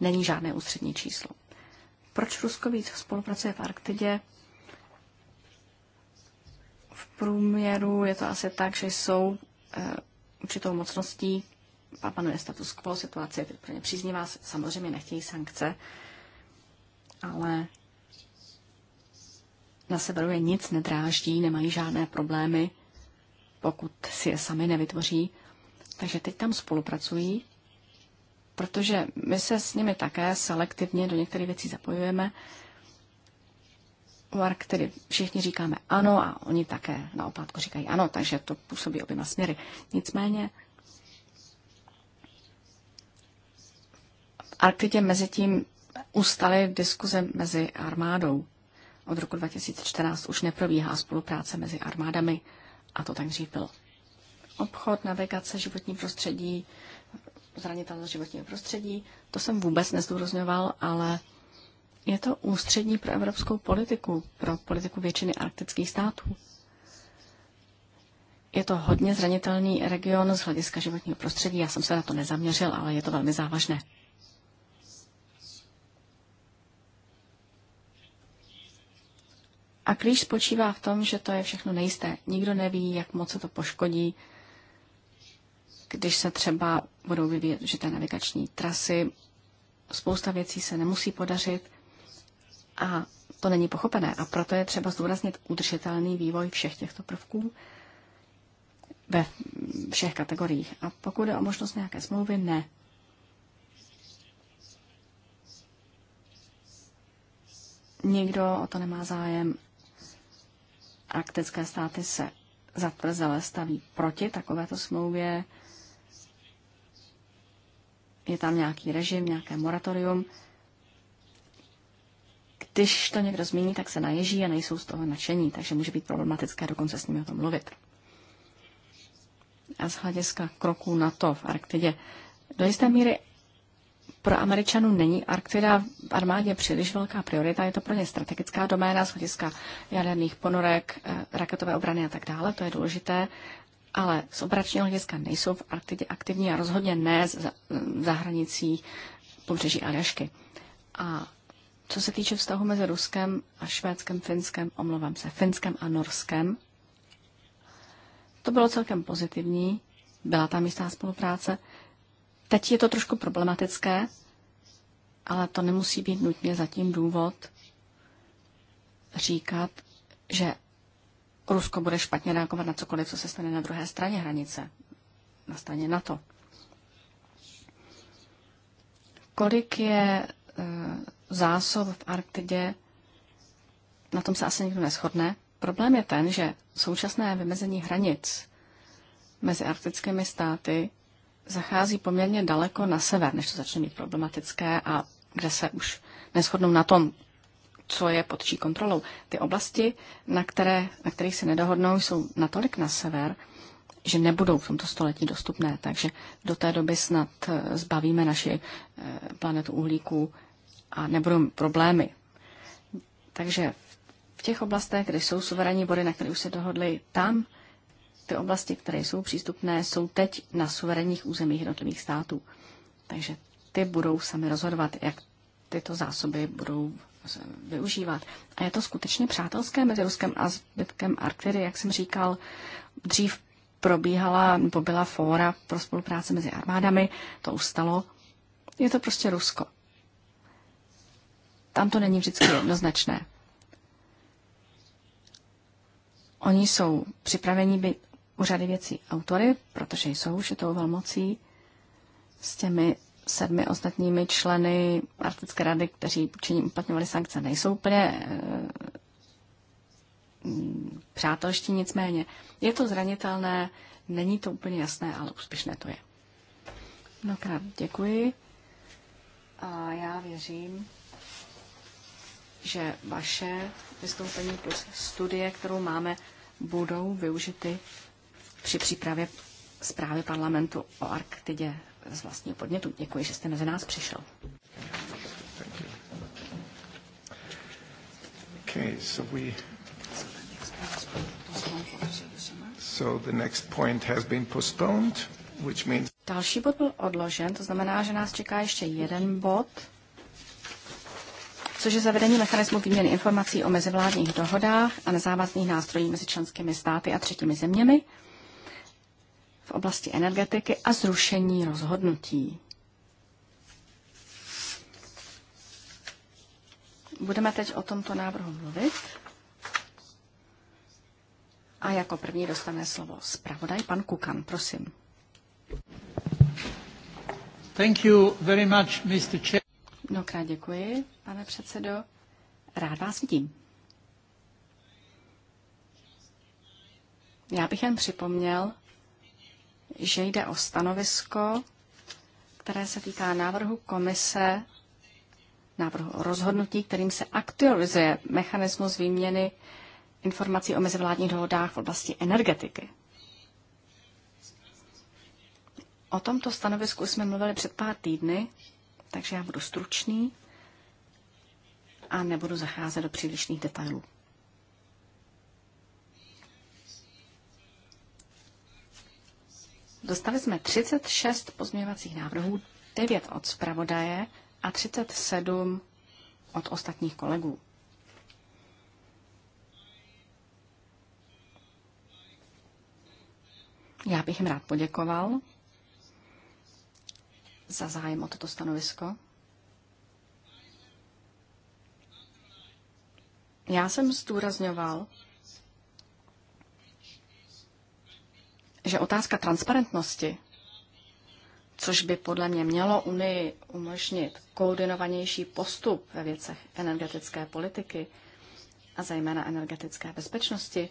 [SPEAKER 2] není žádné ústřední číslo. Proč Rusko víc spolupracuje v Arktidě? V průměru je to asi tak, že jsou e, určitou mocností panuje status quo, situace je pro ně příznivá, samozřejmě nechtějí sankce, ale na severu je nic nedráždí, nemají žádné problémy, pokud si je sami nevytvoří. Takže teď tam spolupracují, protože my se s nimi také selektivně do některých věcí zapojujeme. Mark tedy všichni říkáme ano a oni také na oplátku říkají ano, takže to působí oběma směry. Nicméně v Arktidě mezi tím ustaly diskuze mezi armádou. Od roku 2014 už neprobíhá spolupráce mezi armádami a to tak dřív bylo. Obchod, navigace, životní prostředí, zranitelnost životního prostředí, to jsem vůbec nezdůrazňoval, ale je to ústřední pro evropskou politiku, pro politiku většiny arktických států. Je to hodně zranitelný region z hlediska životního prostředí. Já jsem se na to nezaměřil, ale je to velmi závažné. A klíč spočívá v tom, že to je všechno nejisté. Nikdo neví, jak moc se to poškodí, když se třeba budou vyvíjet určité navigační trasy. Spousta věcí se nemusí podařit a to není pochopené. A proto je třeba zdůraznit udržitelný vývoj všech těchto prvků ve všech kategoriích. A pokud je o možnost nějaké smlouvy, ne. Nikdo o to nemá zájem arktické státy se zatvrzele staví proti takovéto smlouvě. Je tam nějaký režim, nějaké moratorium. Když to někdo zmíní, tak se naježí a nejsou z toho nadšení, takže může být problematické dokonce s nimi o tom mluvit. A z hlediska kroků to v Arktidě, do jisté míry pro Američanů není Arktida v armádě příliš velká priorita, je to pro ně strategická doména z hlediska jaderných ponorek, eh, raketové obrany a tak dále, to je důležité, ale z obračního hlediska nejsou v Arktidě aktivní a rozhodně ne z zahranicí mm, pobřeží Aljašky. A co se týče vztahu mezi Ruskem a Švédskem, Finskem, omlouvám se, Finskem a Norskem, to bylo celkem pozitivní, byla tam jistá spolupráce, Teď je to trošku problematické, ale to nemusí být nutně zatím důvod říkat, že Rusko bude špatně reagovat na cokoliv, co se stane na druhé straně hranice, na straně NATO. Kolik je e, zásob v Arktidě, na tom se asi nikdo neschodne. Problém je ten, že současné vymezení hranic mezi arktickými státy zachází poměrně daleko na sever, než to začne být problematické a kde se už neschodnou na tom, co je pod čí kontrolou. Ty oblasti, na, které, na kterých se nedohodnou, jsou natolik na sever, že nebudou v tomto století dostupné. Takže do té doby snad eh, zbavíme naši eh, planetu uhlíků a nebudou problémy. Takže v těch oblastech, kde jsou suverénní body, na které už se dohodli, tam ty oblasti, které jsou přístupné, jsou teď na suverénních územích jednotlivých států. Takže ty budou sami rozhodovat, jak tyto zásoby budou využívat. A je to skutečně přátelské mezi Ruskem a zbytkem Arktidy, jak jsem říkal, dřív probíhala nebo byla fóra pro spolupráci mezi armádami, to ustalo. Je to prostě Rusko. Tam to není vždycky jednoznačné. Oni jsou připraveni být u řady věcí autory, protože jsou ušitou velmocí s těmi sedmi ostatními členy Arktické rady, kteří činí uplatňovali sankce, nejsou úplně eh, mm, přátelští nicméně. Je to zranitelné, není to úplně jasné, ale úspěšné to je. Mnohokrát děkuji a já věřím, že vaše vystoupení plus studie, kterou máme, budou využity při přípravě zprávy parlamentu o Arktidě z vlastního podnětu. Děkuji, že jste mezi nás přišel. Okay, so we... So the next point has been postponed, which means... Další bod byl odložen, to znamená, že nás čeká ještě jeden bod, což je zavedení mechanismu výměny informací o mezivládních dohodách a nezávazných nástrojích mezi členskými státy a třetími zeměmi oblasti energetiky a zrušení rozhodnutí. Budeme teď o tomto návrhu mluvit. A jako první dostane slovo zpravodaj pan Kukan, prosím. Thank you very much, Mr. Chair. Mnohokrát děkuji, pane předsedo. Rád vás vidím. Já bych jen připomněl, že jde o stanovisko, které se týká návrhu komise, návrhu rozhodnutí, kterým se aktualizuje mechanismus výměny informací o mezivládních dohodách v oblasti energetiky. O tomto stanovisku jsme mluvili před pár týdny, takže já budu stručný a nebudu zacházet do přílišných detailů. Dostali jsme 36 pozměňovacích návrhů, 9 od zpravodaje a 37 od ostatních kolegů. Já bych jim rád poděkoval za zájem o toto stanovisko. Já jsem zdůrazňoval, že otázka transparentnosti, což by podle mě mělo Unii umožnit koordinovanější postup ve věcech energetické politiky a zejména energetické bezpečnosti,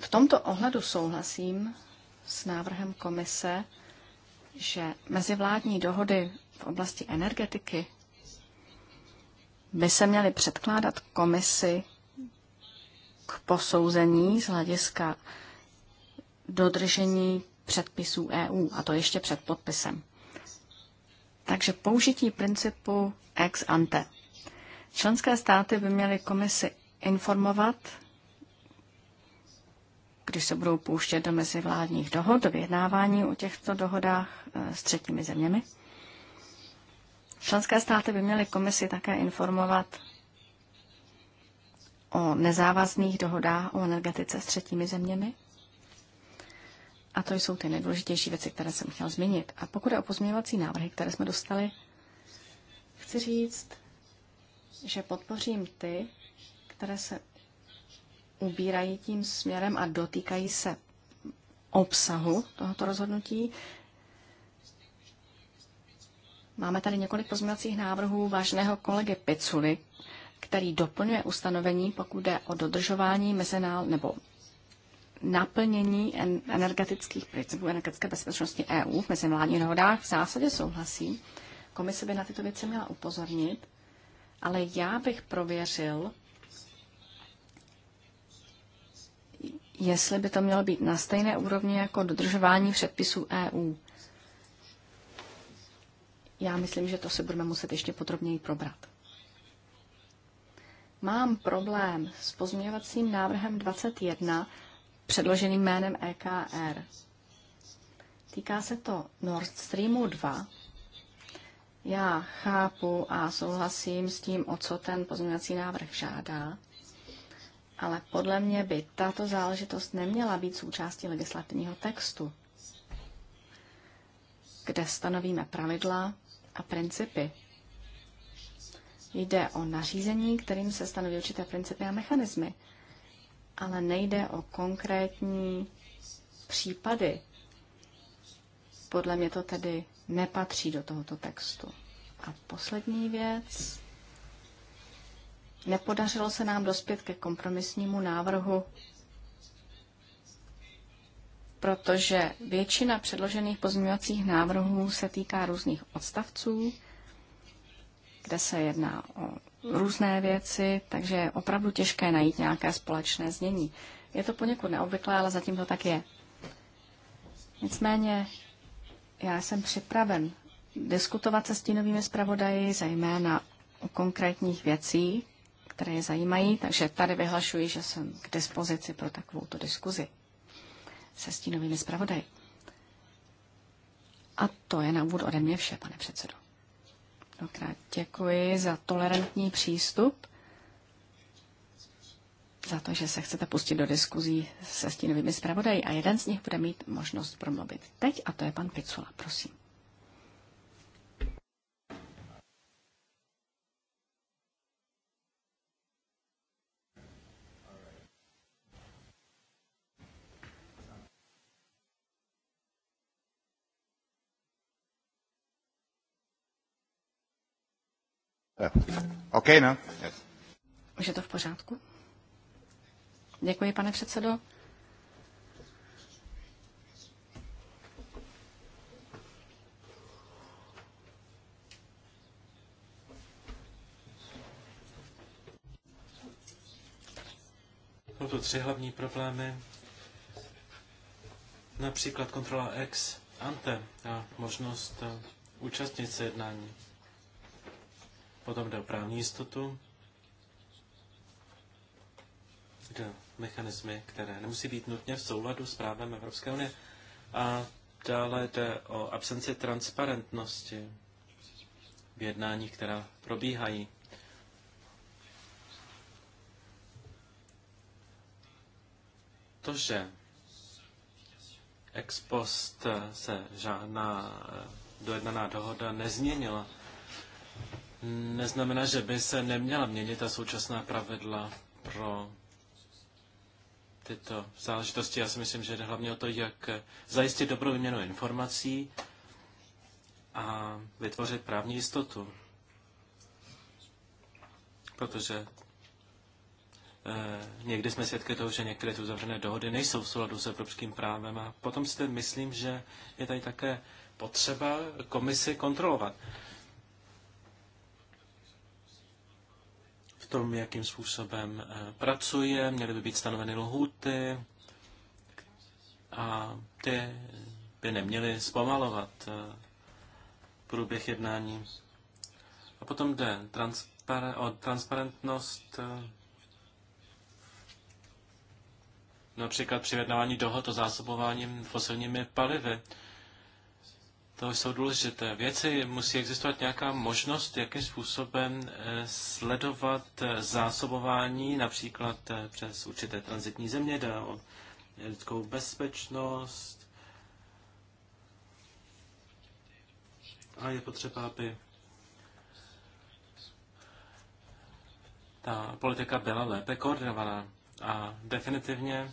[SPEAKER 2] v tomto ohledu souhlasím s návrhem komise, že mezivládní dohody v oblasti energetiky by se měly předkládat komisi k posouzení z hlediska dodržení předpisů EU, a to ještě před podpisem. Takže použití principu ex ante. Členské státy by měly komisi informovat, když se budou pouštět do mezivládních dohod, do vyjednávání o těchto dohodách e, s třetími zeměmi. Členské státy by měly komisi také informovat o nezávazných dohodách o energetice s třetími zeměmi a to jsou ty nejdůležitější věci, které jsem chtěl zmínit. A pokud je o pozměňovací návrhy, které jsme dostali, chci říct, že podpořím ty, které se ubírají tím směrem a dotýkají se obsahu tohoto rozhodnutí. Máme tady několik pozměňovacích návrhů vážného kolegy Piculi, který doplňuje ustanovení, pokud jde o dodržování mezinál, nebo naplnění energetických principů energetické bezpečnosti EU v mezivládních dohodách v zásadě souhlasí. Komise by na tyto věci měla upozornit, ale já bych prověřil, jestli by to mělo být na stejné úrovni jako dodržování předpisů EU. Já myslím, že to se budeme muset ještě podrobněji probrat. Mám problém s pozměňovacím návrhem 21, předloženým jménem EKR. Týká se to Nord Streamu 2. Já chápu a souhlasím s tím, o co ten pozměňovací návrh žádá, ale podle mě by tato záležitost neměla být součástí legislativního textu, kde stanovíme pravidla a principy. Jde o nařízení, kterým se stanoví určité principy a mechanismy ale nejde o konkrétní případy. Podle mě to tedy nepatří do tohoto textu. A poslední věc. Nepodařilo se nám dospět ke kompromisnímu návrhu, protože většina předložených pozměňovacích návrhů se týká různých odstavců, kde se jedná o různé věci, takže je opravdu těžké najít nějaké společné znění. Je to poněkud neobvyklé, ale zatím to tak je. Nicméně já jsem připraven diskutovat se stínovými zpravodaji, zejména o konkrétních věcí, které je zajímají, takže tady vyhlašuji, že jsem k dispozici pro takovouto diskuzi se stínovými zpravodaji. A to je na úvod ode mě vše, pane předsedo. Mnohokrát děkuji za tolerantní přístup, za to, že se chcete pustit do diskuzí se stínovými zpravodají. a jeden z nich bude mít možnost promluvit teď a to je pan Picula, prosím.
[SPEAKER 1] Eh, OK, no. Yes.
[SPEAKER 2] Už je to v pořádku? Děkuji, pane předsedo.
[SPEAKER 4] Jsou tři hlavní problémy. Například kontrola ex ante a možnost eh, účastnit se jednání. Potom jde o právní jistotu, jde o mechanismy, které nemusí být nutně v souladu s právem Evropské unie. A dále jde o absenci transparentnosti v jednáních, která probíhají. To, že ex post se žádná dojednaná dohoda nezměnila, neznamená, že by se neměla měnit ta současná pravidla pro tyto záležitosti. Já si myslím, že jde hlavně o to, jak zajistit dobrou výměnu informací a vytvořit právní jistotu. Protože eh, někdy jsme svědky toho, že některé ty uzavřené dohody nejsou v souladu s evropským právem a potom si myslím, že je tady také potřeba komisi kontrolovat. Eh, tom, jakým způsobem eh, pracuje, měly by být stanoveny lhuty a ty by neměly zpomalovat eh, průběh jednání. A potom jde transpar- o transparentnost eh, například při dohod o zásobování fosilními palivy. To jsou důležité věci. Musí existovat nějaká možnost, jakým způsobem eh, sledovat eh, zásobování, například eh, přes určité transitní země, jde o lidskou bezpečnost. A je potřeba, aby ta politika byla lépe koordinovaná. A definitivně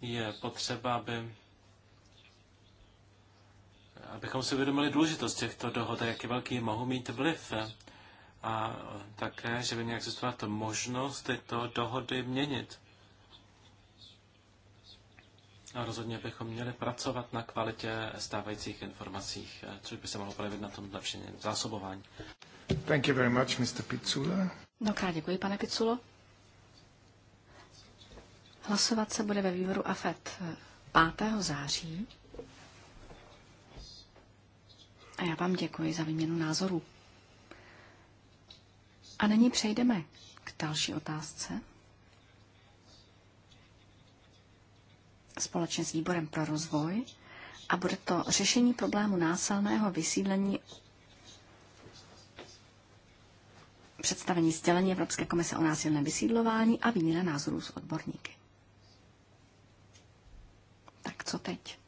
[SPEAKER 4] je potřeba, aby abychom si uvědomili důležitost těchto dohod a jaký velký mohou mít vliv. A také, že by měla existovat možnost tyto dohody měnit. A rozhodně bychom měli pracovat na kvalitě stávajících informacích, což by se mohlo projevit na tom zlepšení zásobování. Thank you very much, Mr. Pizzula.
[SPEAKER 2] No, krát děkuji, pane Pizzulo. Hlasovat se bude ve výboru AFET 5. září. A já vám děkuji za výměnu názorů. A nyní přejdeme k další otázce. Společně s výborem pro rozvoj a bude to řešení problému násilného vysídlení představení sdělení Evropské komise o násilné vysídlování a výměna názorů s odborníky. Tak co teď?